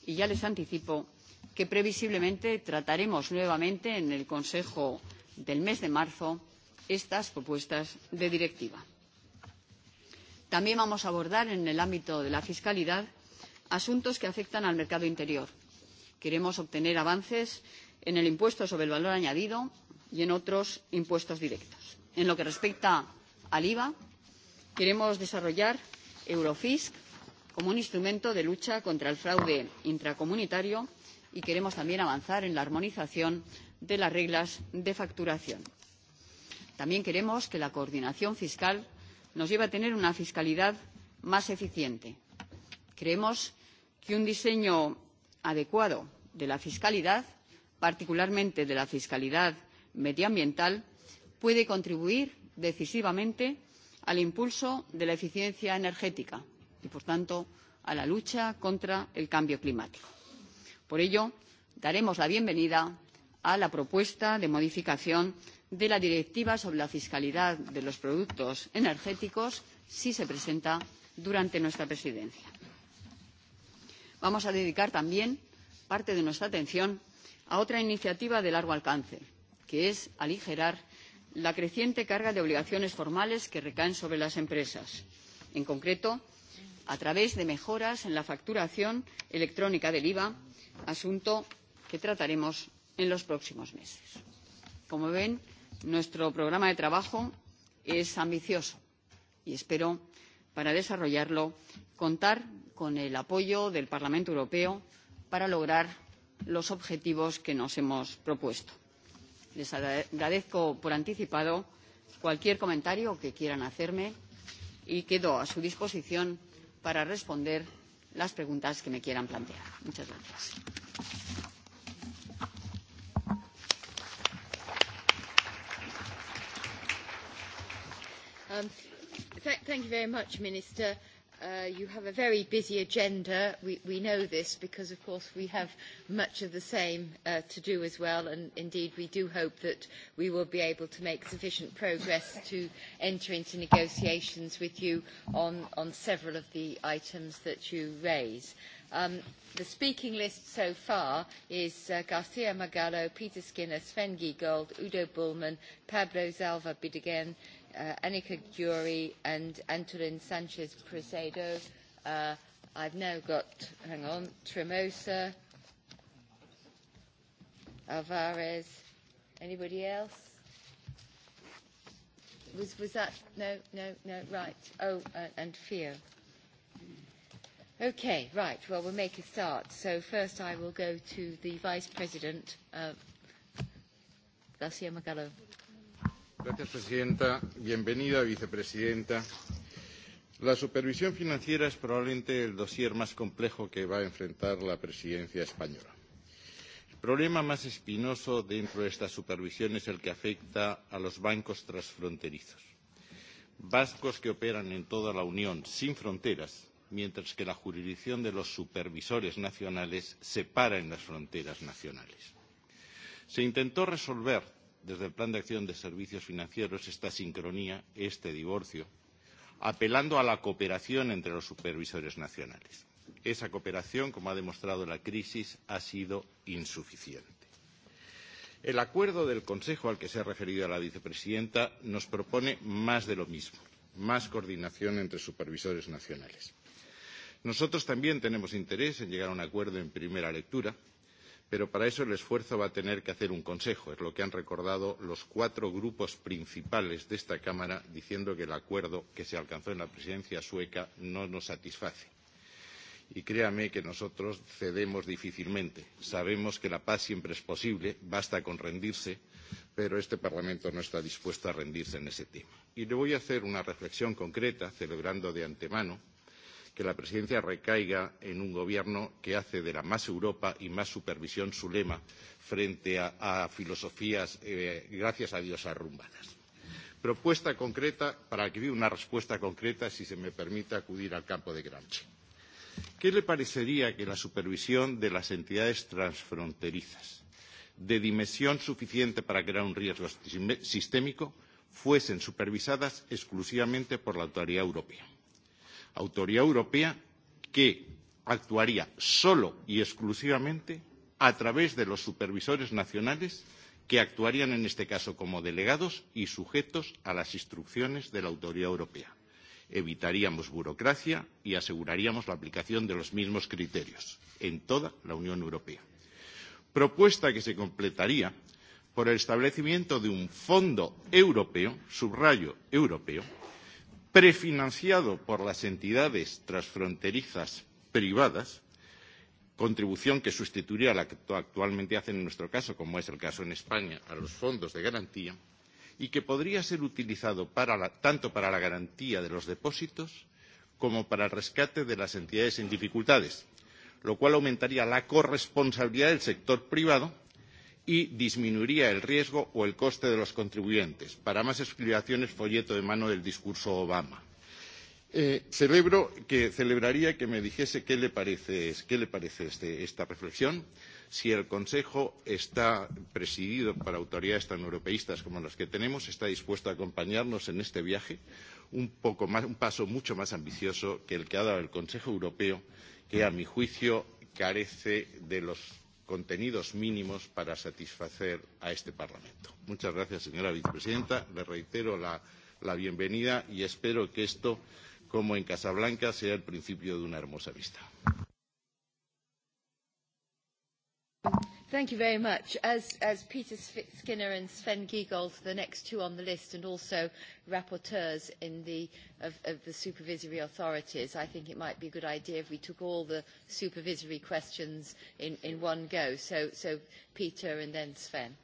y ya les anticipo que previsiblemente trataremos nuevamente en el Consejo del mes de marzo estas propuestas de directiva. También vamos a abordar en el ámbito de la fiscalidad asuntos que afectan al mercado interior. Queremos obtener avances en el impuesto sobre el valor añadido y en otros impuestos directos. En lo que respecta al IVA, queremos desarrollar Eurofisc como un instrumento de lucha contra el fraude intracomunitario y queremos también avanzar en la armonización de las reglas de facturación. También queremos que la coordinación fiscal nos lleve a tener una fiscalidad más eficiente. Creemos que un diseño adecuado de la fiscalidad, particularmente de la fiscalidad medioambiental, puede contribuir decisivamente al impulso de la eficiencia energética y, por tanto, a la lucha contra el cambio climático. Por ello, daremos la bienvenida a la propuesta de modificación de la Directiva sobre la fiscalidad de los productos energéticos si se presenta durante nuestra presidencia. Vamos a dedicar también parte de nuestra atención a otra iniciativa de largo alcance, que es aligerar la creciente carga de obligaciones formales que recaen sobre las empresas, en concreto a través de mejoras en la facturación electrónica del IVA, asunto que trataremos en los próximos meses. Como ven, nuestro programa de trabajo es ambicioso y espero, para desarrollarlo, contar con el apoyo del Parlamento Europeo para lograr los objetivos que nos hemos propuesto. Les agradezco por anticipado cualquier comentario que quieran hacerme y quedo a su disposición para responder las preguntas que me quieran plantear. Muchas gracias. Um, th thank you very much, Minister. Uh, you have a very busy agenda. We, we know this because, of course, we have much of the same uh, to do as well. And indeed, we do hope that we will be able to make sufficient progress to enter into negotiations with you on, on several of the items that you raise. Um, the speaking list so far is uh, Garcia Magallo, Peter Skinner, Sven Giegold, Udo Bullman, Pablo Zalva Bidigen, uh, Annika Gyuri and Antolin Sanchez Presedo. Uh, I've now got, hang on, Tremosa, Alvarez. Anybody else? Was, was that? No, no, no, right. Oh, uh, and Fio. Okay, right. Well, we'll make a start. So first I will go to the Vice President, uh, Garcia Magallo. Gracias, Presidenta. Bienvenida, Vicepresidenta. La supervisión financiera es probablemente el dossier más complejo que va a enfrentar la presidencia española. El problema más espinoso dentro de esta supervisión es el que afecta a los bancos transfronterizos. Bancos que operan en toda la Unión sin fronteras, mientras que la jurisdicción de los supervisores nacionales se para en las fronteras nacionales. Se intentó resolver desde el Plan de Acción de Servicios Financieros esta sincronía, este divorcio, apelando a la cooperación entre los supervisores nacionales. Esa cooperación, como ha demostrado la crisis, ha sido insuficiente. El acuerdo del Consejo al que se ha referido la vicepresidenta nos propone más de lo mismo, más coordinación entre supervisores nacionales. Nosotros también tenemos interés en llegar a un acuerdo en primera lectura Pero para eso el esfuerzo va a tener que hacer un Consejo, es lo que han recordado los cuatro grupos principales de esta Cámara diciendo que el acuerdo que se alcanzó en la presidencia sueca no nos satisface. Y créame que nosotros cedemos difícilmente. Sabemos que la paz siempre es posible, basta con rendirse, pero este Parlamento no está dispuesto a rendirse en ese tema. Y le voy a hacer una reflexión concreta, celebrando de antemano que la presidencia recaiga en un gobierno que hace de la más Europa y más supervisión su lema frente a, a filosofías, eh, gracias a Dios, arrumbadas. Propuesta concreta para que dé una respuesta concreta, si se me permite acudir al campo de Gramsci. ¿Qué le parecería que la supervisión de las entidades transfronterizas, de dimensión suficiente para crear un riesgo sistémico, fuesen supervisadas exclusivamente por la autoridad europea? autoridad europea que actuaría solo y exclusivamente a través de los supervisores nacionales que actuarían en este caso como delegados y sujetos a las instrucciones de la autoridad europea. Evitaríamos burocracia y aseguraríamos la aplicación de los mismos criterios en toda la Unión Europea. Propuesta que se completaría por el establecimiento de un fondo europeo, subrayo europeo, prefinanciado por las entidades transfronterizas privadas, contribución que sustituiría a la que actualmente hacen en nuestro caso, como es el caso en España, a los fondos de garantía, y que podría ser utilizado para la, tanto para la garantía de los depósitos como para el rescate de las entidades en dificultades, lo cual aumentaría la corresponsabilidad del sector privado y disminuiría el riesgo o el coste de los contribuyentes. Para más explicaciones, folleto de mano del discurso Obama. Eh, celebro que celebraría que me dijese qué le parece, qué le parece este, esta reflexión. Si el Consejo está presidido por autoridades tan europeístas como las que tenemos, está dispuesto a acompañarnos en este viaje, un, poco más, un paso mucho más ambicioso que el que ha dado el Consejo Europeo, que a mi juicio carece de los contenidos mínimos para satisfacer a este Parlamento. Muchas gracias, señora vicepresidenta. Le reitero la, la bienvenida y espero que esto, como en Casablanca, sea el principio de una hermosa vista. Thank you very much. As, as Peter Skinner and Sven Giegold, the next two on the list, and also rapporteurs in the, of, of the supervisory authorities, I think it might be a good idea if we took all the supervisory questions in, in one go. So, so Peter and then Sven.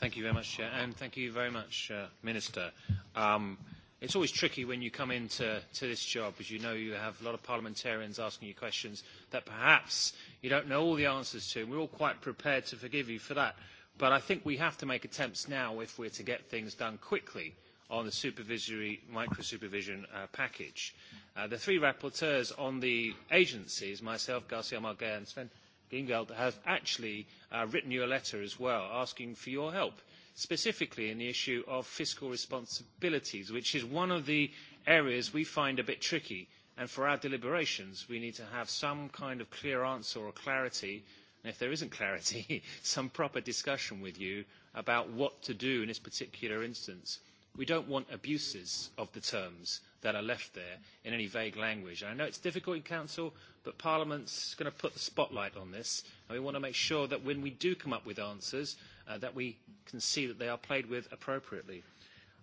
Thank you very much, Chair, and thank you very much, uh, Minister. Um, It's always tricky when you come into to this job, because you know you have a lot of parliamentarians asking you questions that perhaps you don't know all the answers to, and we're all quite prepared to forgive you for that. But I think we have to make attempts now if we're to get things done quickly on the supervisory micro-supervision uh, package. Uh, the three rapporteurs on the agencies, myself, Garcia Marguerite and Sven Gingeld, have actually uh, written you a letter as well asking for your help, specifically in the issue of fiscal responsibilities, which is one of the areas we find a bit tricky And for our deliberations, we need to have some kind of clear answer or clarity, and if there isn't clarity, some proper discussion with you about what to do in this particular instance. We don't want abuses of the terms that are left there in any vague language. I know it's difficult in Council, but Parliament's going to put the spotlight on this, and we want to make sure that when we do come up with answers, uh, that we can see that they are played with appropriately.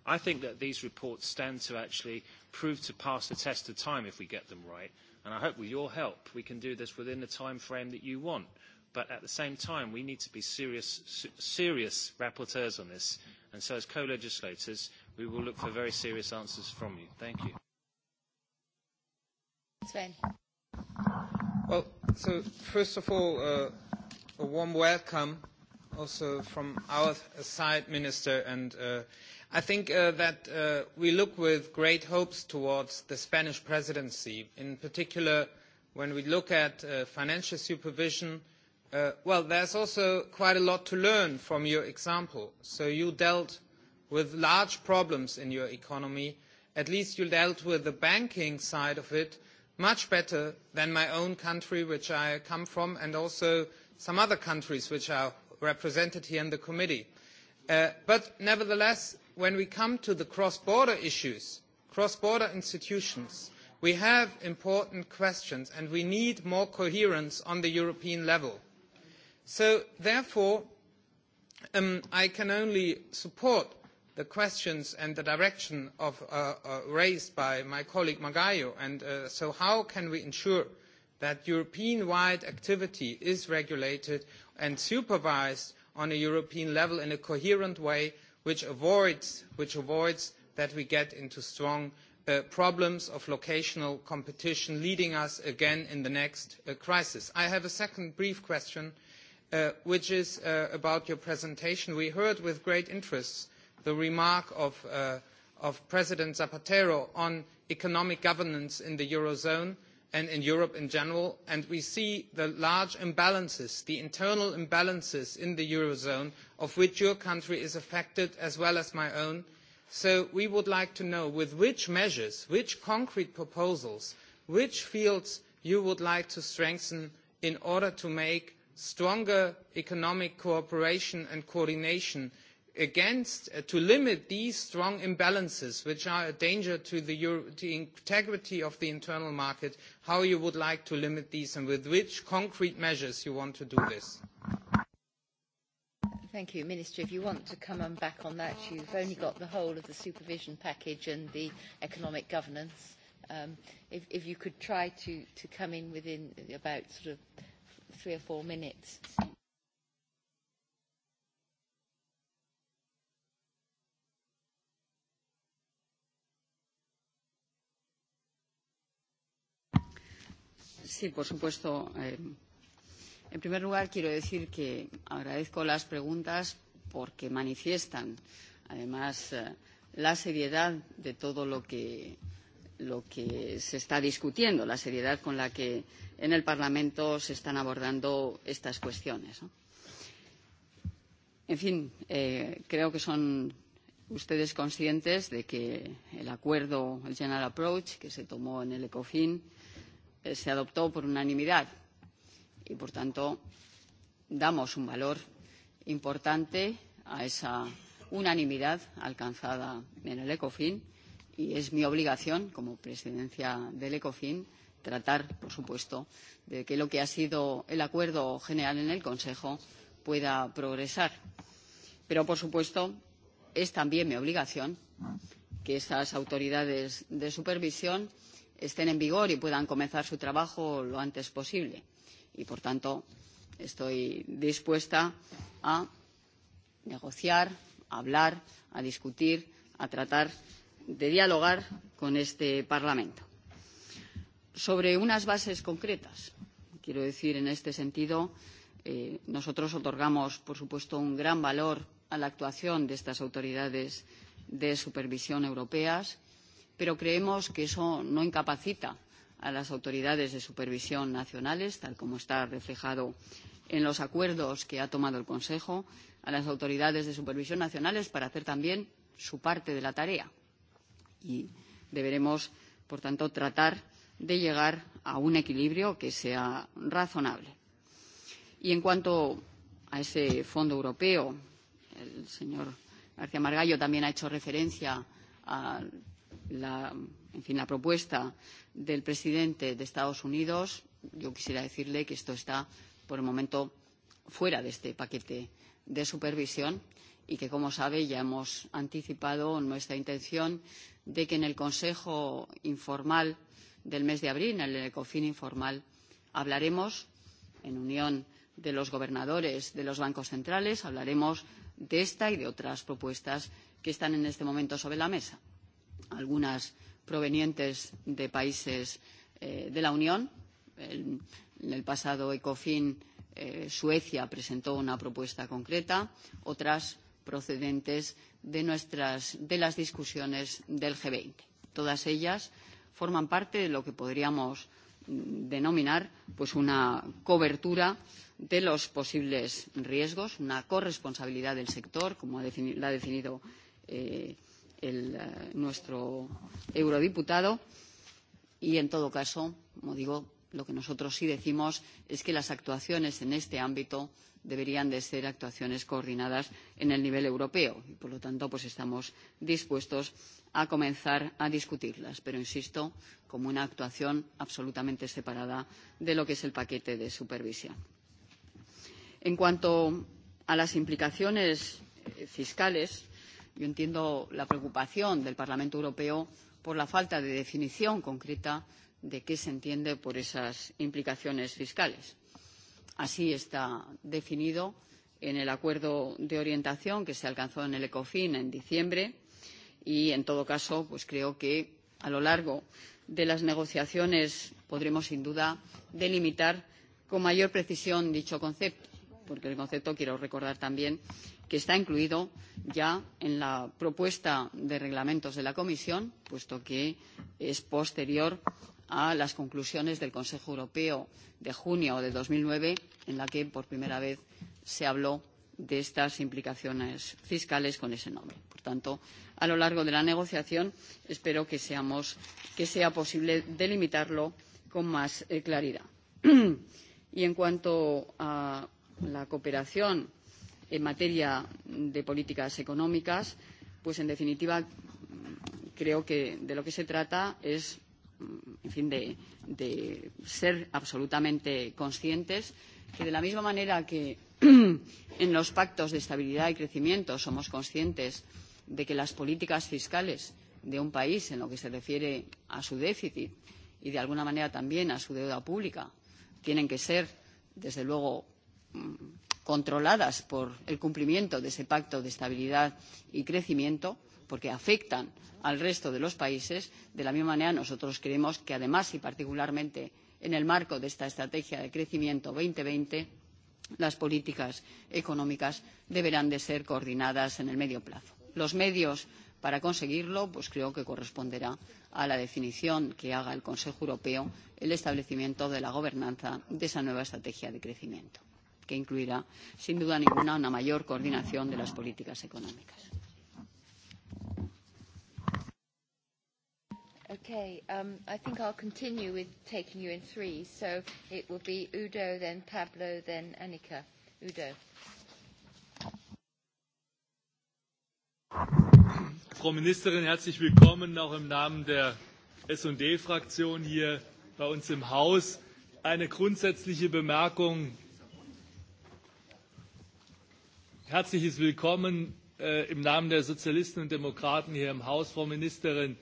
I think that these reports stand to actually prove to pass the test of time if we get them right. And I hope with your help we can do this within the time frame that you want. But at the same time, we need to be serious, serious rapporteurs on this. And so as co-legislators, we will look for very serious answers from you. Thank you. Sven. Well, so first of all, uh, a warm welcome also from our side, Minister, and uh, I think uh, that uh, we look with great hopes towards the Spanish presidency, in particular when we look at uh, financial supervision. Uh, well, there's also quite a lot to learn from your example. So you dealt with large problems in your economy. At least you dealt with the banking side of it much better than my own country, which I come from, and also some other countries which are represented here in the committee. Uh, but nevertheless, when we come to the cross-border issues, cross-border institutions, we have important questions and we need more coherence on the European level. So therefore, um, I can only support the questions and the direction of, uh, uh, raised by my colleague Magayo. And uh, so how can we ensure that European-wide activity is regulated and supervised on a European level in a coherent way which avoids, which avoids that we get into strong uh, problems of locational competition leading us again in the next uh, crisis. I have a second brief question uh, which is uh, about your presentation. We heard with great interest the remark of, uh, of President Zapatero on economic governance in the Eurozone and in Europe in general, and we see the large imbalances, the internal imbalances in the Eurozone, of which your country is affected as well as my own. So we would like to know with which measures, which concrete proposals, which fields you would like to strengthen in order to make stronger economic cooperation and coordination against uh, to limit these strong imbalances which are a danger to the, Euro the integrity of the internal market how you would like to limit these and with which concrete measures you want to do this Thank you, Minister. If you want to come on back on that, you've only got the whole of the supervision package and the economic governance. Um, if, if you could try to, to come in within about sort of three or four minutes. Sí, por supuesto. Eh, en primer lugar, quiero decir que agradezco las preguntas porque manifiestan, además, eh, la seriedad de todo lo que, lo que se está discutiendo, la seriedad con la que en el Parlamento se están abordando estas cuestiones. ¿no? En fin, eh, creo que son ustedes conscientes de que el acuerdo, el General Approach, que se tomó en el ECOFIN, Eh, se adoptó por unanimidad y, por tanto, damos un valor importante a esa unanimidad alcanzada en el ECOFIN y es mi obligación como presidencia del ECOFIN tratar, por supuesto, de que lo que ha sido el acuerdo general en el Consejo pueda progresar. Pero, por supuesto, es también mi obligación que esas autoridades de supervisión estén en vigor y puedan comenzar su trabajo lo antes posible. Y, por tanto, estoy dispuesta a negociar, a hablar, a discutir, a tratar de dialogar con este Parlamento. Sobre unas bases concretas, quiero decir en este sentido, eh, nosotros otorgamos, por supuesto, un gran valor a la actuación de estas autoridades de supervisión europeas pero creemos que eso no incapacita a las autoridades de supervisión nacionales, tal como está reflejado en los acuerdos que ha tomado el Consejo, a las autoridades de supervisión nacionales para hacer también su parte de la tarea. Y deberemos, por tanto, tratar de llegar a un equilibrio que sea razonable. Y en cuanto a ese fondo europeo, el señor García Margallo también ha hecho referencia al la, en fin, la propuesta del presidente de Estados Unidos, yo quisiera decirle que esto está, por el momento, fuera de este paquete de supervisión y que, como sabe, ya hemos anticipado nuestra intención de que en el Consejo informal del mes de abril, en el ECOFIN informal, hablaremos, en unión de los gobernadores de los bancos centrales, hablaremos de esta y de otras propuestas que están en este momento sobre la mesa algunas provenientes de países eh, de la Unión. El, en el pasado ECOFIN eh, Suecia presentó una propuesta concreta, otras procedentes de, nuestras, de las discusiones del G20. Todas ellas forman parte de lo que podríamos mm, denominar pues una cobertura de los posibles riesgos, una corresponsabilidad del sector, como ha defini la ha definido eh, el, eh, nuestro eurodiputado. Y en todo caso, como digo, lo que nosotros sí decimos es que las actuaciones en este ámbito deberían de ser actuaciones coordinadas en el nivel europeo y por lo tanto pues estamos dispuestos a comenzar a discutirlas pero insisto como una actuación absolutamente separada de lo que es el paquete de supervisión en cuanto a las implicaciones eh, fiscales Yo entiendo la preocupación del Parlamento Europeo por la falta de definición concreta de qué se entiende por esas implicaciones fiscales. Así está definido en el acuerdo de orientación que se alcanzó en el ECOFIN en diciembre y, en todo caso, pues creo que a lo largo de las negociaciones podremos, sin duda, delimitar con mayor precisión dicho concepto, porque el concepto, quiero recordar también, que está incluido ya en la propuesta de reglamentos de la Comisión, puesto que es posterior a las conclusiones del Consejo Europeo de junio de dos mil nueve, en la que por primera vez se habló de estas implicaciones fiscales con ese nombre. Por tanto, a lo largo de la negociación espero que, seamos, que sea posible delimitarlo con más eh, claridad. y en cuanto a la cooperación en materia de políticas económicas, pues en definitiva creo que de lo que se trata es en fin, de, de ser absolutamente conscientes que de la misma manera que en los pactos de estabilidad y crecimiento somos conscientes de que las políticas fiscales de un país en lo que se refiere a su déficit y de alguna manera también a su deuda pública tienen que ser desde luego mm, controladas por el cumplimiento de ese pacto de estabilidad y crecimiento, porque afectan al resto de los países. De la misma manera, nosotros creemos que, además y particularmente en el marco de esta estrategia de crecimiento dos mil veinte, las políticas económicas deberán de ser coordinadas en el medio plazo. Los medios para conseguirlo, pues creo que corresponderá a la definición que haga el Consejo Europeo el establecimiento de la gobernanza de esa nueva estrategia de crecimiento que incluirá, sin duda ninguna, una mayor coordinación de las políticas económicas. Okay, um, I think I'll continue with taking you in three. So it will be Udo, then Pablo, then Annika. Udo. Frau Ministerin, herzlich willkommen auch im Namen der S&D-Fraktion hier bei uns im Haus. Eine grundsätzliche Bemerkung Herzliches Willkommen äh, im Namen der Sozialisten und Demokraten hier im Haus, Frau Ministerin.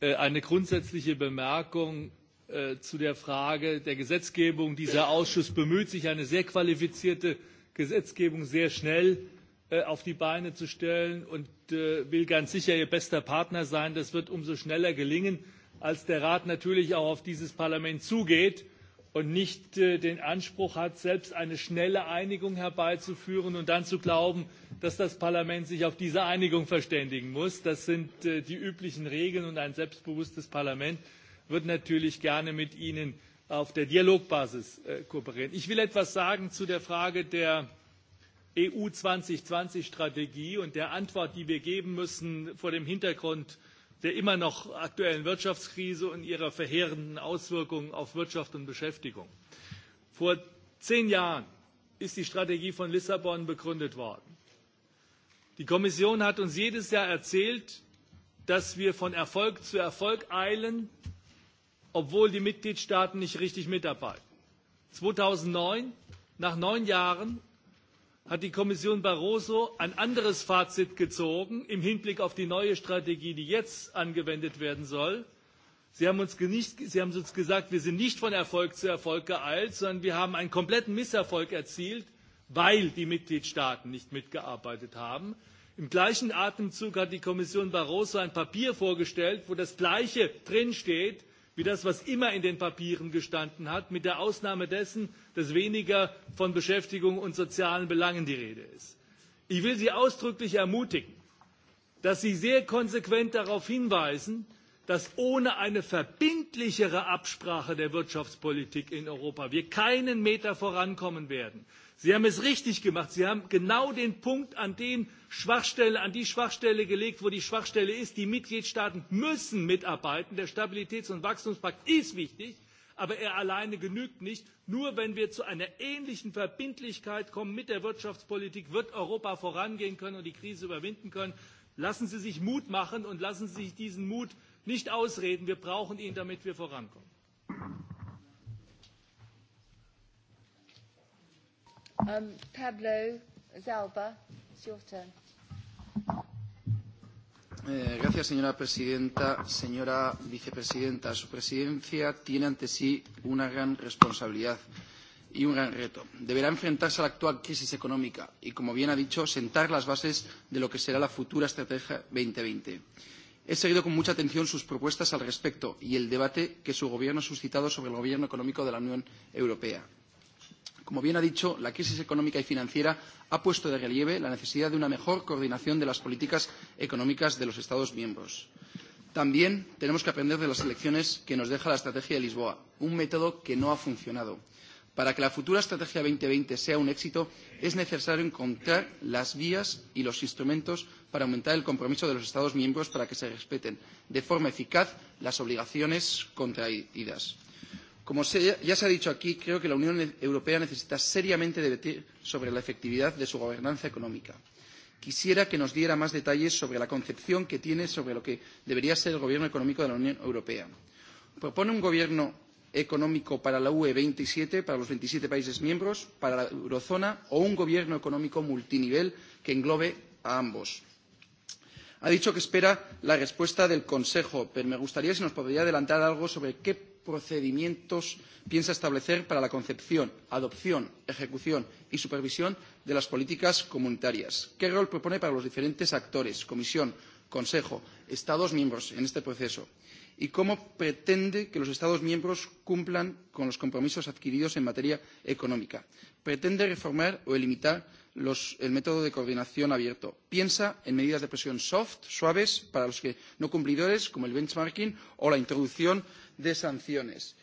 Äh, eine grundsätzliche Bemerkung äh, zu der Frage der Gesetzgebung. Dieser Ausschuss bemüht sich, eine sehr qualifizierte Gesetzgebung sehr schnell äh, auf die Beine zu stellen und äh, will ganz sicher ihr bester Partner sein. Das wird umso schneller gelingen, als der Rat natürlich auch auf dieses Parlament zugeht und nicht äh, den Anspruch hat, selbst eine schnelle Einigung herbeizuführen und dann zu glauben, dass das Parlament sich auf diese Einigung verständigen muss. Das sind äh, die üblichen Regeln und ein selbstbewusstes Parlament wird natürlich gerne mit Ihnen auf der Dialogbasis äh, kooperieren. Ich will etwas sagen zu der Frage der EU 2020 Strategie und der Antwort, die wir geben müssen vor dem Hintergrund der immer noch aktuellen Wirtschaftskrise und ihrer verheerenden Auswirkungen auf Wirtschaft und Beschäftigung. Vor zehn Jahren ist die Strategie von Lissabon begründet worden. Die Kommission hat uns jedes Jahr erzählt, dass wir von Erfolg zu Erfolg eilen, obwohl die Mitgliedstaaten nicht richtig mitarbeiten. 2009, nach neun Jahren, hat die Kommission Barroso ein anderes Fazit gezogen im Hinblick auf die neue Strategie, die jetzt angewendet werden soll. Sie haben, uns nicht, Sie haben uns gesagt, wir sind nicht von Erfolg zu Erfolg geeilt, sondern wir haben einen kompletten Misserfolg erzielt, weil die Mitgliedstaaten nicht mitgearbeitet haben. Im gleichen Atemzug hat die Kommission Barroso ein Papier vorgestellt, wo das Gleiche drinsteht, wie das, was immer in den Papieren gestanden hat, mit der Ausnahme dessen, dass weniger von Beschäftigung und sozialen Belangen die Rede ist. Ich will Sie ausdrücklich ermutigen, dass Sie sehr konsequent darauf hinweisen, dass ohne eine verbindlichere Absprache der Wirtschaftspolitik in Europa wir keinen Meter vorankommen werden. Sie haben es richtig gemacht. Sie haben genau den Punkt an, den Schwachstelle, an die Schwachstelle gelegt, wo die Schwachstelle ist. Die Mitgliedstaaten müssen mitarbeiten. Der Stabilitäts- und Wachstumspakt ist wichtig. Aber er alleine genügt nicht. Nur wenn wir zu einer ähnlichen Verbindlichkeit kommen mit der Wirtschaftspolitik, wird Europa vorangehen können und die Krise überwinden können. Lassen Sie sich Mut machen und lassen Sie sich diesen Mut nicht ausreden. Wir brauchen ihn, damit wir vorankommen. Um, Pablo Zalba, it's your turn. Eh, gracias, señora presidenta. Señora vicepresidenta, su presidencia tiene ante sí una gran responsabilidad y un gran reto. Deberá enfrentarse a la actual crisis económica y, como bien ha dicho, sentar las bases de lo que será la futura Estrategia 2020. He seguido con mucha atención sus propuestas al respecto y el debate que su Gobierno ha suscitado sobre el Gobierno económico de la Unión Europea. Como bien ha dicho, la crisis económica y financiera ha puesto de relieve la necesidad de una mejor coordinación de las políticas económicas de los Estados miembros. También tenemos que aprender de las elecciones que nos deja la Estrategia de Lisboa, un método que no ha funcionado. Para que la futura Estrategia 2020 sea un éxito, es necesario encontrar las vías y los instrumentos para aumentar el compromiso de los Estados miembros para que se respeten de forma eficaz las obligaciones contraídas. Como se, ya se ha dicho aquí, creo que la Unión Europea necesita seriamente debatir sobre la efectividad de su gobernanza económica. Quisiera que nos diera más detalles sobre la concepción que tiene sobre lo que debería ser el gobierno económico de la Unión Europea. ¿Propone un gobierno económico para la UE 27, para los 27 países miembros, para la eurozona o un gobierno económico multinivel que englobe a ambos? Ha dicho que espera la respuesta del Consejo, pero me gustaría si nos podría adelantar algo sobre qué procedimientos piensa establecer para la concepción, adopción, ejecución y supervisión de las políticas comunitarias? ¿Qué rol propone para los diferentes actores, Comisión, Consejo, Estados miembros en este proceso? ¿Y cómo pretende que los Estados miembros cumplan con los compromisos adquiridos en materia económica? ¿Pretende reformar o limitar los, el método de coordinación abierto. Piensa en medidas de presión soft, suaves, para los que no cumplidores, como el benchmarking o la introducción de sanciones.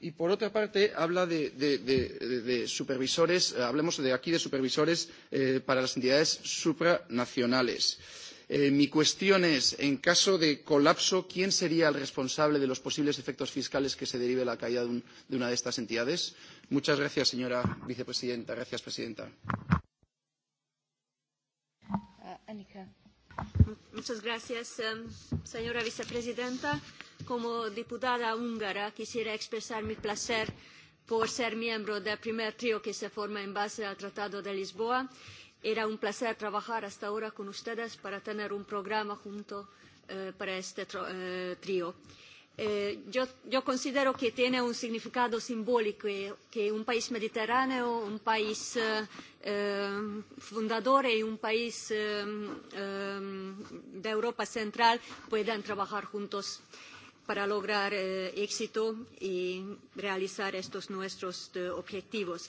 Y por otra parte, habla de, de, de, de supervisores, eh, hablemos de aquí de supervisores eh, para las entidades supranacionales. Eh, mi cuestión es, en caso de colapso, ¿quién sería el responsable de los posibles efectos fiscales que se derive la caída de, un, de una de estas entidades? Muchas gracias, señora vicepresidenta. Gracias, presidenta. Uh, Muchas gracias, um, señora vicepresidenta como diputada húngara quisiera expresar mi placer por ser miembro del primer trío que se forma en base al Tratado de Lisboa. Era un placer trabajar hasta ahora con ustedes para tener un programa junto eh, para este eh, trío. Eh, yo, yo considero que tiene un significado simbólico eh, que un país mediterráneo, un país eh, eh, fundador y un país eh, eh, de Europa Central puedan trabajar juntos. Eh, para lograr eh, éxito y realizar estos nuestros uh, objetivos.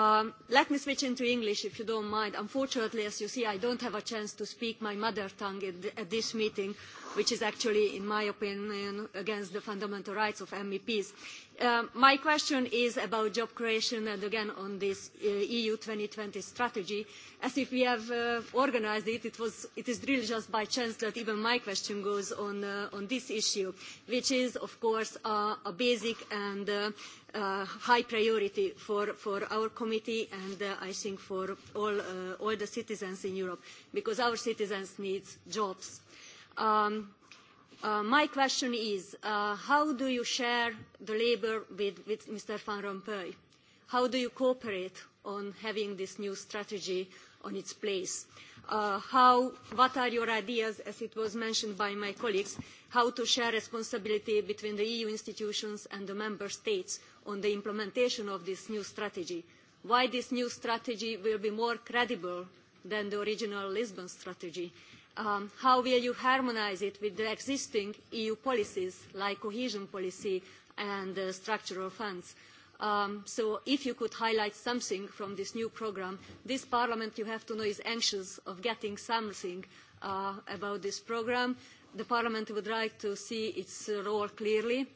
Um, let me switch into English, if you don't mind. Unfortunately, as you see, I don't have a chance to speak my mother tongue at, at this meeting, which is actually, in my opinion, against the fundamental rights of MEPs. Uh, um, my question is about job creation and again on this uh, EU 2020 strategy. As if we have uh, organized it, it, was, it is really just by chance that even my question goes on, uh, on this issue, which is, of course, uh, a basic and uh, uh, high priority for, for our committee and uh, I think for all, uh, all the citizens in Europe, because our citizens need jobs Um, uh, my question is, uh, how do you share the labour with, with Mr. Van Rompuy? How do you cooperate on having this new strategy on its place? Uh, how, what are your ideas, as it was mentioned by my colleagues, how to share responsibility between the EU institutions and the member states on the implementation of this new strategy? Why this new strategy will be more credible than the original Lisbon strategy? um, how will you harmonise it with the existing EU policies like cohesion policy and uh, structural funds? Um, so if you could highlight something from this new programme, this parliament, you have to know, is anxious of getting something uh, about this programme. The parliament would like to see its role clearly.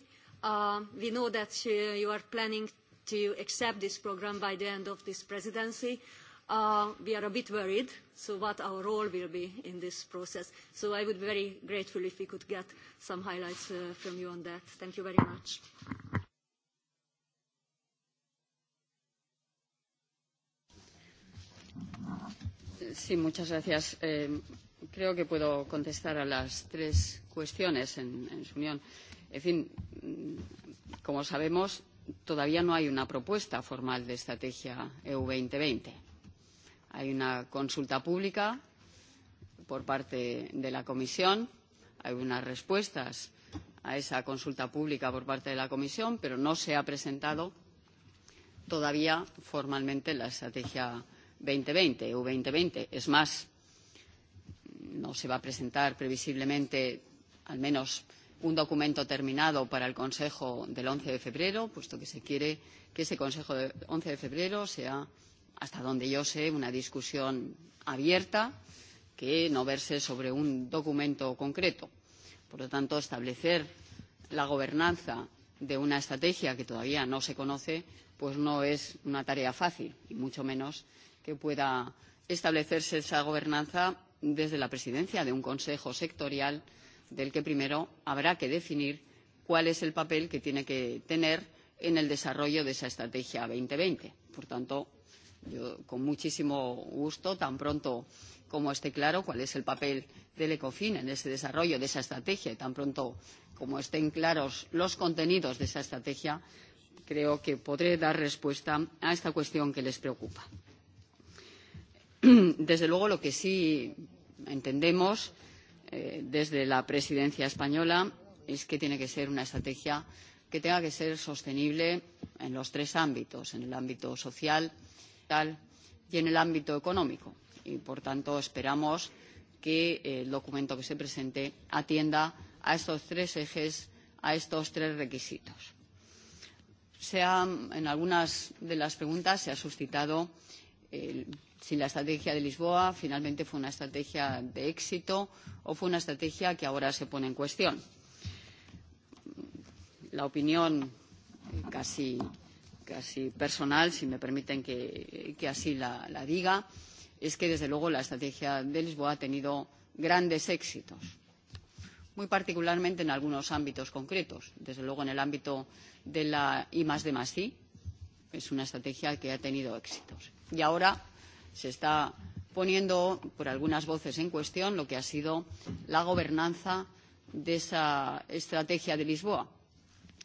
Uh, we know that uh, you are planning to accept this programme by the end of this presidency. Uh, Uh, we are a bit worried, so what our role will be in this process. So I would be very grateful if we could get some highlights uh, from you on that. Thank you very much. Sí, muchas gracias. Eh, creo que puedo contestar a las tres cuestiones en, en su unión. En fin, mm, como sabemos, todavía no hay una propuesta formal de estrategia EU 2020 Hay una consulta pública por parte de la Comisión, hay unas respuestas a esa consulta pública por parte de la Comisión, pero no se ha presentado todavía formalmente la estrategia 2020 o 2020. Es más, no se va a presentar previsiblemente al menos un documento terminado para el Consejo del 11 de febrero, puesto que se quiere que ese Consejo del 11 de febrero sea hasta donde yo sé, una discusión abierta que no verse sobre un documento concreto. Por lo tanto, establecer la gobernanza de una estrategia que todavía no se conoce, pues no es una tarea fácil, y mucho menos que pueda establecerse esa gobernanza desde la presidencia de un consejo sectorial del que primero habrá que definir cuál es el papel que tiene que tener en el desarrollo de esa estrategia 2020. Por tanto, Yo, con muchísimo gusto, tan pronto como esté claro cuál es el papel del ECOFIN en ese desarrollo de esa estrategia y tan pronto como estén claros los contenidos de esa estrategia, creo que podré dar respuesta a esta cuestión que les preocupa. Desde luego, lo que sí entendemos eh, desde la presidencia española es que tiene que ser una estrategia que tenga que ser sostenible en los tres ámbitos, en el ámbito social, ambiental y en el ámbito económico. Y, por tanto, esperamos que el documento que se presente atienda a estos tres ejes, a estos tres requisitos. Se ha, en algunas de las preguntas se ha suscitado el, si la estrategia de Lisboa finalmente fue una estrategia de éxito o fue una estrategia que ahora se pone en cuestión. La opinión eh, casi casi personal, si me permiten que, que así la, la diga, es que desde luego la estrategia de Lisboa ha tenido grandes éxitos, muy particularmente en algunos ámbitos concretos, desde luego en el ámbito de la I más de más I, es una estrategia que ha tenido éxitos. Y ahora se está poniendo por algunas voces en cuestión lo que ha sido la gobernanza de esa estrategia de Lisboa.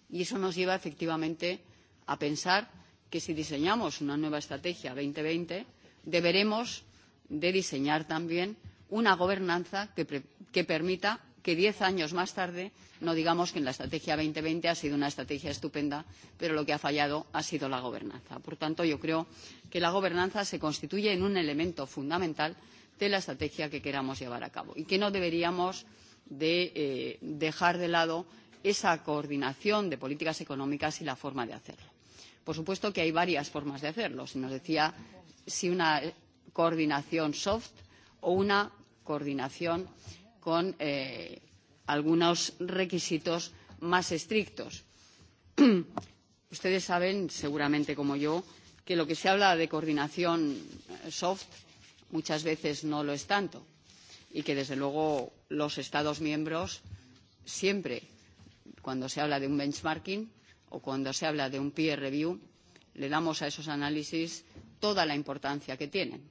Y eso nos lleva efectivamente a pensar que si diseñamos una nueva estrategia 2020 deberemos de diseñar también una gobernanza que, pre que permita que diez años más tarde no digamos que en la estrategia 2020 ha sido una estrategia estupenda, pero lo que ha fallado ha sido la gobernanza. Por tanto, yo creo que la gobernanza se constituye en un elemento fundamental de la estrategia que queramos llevar a cabo y que no deberíamos de, eh, dejar de lado esa coordinación de políticas económicas y la forma de hacerlo. Por supuesto que hay varias formas de hacerlo. Se nos decía si una coordinación soft o una coordinación con eh, algunos requisitos más estrictos. Ustedes saben, seguramente como yo, que lo que se habla de coordinación eh, soft muchas veces no lo es tanto y que desde luego los Estados miembros siempre, cuando se habla de un benchmarking, o cuando se habla de un peer review, le damos a esos análisis toda la importancia que tienen.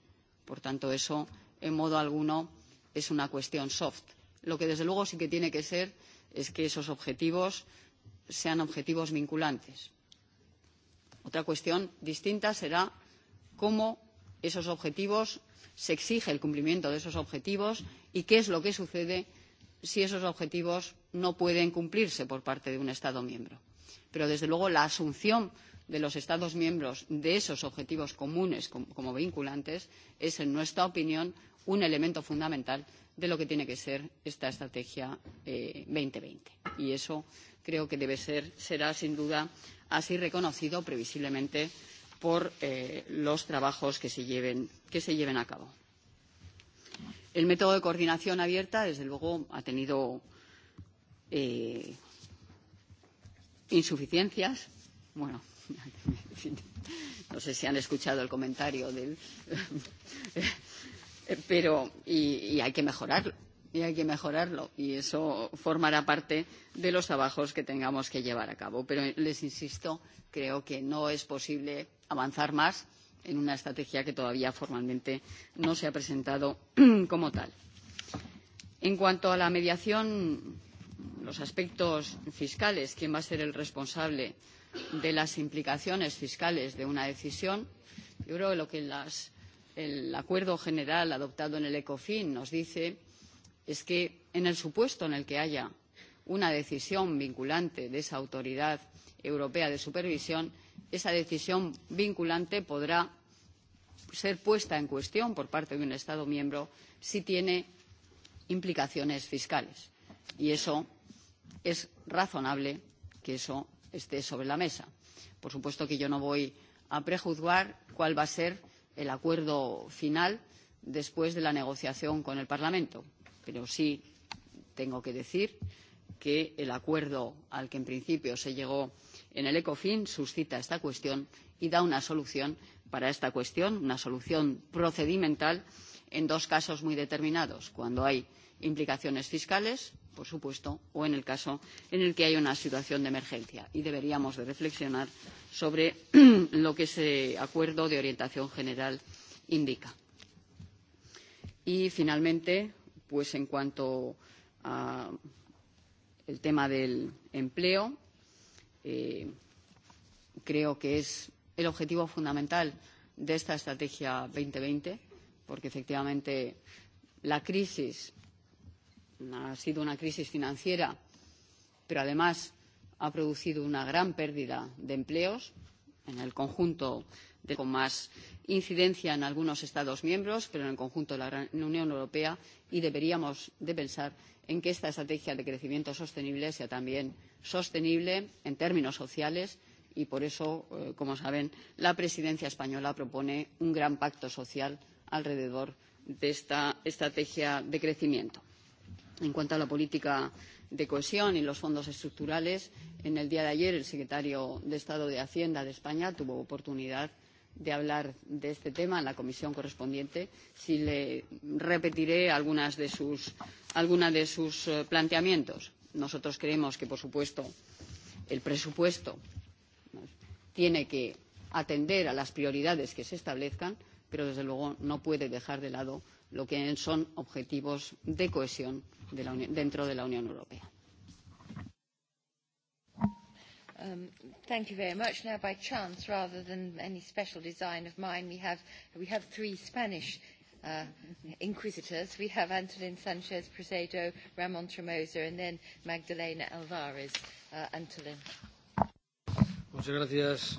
Por tanto, eso, en modo alguno, es una cuestión soft. Lo que, desde luego, sí que tiene que ser es que esos objetivos sean objetivos vinculantes. Otra cuestión distinta será cómo esos objetivos se exige el cumplimiento de esos objetivos y qué es lo que sucede si esos objetivos no pueden cumplirse por parte de un Estado miembro. Pero, desde luego, la asunción de los Estados miembros de esos objetivos comunes como, como vinculantes es, en nuestra opinión, un elemento fundamental de lo que tiene que ser esta estrategia eh, 2020. Y eso creo que debe ser, será sin duda así reconocido previsiblemente por eh, los trabajos que se, lleven, que se lleven a cabo. El método de coordinación abierta, desde luego, ha tenido eh, insuficiencias. Bueno, no sé si han escuchado el comentario del. Pero, y, y hay que mejorarlo, y hay que mejorarlo, y eso formará parte de los trabajos que tengamos que llevar a cabo. Pero les insisto, creo que no es posible avanzar más en una estrategia que todavía formalmente no se ha presentado como tal. En cuanto a la mediación los aspectos fiscales, quién va a ser el responsable de las implicaciones fiscales de una decisión. Yo creo que lo que las, el acuerdo general adoptado en el ECOFIN nos dice es que en el supuesto en el que haya una decisión vinculante de esa autoridad europea de supervisión, esa decisión vinculante podrá ser puesta en cuestión por parte de un Estado miembro si tiene implicaciones fiscales. Y eso es razonable que eso esté sobre la mesa. Por supuesto que yo no voy a prejuzgar cuál va a ser el acuerdo final después de la negociación con el Parlamento, pero sí tengo que decir que el acuerdo al que en principio se llegó en el ECOFIN suscita esta cuestión y da una solución para esta cuestión, una solución procedimental en dos casos muy determinados, cuando hay implicaciones fiscales por supuesto, o en el caso en el que hay una situación de emergencia. Y deberíamos de reflexionar sobre lo que ese acuerdo de orientación general indica. Y, finalmente, pues en cuanto al tema del empleo, eh, creo que es el objetivo fundamental de esta Estrategia 2020, porque efectivamente la crisis ha sido una crisis financiera, pero además ha producido una gran pérdida de empleos en el conjunto de, con más incidencia en algunos Estados miembros, pero en el conjunto de la Unión Europea, y deberíamos de pensar en que esta estrategia de crecimiento sostenible sea también sostenible en términos sociales y por eso, eh, como saben, la presidencia española propone un gran pacto social alrededor de esta estrategia de crecimiento. En cuanto a la política de cohesión y los fondos estructurales, en el día de ayer el secretario de Estado de Hacienda de España tuvo oportunidad de hablar de este tema en la comisión correspondiente. Si le repetiré algunas de sus, alguna de sus eh, planteamientos. Nosotros creemos que, por supuesto, el presupuesto tiene que atender a las prioridades que se establezcan, pero desde luego no puede dejar de lado lo que son objetivos de cohesión de la Unión, dentro de la Unión Europea. Um, thank you very much. Now, by chance, rather than any special design of mine, we have, we have three Spanish uh, inquisitors. We have Antolin Sanchez Presedo, Ramon Tremosa, and then Magdalena Alvarez. Uh, Antolin. Muchas gracias,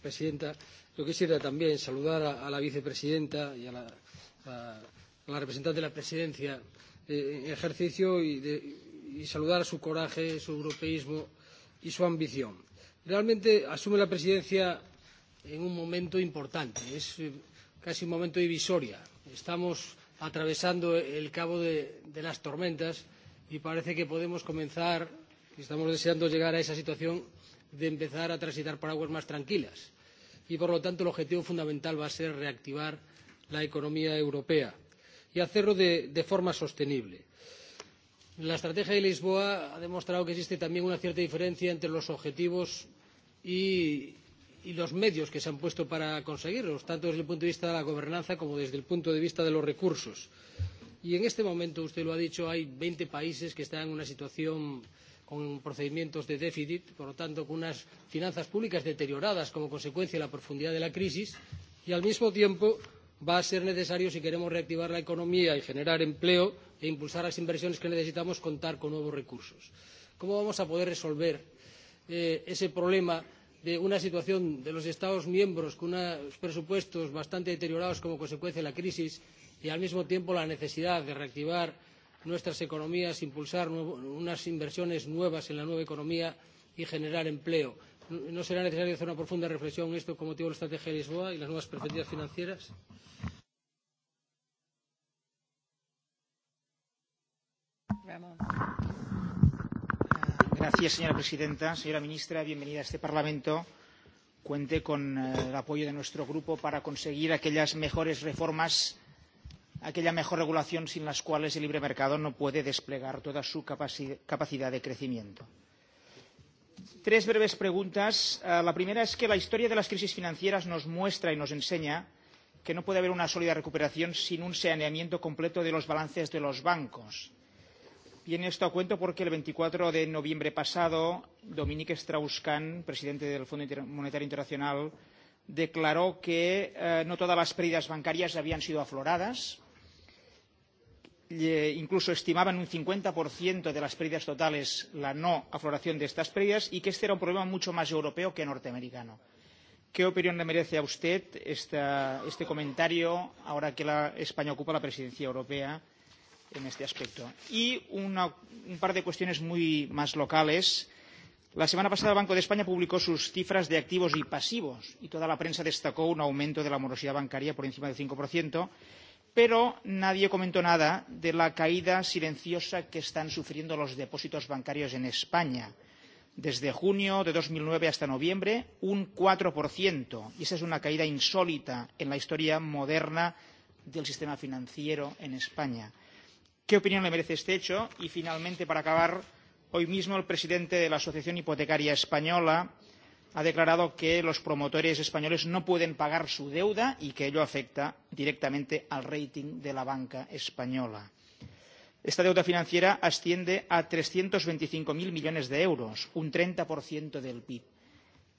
Presidenta. Yo quisiera también saludar a, a la vicepresidenta y a la, a, a la representante de la presidencia Eh, ejercicio y, de, y saludar su coraje, su europeísmo y su ambición. Realmente asume la presidencia en un momento importante, es eh, casi un momento divisoria. Estamos atravesando el cabo de, de las tormentas y parece que podemos comenzar, y estamos deseando llegar a esa situación de empezar a transitar por aguas más tranquilas. Y por lo tanto el objetivo fundamental va a ser reactivar la economía europea y hacerlo de, de forma sostenible. La estrategia de Lisboa ha demostrado que existe también una cierta diferencia entre los objetivos y, y los medios que se han puesto para conseguirlos, tanto desde el punto de vista de la gobernanza como desde el punto de vista de los recursos. Y en este momento, usted lo ha dicho, hay 20 países que están en una situación con procedimientos de déficit, por lo tanto, con unas finanzas públicas deterioradas como consecuencia de la profundidad de la crisis, y al mismo tiempo va a ser necesario, si queremos reactivar la economía y generar empleo e impulsar las inversiones que necesitamos, contar con nuevos recursos. ¿Cómo vamos a poder resolver eh, ese problema de una situación de los Estados miembros con unos presupuestos bastante deteriorados como consecuencia de la crisis y al mismo tiempo la necesidad de reactivar nuestras economías, impulsar nuevo, unas inversiones nuevas en la nueva economía y generar empleo? ¿No será necesario hacer una profunda reflexión en esto con motivo de la estrategia de Lisboa y las nuevas perspectivas financieras? Ramón. Gracias, señora presidenta. Señora ministra, bienvenida a este Parlamento. Cuente con eh, el apoyo de nuestro grupo para conseguir aquellas mejores reformas, aquella mejor regulación sin las cuales el libre mercado no puede desplegar toda su capacidad de crecimiento tres breves preguntas. Eh, la primera es que la historia de las crisis financieras nos muestra y nos enseña que no puede haber una sólida recuperación sin un saneamiento completo de los balances de los bancos. Viene esto a cuento porque el 24 de noviembre pasado, Dominique Strauss-Kahn, presidente del Fondo Monetario Internacional, declaró que eh, no todas las pérdidas bancarias habían sido afloradas Eh, incluso estimaban un 50% de las pérdidas totales la no afloración de estas pérdidas y que este era un problema mucho más europeo que norteamericano. ¿Qué opinión le merece a usted esta, este comentario ahora que la, España ocupa la presidencia europea en este aspecto? Y una, un par de cuestiones muy más locales. La semana pasada el Banco de España publicó sus cifras de activos y pasivos y toda la prensa destacó un aumento de la morosidad bancaria por encima del pero nadie comentó nada de la caída silenciosa que están sufriendo los depósitos bancarios en España. Desde junio de 2009 hasta noviembre, un 4%. Y esa es una caída insólita en la historia moderna del sistema financiero en España. ¿Qué opinión le merece este hecho? Y finalmente, para acabar, hoy mismo el presidente de la Asociación Hipotecaria Española ha declarado que los promotores españoles no pueden pagar su deuda y que ello afecta directamente al rating de la banca española. Esta deuda financiera asciende a 325.000 millones de euros, un 30% del PIB.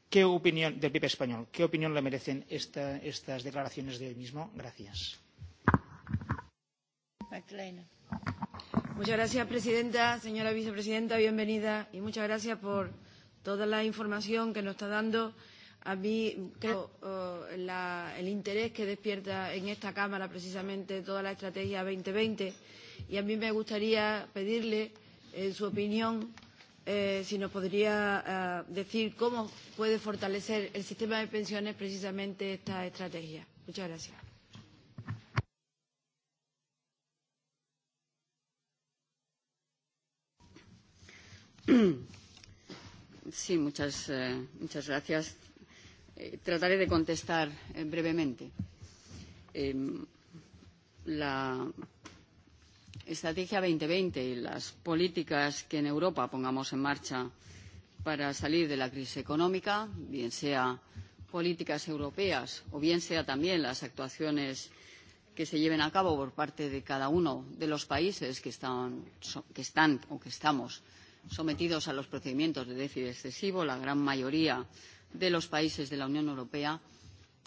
¿Qué opinión del PIB español? ¿Qué opinión le merecen esta, estas declaraciones de hoy mismo? Gracias. Magdalena. Muchas gracias, presidenta. Señora vicepresidenta, bienvenida y muchas gracias por toda la información que nos está dando, a mí ah. creo uh, la, el interés que despierta en esta Cámara precisamente toda la estrategia 2020 y a mí me gustaría pedirle en eh, su opinión eh, si nos podría uh, decir cómo puede fortalecer el sistema de pensiones precisamente esta estrategia. Muchas gracias. Sí, muchas, eh, muchas gracias. Eh, trataré de contestar eh, brevemente. Eh, la Estrategia 2020 y las políticas que en Europa pongamos en marcha para salir de la crisis económica, bien sea políticas europeas o bien sea también las actuaciones que se lleven a cabo por parte de cada uno de los países que están, que están o que estamos sometidos a los procedimientos de déficit excesivo, la gran mayoría de los países de la Unión Europea,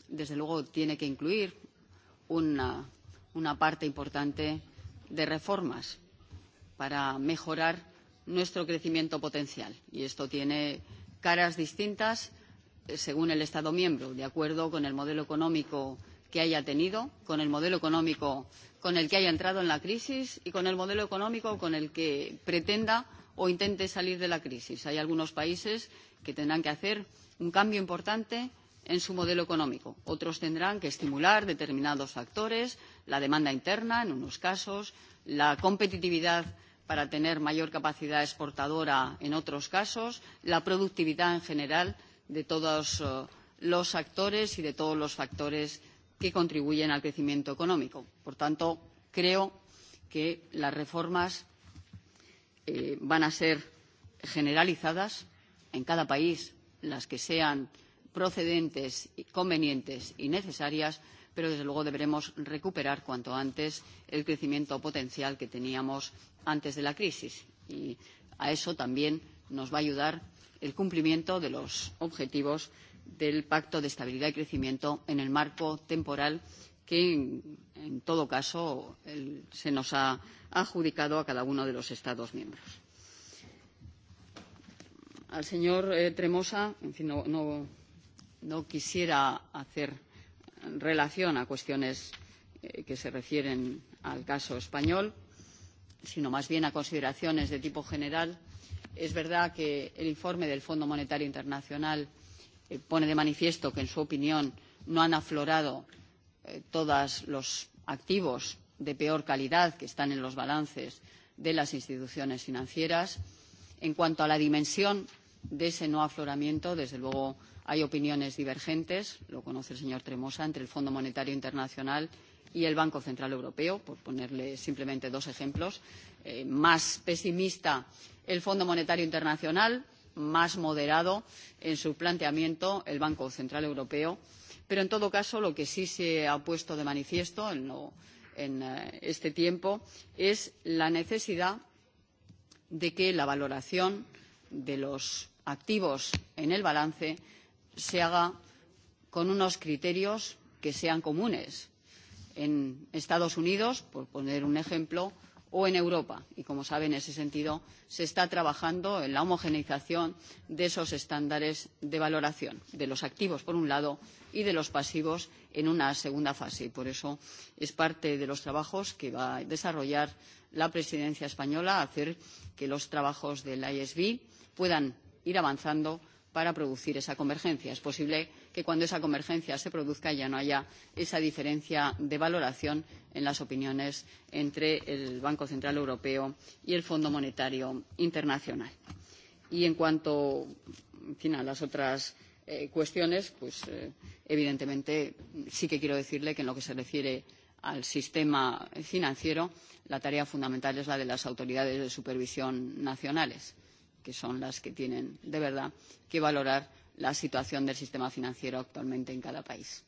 desde luego tiene que incluir una, una parte importante de reformas para mejorar nuestro crecimiento potencial. Y esto tiene caras distintas eh, según el Estado miembro, de acuerdo con el modelo económico que haya tenido, con el modelo económico con el que haya entrado en la crisis y con el modelo económico con el que pretenda o intente salir de la crisis. Hay algunos países que tendrán que hacer un cambio importante en su modelo económico. Otros tendrán que estimular determinados factores, la demanda interna en unos casos, la competitividad para tener mayor capacidad exportadora en otros casos, la productividad en general de todos eh, los actores y de todos los factores que contribuyen al crecimiento económico. Por tanto, creo que las reformas eh, van a ser generalizadas en cada país, las que sean procedentes, convenientes y necesarias, pero desde luego deberemos recuperar cuanto antes el crecimiento potencial que teníamos antes de la crisis. Y a eso también nos va a ayudar el cumplimiento de los objetivos del Pacto de Estabilidad y Crecimiento en el marco temporal que en, en todo caso el, se nos ha adjudicado a cada uno de los Estados miembros. Al señor eh, Tremosa, en fin, no, no, no quisiera hacer relación a cuestiones eh, que se refieren al caso español, sino más bien a consideraciones de tipo general. Es verdad que el informe del Fondo Monetario Internacional eh, pone de manifiesto que, en su opinión, no han aflorado Eh, todos los activos de peor calidad que están en los balances de las instituciones financieras. En cuanto a la dimensión de ese no afloramiento, desde luego hay opiniones divergentes, lo conoce el señor Tremosa, entre el Fondo Monetario Internacional y el Banco Central Europeo, por ponerle simplemente dos ejemplos. Eh, más pesimista el Fondo Monetario Internacional, más moderado en su planteamiento el Banco Central Europeo Pero en todo caso, lo que sí se ha puesto de manifiesto en, lo, en eh, este tiempo es la necesidad de que la valoración de los activos en el balance se haga con unos criterios que sean comunes. En Estados Unidos, por poner un ejemplo, o en Europa. Y como sabe, en ese sentido se está trabajando en la homogeneización de esos estándares de valoración de los activos, por un lado, y de los pasivos en una segunda fase. Y por eso es parte de los trabajos que va a desarrollar la presidencia española, hacer que los trabajos del ISB puedan ir avanzando para producir esa convergencia. Es posible que cuando esa convergencia se produzca ya no haya esa diferencia de valoración en las opiniones entre el Banco Central Europeo y el Fondo Monetario Internacional. Y en cuanto en fin, a las otras eh, cuestiones, pues eh, evidentemente sí que quiero decirle que en lo que se refiere al sistema financiero, la tarea fundamental es la de las autoridades de supervisión nacionales, que son las que tienen de verdad que valorar la situación del sistema financiero actualmente en cada país.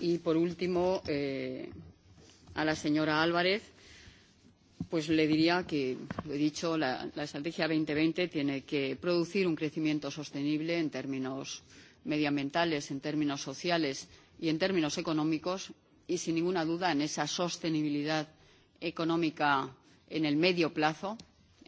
Y por último, eh, a la señora Álvarez, pues le diría que, lo he dicho, la, la estrategia 2020 tiene que producir un crecimiento sostenible en términos medioambientales, en términos sociales y en términos económicos y sin ninguna duda en esa sostenibilidad económica en el medio plazo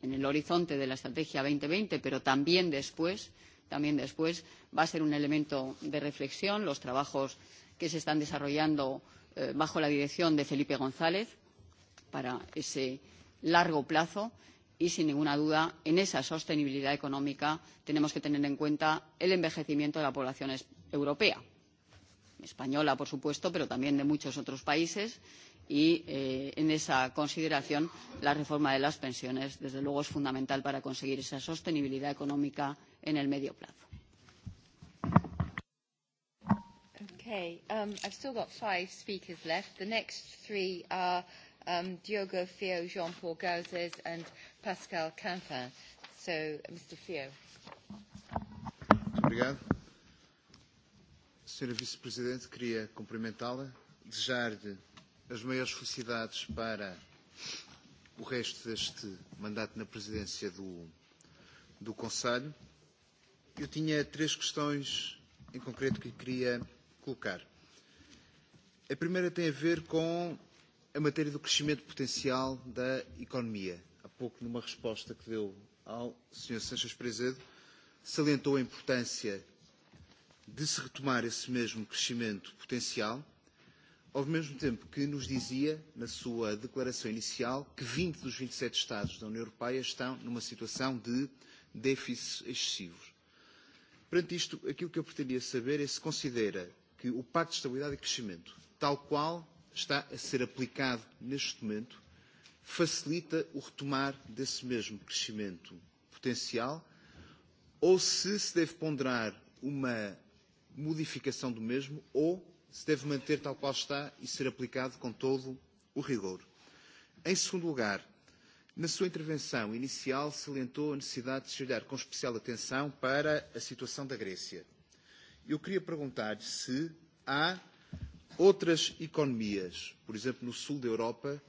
en el horizonte de la Estrategia 2020, pero también después, también después va a ser un elemento de reflexión los trabajos que se están desarrollando eh, bajo la dirección de Felipe González para ese largo plazo y sin ninguna duda en esa sostenibilidad económica tenemos que tener en cuenta el envejecimiento de la población europea española por supuesto pero también de muchos otros países y eh, en esa consideración la reforma de las pensiones desde luego es fundamental para conseguir esa sostenibilidad económica en el medio plazo. Okay, um, I've still got five speakers left. The next three are um, Diogo Fio, Jean-Paul Gauzes and Pascal Canfin. So, Mr. Fio. Obrigado. Senhora Vice-Presidente, queria cumprimentá-la, desejar-lhe as maiores felicidades para o resto deste mandato na presidência do, do Conselho. Eu tinha três questões em concreto que queria colocar. A primeira tem a ver com a matéria do crescimento potencial da economia. Há pouco, numa resposta que deu ao Sr. Sanches Prezedo, salientou a importância de se retomar esse mesmo crescimento potencial ao mesmo tempo que nos dizia, na sua declaração inicial, que 20 dos 27 e Estados da União Europeia estão numa situação de déficits excessivos. Perante isto, aquilo que eu pretendia saber é se considera que o Pacto de Estabilidade e Crescimento, tal qual está a ser aplicado neste momento, facilita o retomar desse mesmo crescimento potencial ou se se deve ponderar uma modificação do mesmo ou se deve manter tal qual está e ser aplicado com todo o rigor. Em segundo lugar, na sua intervenção inicial salientou a necessidade de se olhar com especial atenção para a situação da Grécia. Eu queria perguntar se há outras economias, por exemplo, no sul da Europa,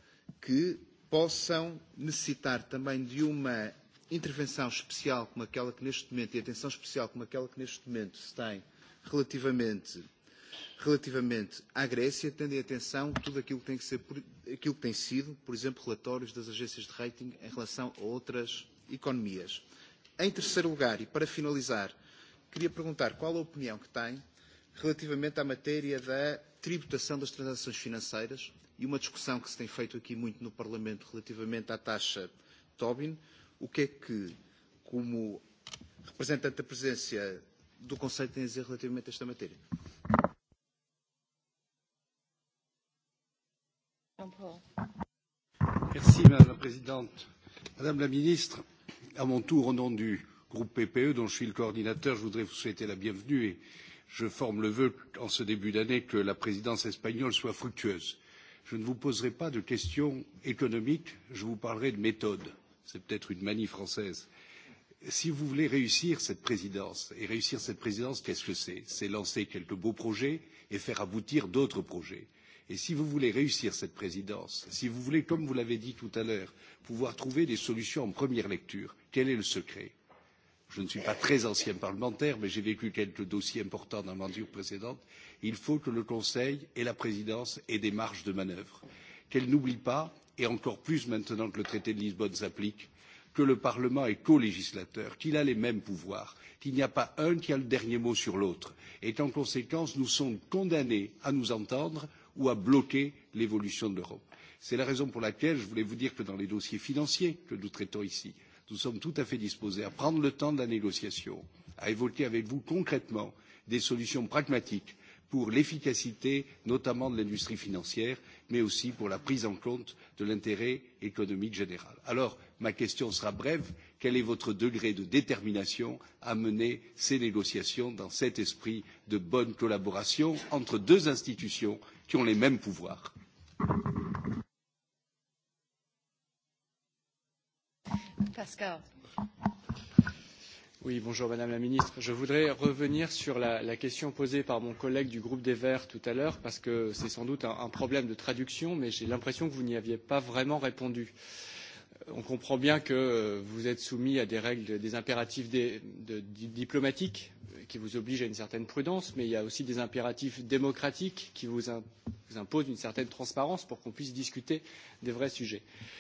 que possam necessitar também de uma intervenção especial como aquela que neste momento e atenção especial como aquela que neste momento se tem relativamente relativamente à Grécia, tendo em atenção tudo aquilo que, tem que ser, aquilo que tem sido, por exemplo, relatórios das agências de rating em relação a outras economias. Em terceiro lugar, e para finalizar, queria perguntar qual a opinião que tem relativamente à matéria da tributação das transações financeiras e uma discussão que se tem feito aqui muito no Parlamento relativamente à taxa Tobin. O que é que, como representante da presidência do Conselho, tem a dizer relativamente a esta matéria? Merci, Madame la Présidente. Madame la Ministre, à mon tour, au nom du groupe PPE, dont je suis le coordinateur, je voudrais vous souhaiter la bienvenue et je forme le vœu, en ce début d'année, que la présidence espagnole soit fructueuse. Je ne vous poserai pas de questions économiques, je vous parlerai de méthode. C'est peut-être une manie française. Si vous voulez réussir cette présidence, et réussir cette présidence, qu'est-ce que c'est C'est lancer quelques beaux projets et faire aboutir d'autres projets. Et si vous voulez réussir cette présidence, si vous voulez, comme vous l'avez dit tout à l'heure, pouvoir trouver des solutions en première lecture, quel est le secret Je ne suis pas très ancien parlementaire, mais j'ai vécu quelques dossiers importants dans ma mandature précédente. Il faut que le Conseil et la présidence aient des marges de manœuvre, qu'elle n'oublie pas, et encore plus maintenant que le traité de Lisbonne s'applique, que le Parlement est colégislateur, qu'il a les mêmes pouvoirs, qu'il n'y a pas un qui a le dernier mot sur l'autre, et qu'en conséquence, nous sommes condamnés à nous entendre ou à bloquer l'évolution de l'Europe. C'est la raison pour laquelle je voulais vous dire que dans les dossiers financiers que nous traitons ici, nous sommes tout à fait disposés à prendre le temps de la négociation, à évoquer avec vous concrètement des solutions pragmatiques pour l'efficacité notamment de l'industrie financière mais aussi pour la prise en compte de l'intérêt économique général. Alors, ma question sera brève. Quel est votre degré de détermination à mener ces négociations dans cet esprit de bonne collaboration entre deux institutions qui ont les mêmes pouvoirs Pascal. Oui, bonjour Madame la Ministre. Je voudrais revenir sur la, la question posée par mon collègue du groupe des Verts tout à l'heure, parce que c'est sans doute un, un problème de traduction, mais j'ai l'impression que vous n'y aviez pas vraiment répondu. Euh, on comprend bien que vous êtes soumis à des règles, des impératifs de, de, de, diplomatiques euh, qui vous obligent à une certaine prudence, mais il y a aussi des impératifs démocratiques qui vous, in, vous imposent une certaine transparence pour qu'on puisse discuter des vrais sujets. Euh,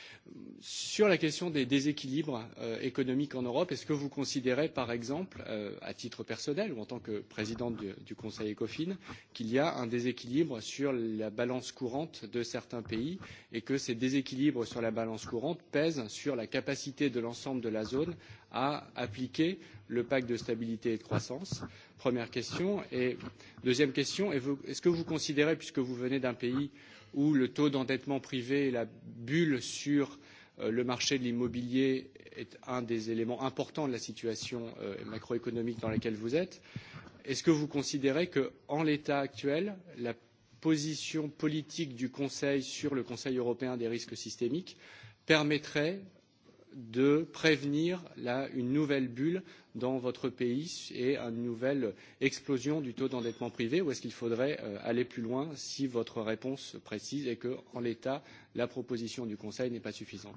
Sur la question des déséquilibres euh, économiques en Europe, est-ce que vous considérez, par exemple, euh, à titre personnel ou en tant que président du, du Conseil ECOFIN, qu'il y a un déséquilibre sur la balance courante de certains pays et que ces déséquilibres sur la balance courante pèsent sur la capacité de l'ensemble de la zone à appliquer le pacte de stabilité et de croissance Première question. Et deuxième question, est-ce que vous considérez, puisque vous venez d'un pays euh, où le taux d'endettement privé et la bulle sur euh, le marché de l'immobilier est un des éléments importants de la situation euh, macroéconomique dans laquelle vous êtes. Est-ce que vous considérez que, en l'état actuel, la position politique du Conseil sur le Conseil européen des risques systémiques permettrait de prévenir la, une nouvelle bulle dans votre pays et une nouvelle explosion du taux d'endettement privé ou est-ce qu'il faudrait euh, aller plus loin si votre réponse précise est que, en l'état, la proposition du Conseil n'est pas suffisante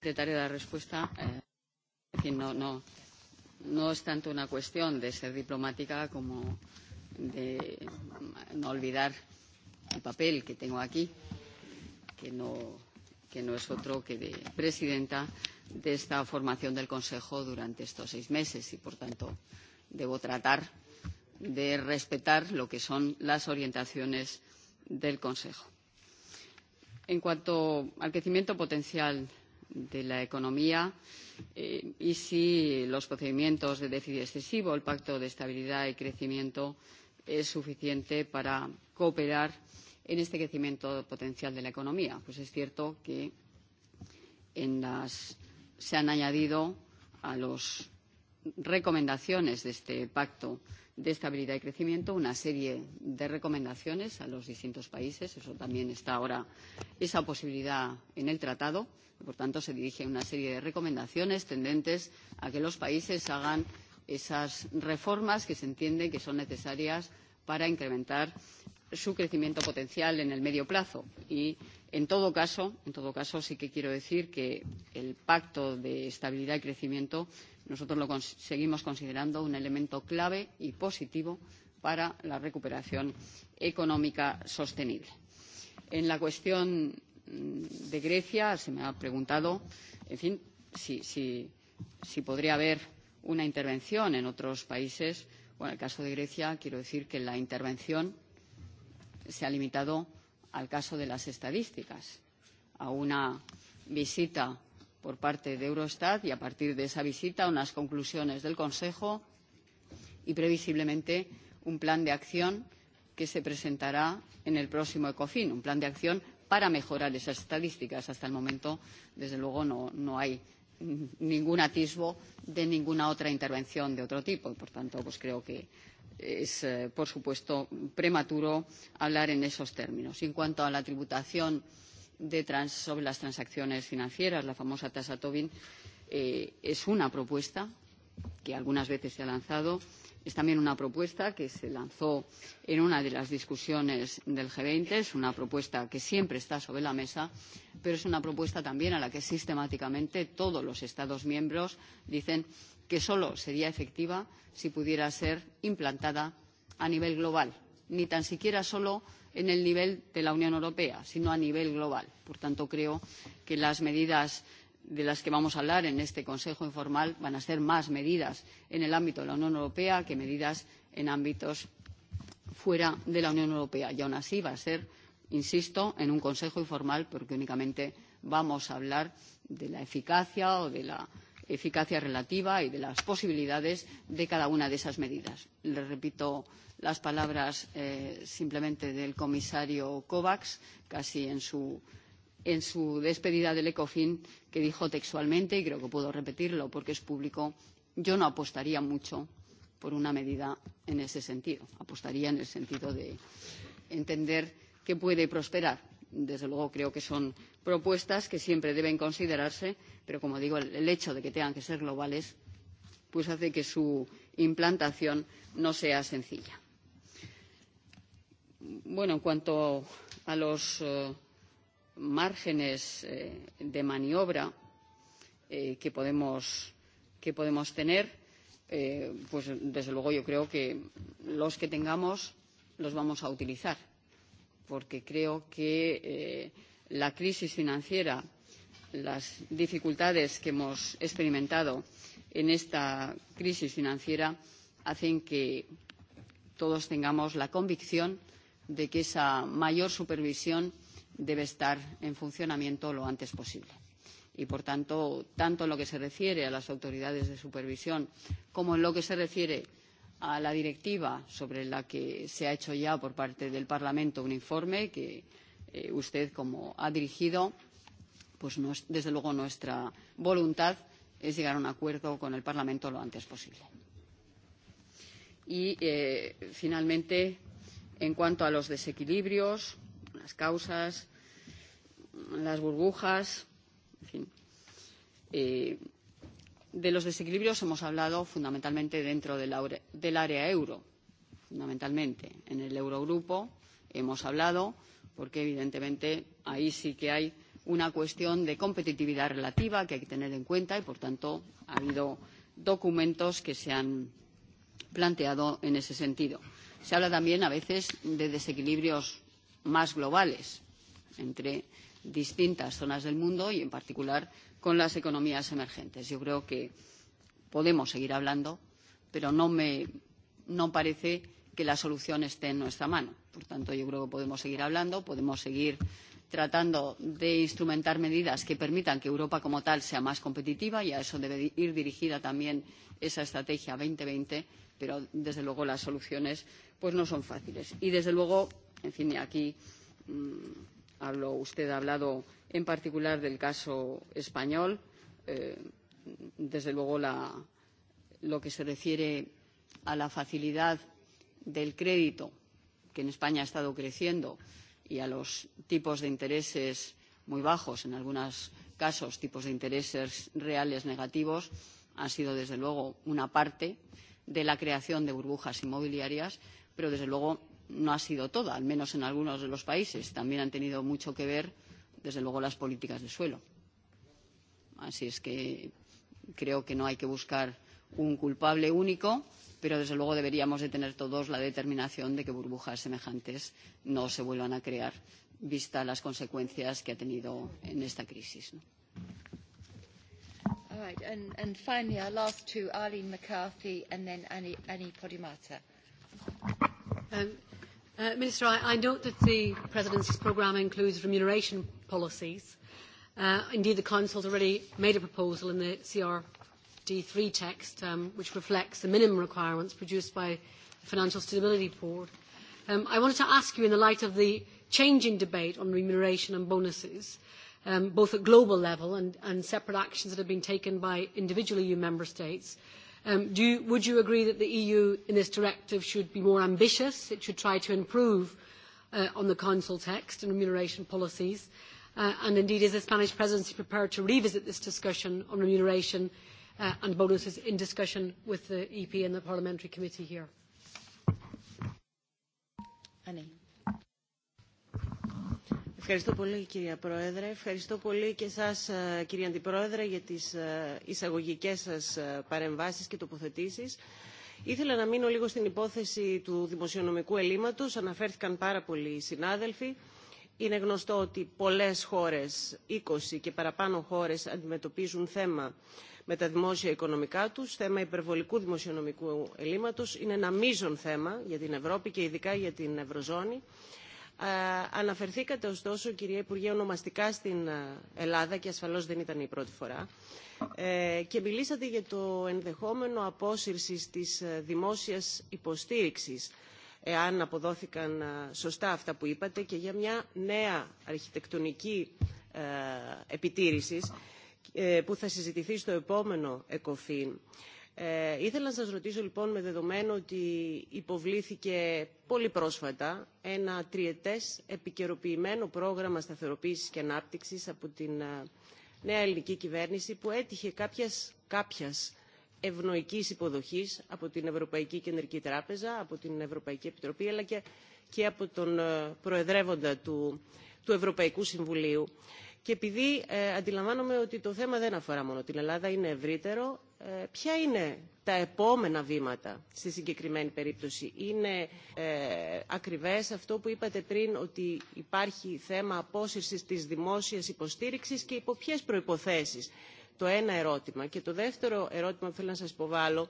Secretario de la respuesta. Eh decir, no, no, no es tanto una cuestión de ser diplomática como de no olvidar el papel que tengo aquí, que no, que no es otro que de presidenta de esta formación del Consejo durante estos seis meses y, por tanto, debo tratar de respetar lo que son las orientaciones del Consejo. En cuanto al crecimiento potencial de la economía eh, y si los procedimientos de déficit excesivo, el pacto de estabilidad y crecimiento es suficiente para cooperar en este crecimiento potencial de la economía. Pues es cierto que en las, se han añadido a las recomendaciones de este pacto de estabilidad y crecimiento una serie de recomendaciones a los distintos países. Eso también está ahora esa posibilidad en el tratado. Por tanto, se dirige una serie de recomendaciones tendentes a que los países hagan esas reformas que se entiende que son necesarias para incrementar su crecimiento potencial en el medio plazo. Y, en todo caso, en todo caso sí que quiero decir que el Pacto de Estabilidad y Crecimiento nosotros lo cons seguimos considerando un elemento clave y positivo para la recuperación económica sostenible. En la cuestión de Grecia se me ha preguntado, en fin, si, si, si podría haber una intervención en otros países. Bueno, en el caso de Grecia quiero decir que la intervención se ha limitado al caso de las estadísticas, a una visita por parte de Eurostat y a partir de esa visita unas conclusiones del Consejo y previsiblemente un plan de acción que se presentará en el próximo ECOFIN, un plan de acción para mejorar esas estadísticas. Hasta el momento, desde luego, no, no hay ningún atisbo de ninguna otra intervención de otro tipo. Y, por tanto, pues creo que es, eh, por supuesto, prematuro hablar en esos términos. En cuanto a la tributación de trans, sobre las transacciones financieras, la famosa tasa Tobin, eh, es una propuesta que algunas veces se ha lanzado, es también una propuesta que se lanzó en una de las discusiones del G20, es una propuesta que siempre está sobre la mesa, pero es una propuesta también a la que sistemáticamente todos los Estados miembros dicen que solo sería efectiva si pudiera ser implantada a nivel global, ni tan siquiera solo en el nivel de la Unión Europea, sino a nivel global. Por tanto, creo que las medidas de las que vamos a hablar en este Consejo informal van a ser más medidas en el ámbito de la Unión Europea que medidas en ámbitos fuera de la Unión Europea. Y aún así va a ser, insisto, en un Consejo informal porque únicamente vamos a hablar de la eficacia o de la eficacia relativa y de las posibilidades de cada una de esas medidas. Les repito las palabras eh, simplemente del comisario Kovacs, casi en su en su despedida del ECOFIN, que dijo textualmente, y creo que puedo repetirlo porque es público, yo no apostaría mucho por una medida en ese sentido. Apostaría en el sentido de entender que puede prosperar. Desde luego creo que son propuestas que siempre deben considerarse, pero como digo, el hecho de que tengan que ser globales pues hace que su implantación no sea sencilla. Bueno, en cuanto a los eh, márgenes eh, de maniobra eh, que, podemos, que podemos tener, eh, pues desde luego yo creo que los que tengamos los vamos a utilizar, porque creo que eh, la crisis financiera, las dificultades que hemos experimentado en esta crisis financiera hacen que todos tengamos la convicción de que esa mayor supervisión debe estar en funcionamiento lo antes posible. Y, por tanto, tanto en lo que se refiere a las autoridades de supervisión como en lo que se refiere a la directiva sobre la que se ha hecho ya por parte del Parlamento un informe que eh, usted, como ha dirigido, pues no es, desde luego nuestra voluntad es llegar a un acuerdo con el Parlamento lo antes posible. Y, eh, finalmente, en cuanto a los desequilibrios, las causas, las burbujas, en fin. Eh, de los desequilibrios hemos hablado fundamentalmente dentro del, del área euro, fundamentalmente. En el Eurogrupo hemos hablado porque evidentemente ahí sí que hay una cuestión de competitividad relativa que hay que tener en cuenta y, por tanto, ha habido documentos que se han planteado en ese sentido. Se habla también a veces de desequilibrios más globales entre distintas zonas del mundo y en particular con las economías emergentes. Yo creo que podemos seguir hablando, pero no me no parece que la solución esté en nuestra mano. Por tanto, yo creo que podemos seguir hablando, podemos seguir tratando de instrumentar medidas que permitan que Europa como tal sea más competitiva y a eso debe ir dirigida también esa estrategia 2020, pero desde luego las soluciones pues no son fáciles. Y desde luego En fin, aquí mmm, hablo, usted ha hablado en particular del caso español. Eh, desde luego, la, lo que se refiere a la facilidad del crédito, que en España ha estado creciendo, y a los tipos de intereses muy bajos, en algunos casos tipos de intereses reales negativos, han sido desde luego una parte de la creación de burbujas inmobiliarias, pero desde luego no ha sido toda, al menos en algunos de los países. También han tenido mucho que ver, desde luego, las políticas de suelo. Así es que creo que no hay que buscar un culpable único, pero desde luego deberíamos de tener todos la determinación de que burbujas semejantes no se vuelvan a crear, vista las consecuencias que ha tenido en esta crisis. ¿no? All right, and, and finally our last two, Arlene McCarthy and then Annie, Annie Podimata. Um, Uh, Minister, I, I note that the Presidency's programme includes remuneration policies. Uh, indeed, the Council has already made a proposal in the CRD3 text, um, which reflects the minimum requirements produced by the Financial Stability Board. Um, I wanted to ask you, in the light of the changing debate on remuneration and bonuses, um, both at global level and, and separate actions that have been taken by individual EU member states, Um, do you, would you agree that the EU in this directive should be more ambitious? It should try to improve uh, on the Council text and remuneration policies? Uh, and indeed, is the Spanish presidency prepared to revisit this discussion on remuneration uh, and bonuses in discussion with the EP and the Parliamentary Committee here? Annie. Ευχαριστώ πολύ κυρία Πρόεδρε. Ευχαριστώ πολύ και σας κυρία Αντιπρόεδρε για τις εισαγωγικές σας παρεμβάσεις και τοποθετήσεις. Ήθελα να μείνω λίγο στην υπόθεση του δημοσιονομικού ελλείμματος. Αναφέρθηκαν πάρα πολλοί συνάδελφοι. Είναι γνωστό ότι πολλές χώρες, 20 και παραπάνω χώρες, αντιμετωπίζουν θέμα με τα δημόσια οικονομικά τους. Θέμα υπερβολικού δημοσιονομικού ελλείμματος είναι ένα μείζον θέμα για την Ευρώπη και ειδικά για την Ευρωζώνη αναφερθήκατε ωστόσο, κυρία Υπουργέ, ονομαστικά στην Ελλάδα και ασφαλώς δεν ήταν η πρώτη φορά ε, και μιλήσατε για το ενδεχόμενο απόσυρσης της δημόσιας υποστήριξης εάν αποδόθηκαν σωστά αυτά που είπατε και για μια νέα αρχιτεκτονική ε, επιτήρησης ε, που θα συζητηθεί στο επόμενο ΕΚΟΦΗΝ. Ε, ήθελα να σας ρωτήσω λοιπόν με δεδομένο ότι υποβλήθηκε πολύ πρόσφατα ένα τριετές επικαιροποιημένο πρόγραμμα σταθεροποίησης και ανάπτυξης από την νέα ελληνική κυβέρνηση που έτυχε κάποιας, κάποιας ευνοϊκής υποδοχής από την Ευρωπαϊκή Κεντρική Τράπεζα, από την Ευρωπαϊκή Επιτροπή αλλά και, και από τον προεδρεύοντα του, του Ευρωπαϊκού Συμβουλίου. Και επειδή ε, αντιλαμβάνομαι ότι το θέμα δεν αφορά μόνο την Ελλάδα, είναι ευρύτερο, ε, ποια είναι τα επόμενα βήματα στη συγκεκριμένη περίπτωση. Είναι ε, ακριβές αυτό που είπατε πριν ότι υπάρχει θέμα απόσυρσης της δημόσιας υποστήριξης και υπό ποιες προϋποθέσεις. Το ένα ερώτημα. Και το δεύτερο ερώτημα που θέλω να σας υποβάλω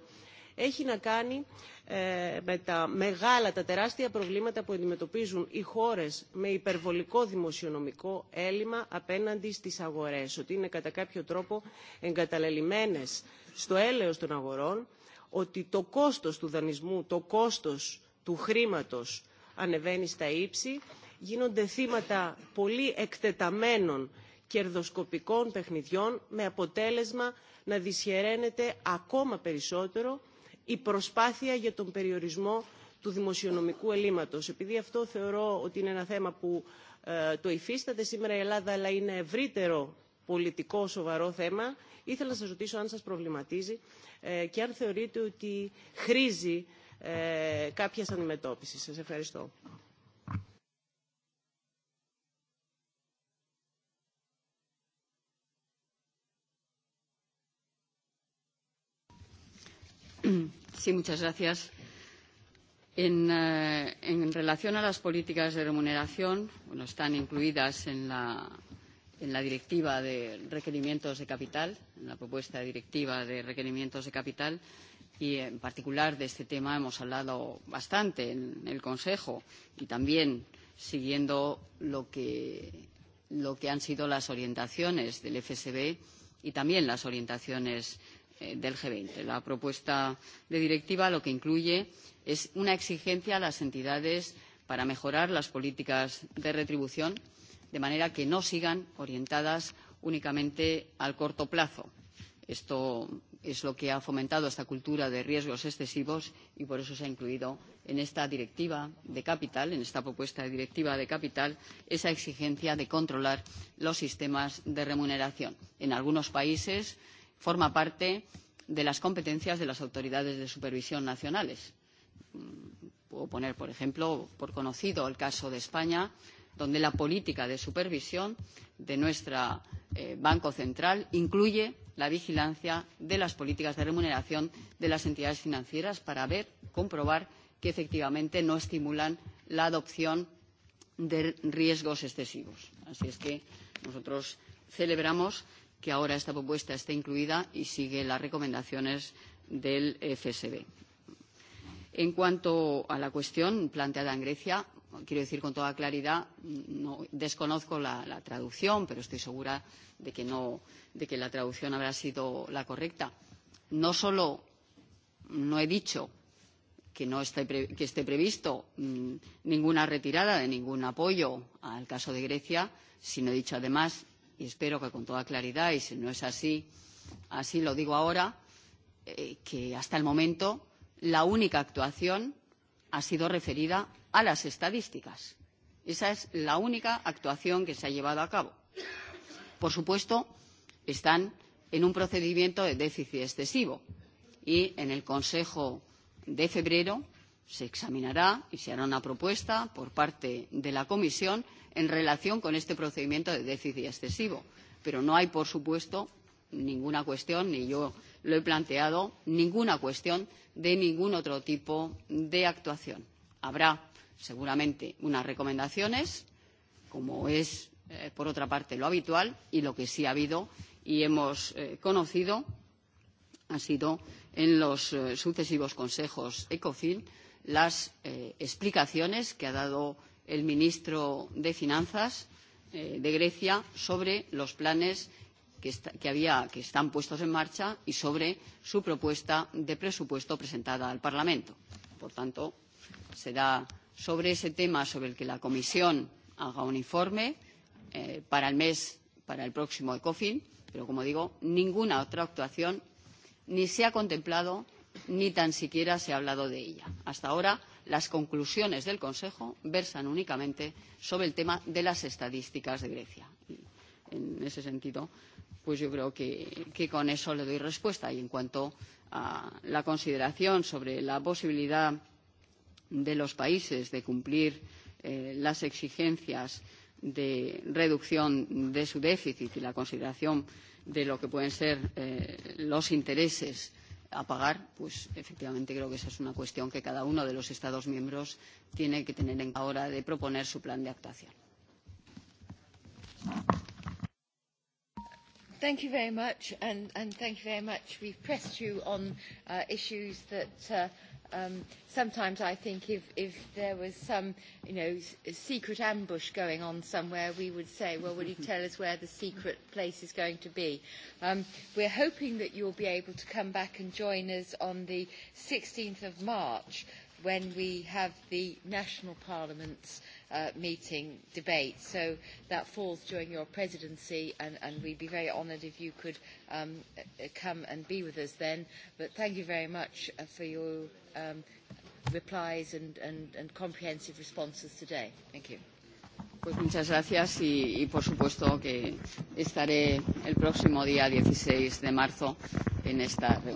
έχει να κάνει ε, με τα μεγάλα, τα τεράστια προβλήματα που αντιμετωπίζουν οι χώρες με υπερβολικό δημοσιονομικό έλλειμμα απέναντι στις αγορές, ότι είναι κατά κάποιο τρόπο εγκαταλελειμμένες στο έλεος των αγορών, ότι το κόστος του δανεισμού, το κόστος του χρήματος ανεβαίνει στα ύψη, γίνονται θύματα πολύ εκτεταμένων κερδοσκοπικών παιχνιδιών με αποτέλεσμα να δυσχεραίνεται ακόμα περισσότερο η προσπάθεια για τον περιορισμό του δημοσιονομικού ελλείμματος. Επειδή αυτό θεωρώ ότι είναι ένα θέμα που ε, το υφίσταται σήμερα η Ελλάδα, αλλά είναι ευρύτερο πολιτικό σοβαρό θέμα, ήθελα να σας ρωτήσω αν σας προβληματίζει ε, και αν θεωρείτε ότι χρήζει ε, κάποιας αντιμετώπισης. Σας ευχαριστώ. Sí, muchas gracias. En, eh, en relación a las políticas de remuneración, bueno, están incluidas en la, en la directiva de requerimientos de capital, en la propuesta de directiva de requerimientos de capital, y en particular de este tema hemos hablado bastante en el Consejo y también siguiendo lo que, lo que han sido las orientaciones del FSB y también las orientaciones Eh, del G20. La propuesta de directiva lo que incluye es una exigencia a las entidades para mejorar las políticas de retribución de manera que no sigan orientadas únicamente al corto plazo. Esto es lo que ha fomentado esta cultura de riesgos excesivos y por eso se ha incluido en esta directiva de capital, en esta propuesta de directiva de capital, esa exigencia de controlar los sistemas de remuneración. En algunos países forma parte de las competencias de las autoridades de supervisión nacionales. Mm, puedo poner, por ejemplo, por conocido el caso de España, donde la política de supervisión de nuestro eh, Banco Central incluye la vigilancia de las políticas de remuneración de las entidades financieras para ver, comprobar que efectivamente no estimulan la adopción de riesgos excesivos. Así es que nosotros celebramos que ahora esta propuesta está incluida y sigue las recomendaciones del FSB. En cuanto a la cuestión planteada en Grecia, quiero decir con toda claridad, no, desconozco la, la traducción, pero estoy segura de que, no, de que la traducción habrá sido la correcta. No solo no he dicho que no esté, pre, que esté previsto mmm, ninguna retirada de ningún apoyo al caso de Grecia, sino he dicho además y espero que con toda claridad, y si no es así, así lo digo ahora, eh, que hasta el momento la única actuación ha sido referida a las estadísticas. Esa es la única actuación que se ha llevado a cabo. Por supuesto, están en un procedimiento de déficit excesivo y en el Consejo de febrero se examinará y se hará una propuesta por parte de la Comisión en relación con este procedimiento de déficit excesivo. Pero no hay, por supuesto, ninguna cuestión, ni yo lo he planteado, ninguna cuestión de ningún otro tipo de actuación. Habrá seguramente unas recomendaciones, como es, eh, por otra parte, lo habitual, y lo que sí ha habido y hemos eh, conocido han sido en los eh, sucesivos consejos ECOFIN las eh, explicaciones que ha dado el ministro de Finanzas eh, de Grecia sobre los planes que, está, que, había, que están puestos en marcha y sobre su propuesta de presupuesto presentada al Parlamento. Por tanto, será sobre ese tema sobre el que la Comisión haga un informe eh, para el mes, para el próximo ECOFIN, pero como digo, ninguna otra actuación ni se ha contemplado ni tan siquiera se ha hablado de ella. Hasta ahora las conclusiones del Consejo versan únicamente sobre el tema de las estadísticas de Grecia. en ese sentido, pues yo creo que, que con eso le doy respuesta. Y en cuanto a la consideración sobre la posibilidad de los países de cumplir eh, las exigencias de reducción de su déficit y la consideración de lo que pueden ser eh, los intereses a pagar, pues efectivamente creo que esa es una cuestión que cada uno de los Estados miembros tiene que tener en hora de proponer su plan de actuación. Thank you very much, and, and thank you very much. We've pressed you on uh, issues that uh, Um, sometimes I think if, if there was some, you know, secret ambush going on somewhere, we would say, well, will you mm-hmm. tell us where the secret place is going to be? Um, we're hoping that you'll be able to come back and join us on the 16th of March when we have the national parliaments uh, meeting debate. So that falls during your presidency, and, and we'd be very honoured if you could um, come and be with us then. But thank you very much uh, for your um, replies and, and, and comprehensive responses today. Thank you. Pues muchas gracias y, y por supuesto que estaré el próximo día 16 de marzo en esta reunión.